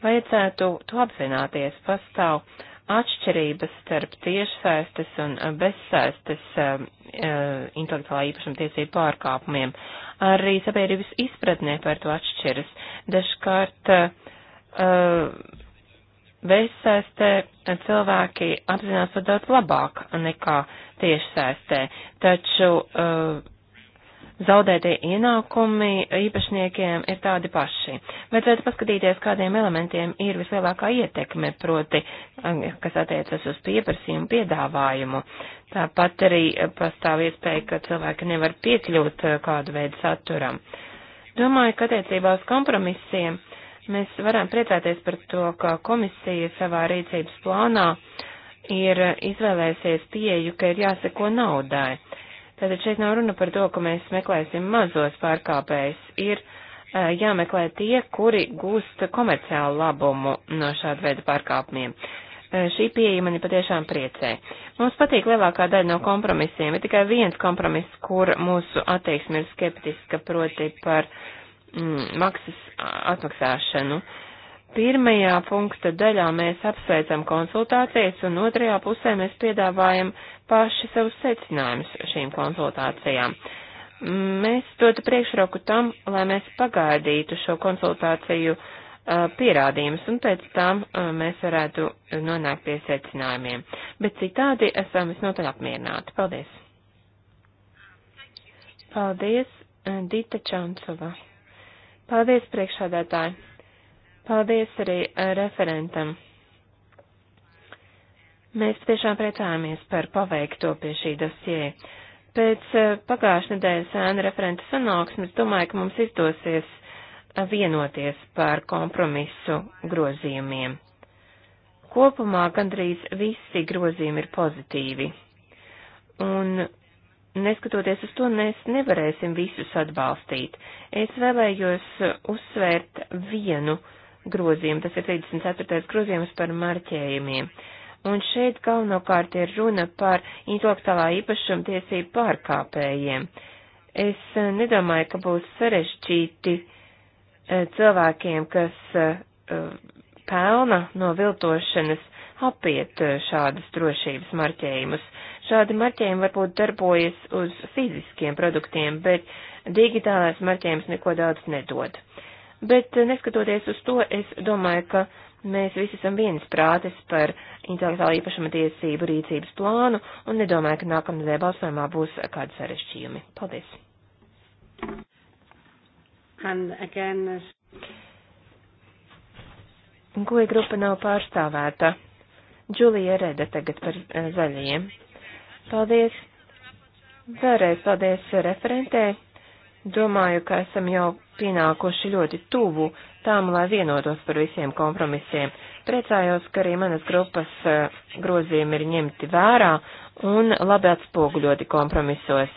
Vajadzētu to apzināties, pastāv atšķirības starp tiešsaistes un bezsaistes uh, intelektuālā īpašuma tiesību pārkāpumiem. Arī sabiedrības izpratnē par to atšķiras. Dažkārt uh, bezsaistē cilvēki apzinās to daudz labāk nekā tiešsaistē, taču uh, zaudētie ienākumi īpašniekiem ir tādi paši. Vajadzētu paskatīties, kādiem elementiem ir vislielākā ietekme, proti, eh, kas attiecas uz pieprasījumu piedāvājumu. Tāpat arī pastāv iespēja, ka cilvēki nevar piekļūt eh, kādu veidu saturam. Domāju, ka attiecībā uz kompromisiem mēs varam priecāties par to, ka komisija savā rīcības plānā ir izvēlēsies pieju, ka ir jāseko naudai. Tātad šeit nav runa par to, ka mēs meklēsim mazos pārkāpējus. Ir uh, jāmeklē tie, kuri gūst komerciālu labumu no šāda veida pārkāpumiem. Uh, šī pieeja mani patiešām priecē. Mums patīk lielākā daļa no kompromisiem, ir tikai viens kompromiss, kur mūsu attieksme ir skeptiska, proti par mm, maksas atmaksāšanu. Pirmajā punkta daļā mēs apsveicam konsultācijas, un otrajā pusē mēs piedāvājam uh, paši savus secinājumus šīm konsultācijām. Mēs dotu priekšroku tam, lai mēs pagaidītu šo konsultāciju uh, pierādījumus, un pēc tam uh, mēs varētu nonākt pie secinājumiem. Bet citādi esam visnotaļ apmierināti. Paldies! Paldies, Dita Čancova! Paldies, priekšādātāji! Paldies arī referentam! Mēs patiešām priecājamies par paveikto pie šī dosie. Pēc eh, pagājušā nedēļas ēna referenta sanāksmes domāju, ka mums izdosies eh, vienoties par kompromisu grozījumiem. Kopumā gandrīz visi grozījumi ir pozitīvi. Un neskatoties uz to, mēs nevarēsim visus atbalstīt. Es vēlējos eh, uzsvērt vienu grozījumu, tas ir 34. grozījums par marķējumiem. Uh, Un šeit galvenokārt ir runa par intelektuālā īpašuma tiesību pārkāpējiem. Es e, nedomāju, ka būs sarežģīti e, cilvēkiem, kas e, pelna no viltošanas, apiet šādus drošības marķējumus. Šādi marķējumi varbūt darbojas uz fiziskiem produktiem, bet digitālais marķējums neko daudz nedod. Bet neskatoties uz to, es domāju, ka Mēs visi esam vienas prātes par intelektuālā īpašuma tiesību rīcības plānu un nedomāju, ka nākamnedēļ balsojumā būs kādi sarešķījumi. Paldies! Again... Goja grupa nav pārstāvēta. Džulija Reda tagad par eh, zaļajiem. Paldies! Vēlreiz paldies referentē Domāju, ka esam jau pienākuši ļoti tuvu tām, lai vienotos par visiem kompromisiem. Priecājos, ka arī manas grupas eh, grozījumi ir ņemti vērā un labi atspoguļoti kompromisos.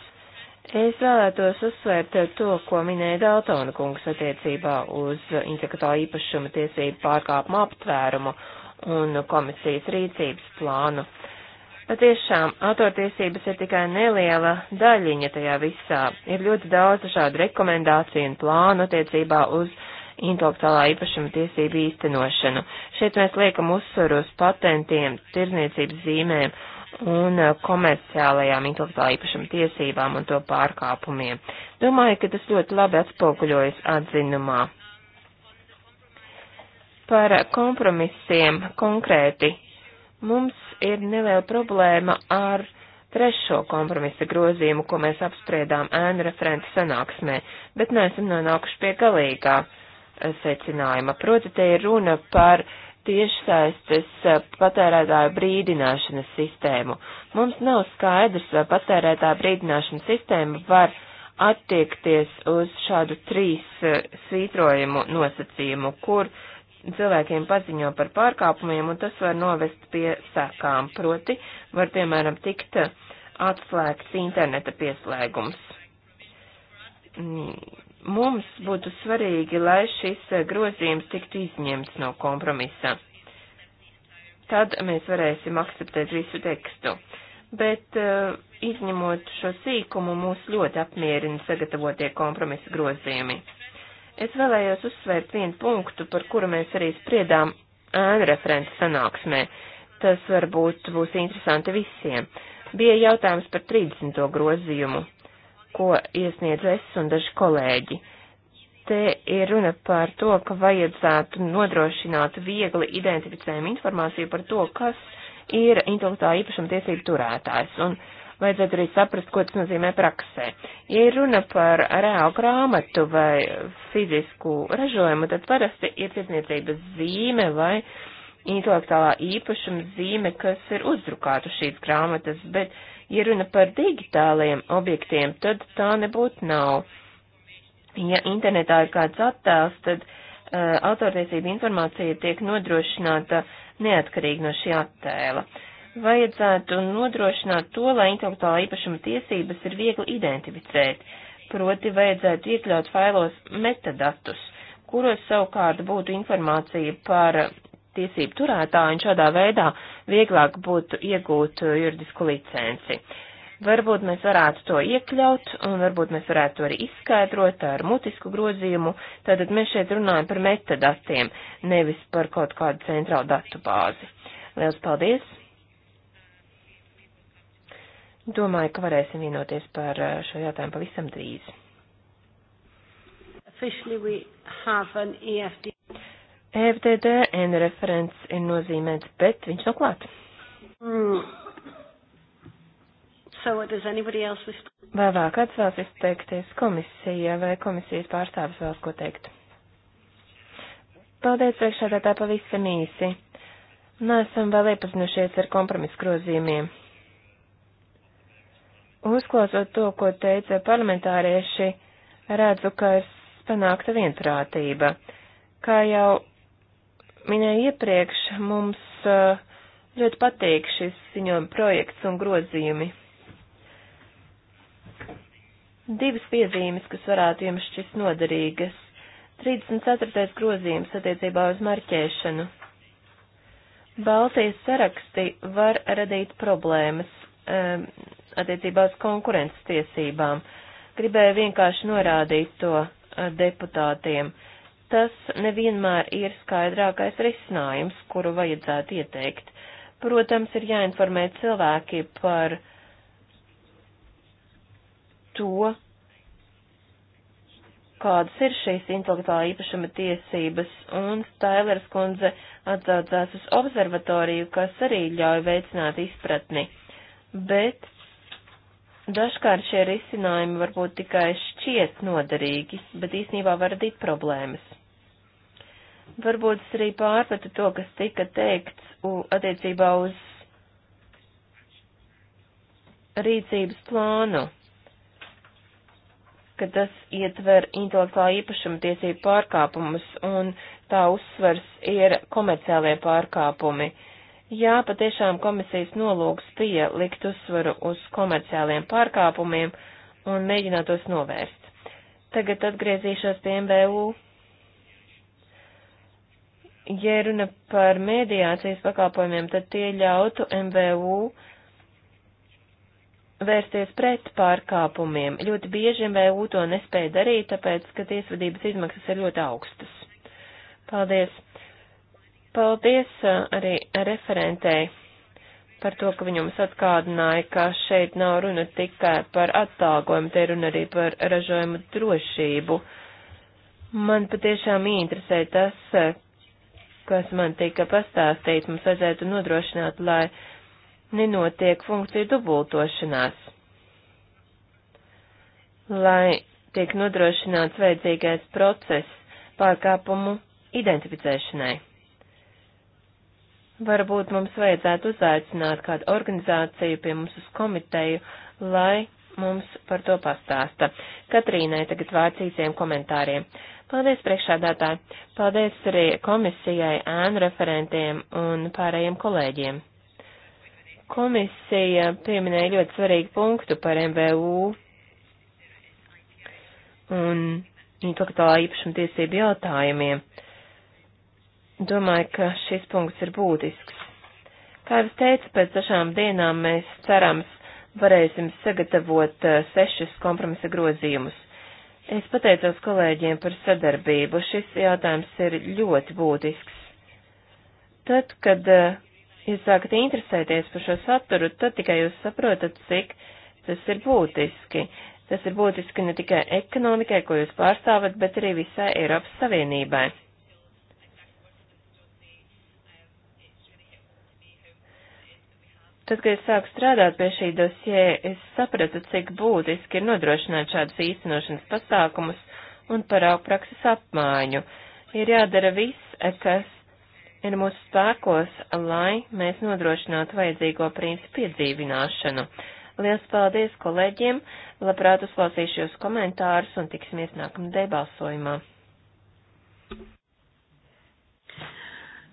Es vēlētos uzsvērt to, ko minēja Daltona kungs attiecībā uz intelektuālā īpašuma tiesību pārkāpumu aptvērumu un komisijas rīcības plānu. Uh, Patiešām, autortiesības ir tikai neliela daļiņa tajā visā. Ir ļoti daudz dažādu rekomendāciju un plānu attiecībā uz intelektuālā īpašuma tiesību īstenošanu. Šeit mēs liekam uzsvaru uz patentiem, tirzniecības zīmēm un eh, komerciālajām intelektuālā īpašuma tiesībām un to pārkāpumiem. Domāju, ka tas ļoti labi atspoguļojas atzinumā. Par kompromisiem konkrēti Mums ir neliela problēma ar trešo kompromisa grozījumu, ko mēs apspriedām ēnu referentu sanāksmē, bet neesam nonākuši pie galīgā eh, secinājuma. Proti, te ir runa par tiešsaistes eh, patērētāju brīdināšanas sistēmu. Mums nav skaidrs, vai patērētāju brīdināšanas sistēma var attiekties uz šādu trīs eh, svītrojumu nosacījumu, kur uh, cilvēkiem paziņo par pārkāpumiem, un tas var novest pie sekām. Proti, var piemēram tikt atslēgts interneta pieslēgums. Mums būtu svarīgi, lai šis grozījums tiktu izņemts no kompromisa. Tad mēs varēsim akceptēt visu tekstu. Bet uh, izņemot šo sīkumu, mūs ļoti apmierina sagatavotie kompromisa grozījumi. Es vēlējos uzsvērt vienu punktu, par kuru mēs arī spriedām ēnu referents sanāksmē. Tas varbūt būs interesanti visiem. Bija jautājums par 30. grozījumu, ko iesniedz es un daži kolēģi te ir runa par to, ka vajadzētu nodrošināt viegli identificējumu informāciju par to, kas ir intelektuālā īpašuma tiesību turētājs. Un vajadzētu arī saprast, ko tas nozīmē praksē. Ja ir runa par reālu grāmatu vai fizisku ražojumu, tad parasti ir tiesniecības zīme vai intelektuālā īpašuma zīme, kas ir uzdrukāta šīs grāmatas, bet, ja runa par digitāliem objektiem, tad tā nebūtu nav. Ja internetā ir kāds attēls, tad uh, autortiesība informācija tiek nodrošināta neatkarīgi no šī attēla. Uh, vajadzētu nodrošināt to, lai intelektuālā īpašuma tiesības ir viegli identificēt, proti vajadzētu iekļaut failos metadatus, kuros savukārt būtu informācija par tiesību turētāju un šādā veidā vieglāk būtu iegūt juridisku licenci. Varbūt mēs varētu to iekļaut, un varbūt mēs varētu to arī izskaidrot ar mutisku grozījumu. Tātad mēs šeit runājam par metadatiem, nevis par kaut kādu centrālu datu bāzi. Liels paldies! Domāju, ka varēsim vienoties par eh, šo jautājumu pavisam drīz. EFD. EFDD N referents ir nozīmēts, bet viņš nav klāt. Mm. So with... Vai vēl kāds vēlas izteikties komisija vai komisijas pārstāvis vēlas ko teikt? Paldies, priekšādātā pavisam īsi. Nesam vēl iepazinušies ar kompromisu grozījumiem. Uzklausot to, ko teica parlamentārieši, redzu, ka ir panākta vienprātība. Kā jau minēju iepriekš, mums eh, ļoti patīk šis ziņojuma projekts un grozījumi. Divas piezīmes, kas varētu jums šķist noderīgas. 34. grozījums attiecībā uz marķēšanu. Baltijas saraksti var radīt problēmas um, attiecībā uz konkurences tiesībām. Gribēju vienkārši norādīt to eh, deputātiem. Tas nevienmēr ir skaidrākais risinājums, kuru vajadzētu ieteikt. Protams, ir jāinformē cilvēki par to, kādas ir šīs intelektuālā īpašuma tiesības, un Stailers kundze atsaucās uz observatoriju, kas arī ļauj veicināt izpratni. Bet Dažkārt šie risinājumi varbūt tikai šķiet noderīgi, bet īsnībā var radīt problēmas. Varbūt es arī pārpratu to, kas tika teikts u, attiecībā uz rīcības plānu, ka tas ietver intelektuālā īpašuma tiesību pārkāpumus un tā uzsvers ir komerciālie pārkāpumi. Uh, Jā, patiešām komisijas nolūks bija likt uzsvaru uz komerciāliem pārkāpumiem un mēģināt tos novērst. Tagad atgriezīšos pie MBU. Ja runa par mediācijas pakalpojumiem, tad tie ļautu MBU vērsties pret pārkāpumiem. Ļoti bieži MVU to nespēja darīt, tāpēc, ka tiesvedības izmaksas ir ļoti augstas. Paldies! Paldies uh, arī referentei par to, ka viņam es atgādināju, ka šeit nav runa tikai par attālgojumu, te runa arī par ražojumu drošību. Man patiešām interesē tas, uh, kas man tika pastāstīts, mums vajadzētu nodrošināt, lai nenotiek funkciju dubultošanās, lai tiek nodrošināts vajadzīgais process pārkāpumu identificēšanai. Varbūt mums vajadzētu uzaicināt kādu organizāciju pie mums uz komiteju, lai mums par to pastāsta. Katrīnai tagad vārds īsiem komentāriem. Paldies priekšādātāji, paldies arī komisijai, ēnu referentiem un pārējiem kolēģiem. Komisija pieminēja ļoti svarīgu punktu par MVU un intelektuālā īpašuma tiesību jautājumiem. Domāju, ka šis punkts ir būtisks. Kā jau es teicu, pēc dažām dienām mēs cerams varēsim sagatavot eh, sešus kompromisa grozījumus. Es pateicos kolēģiem par sadarbību. Šis jautājums ir ļoti būtisks. Tad, kad eh, jūs sākat interesēties par šo saturu, tad tikai jūs saprotat, cik tas ir būtiski. Tas ir būtiski ne tikai ekonomikai, ko jūs pārstāvat, bet arī visai Eiropas Savienībai. Tad, kad es sāku strādāt pie šī dosie, es sapratu, cik būtiski ir nodrošināt šādus īstenošanas pasākumus un paraugu prakses apmaiņu. Ir jādara viss, kas ir mūsu spēkos, lai mēs nodrošinātu vajadzīgo principu iedzīvināšanu. Lielas paldies kolēģiem, labprāt uzklausīšu jūs komentārus un tiksimies nākamnedēļ balsojumā.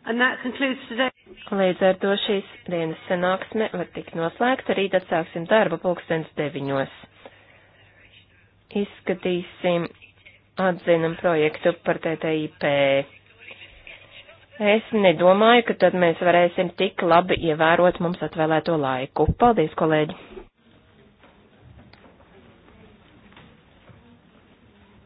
And that concludes today. Līdz ar to šīs dienas sanāksme var tikt noslēgta, rīt atsāksim darbu pulkstens deviņos. Izskatīsim atzinam projektu par TTIP. Es nedomāju, ka tad mēs varēsim tik labi ievērot mums atvēlēto laiku. Paldies, kolēģi!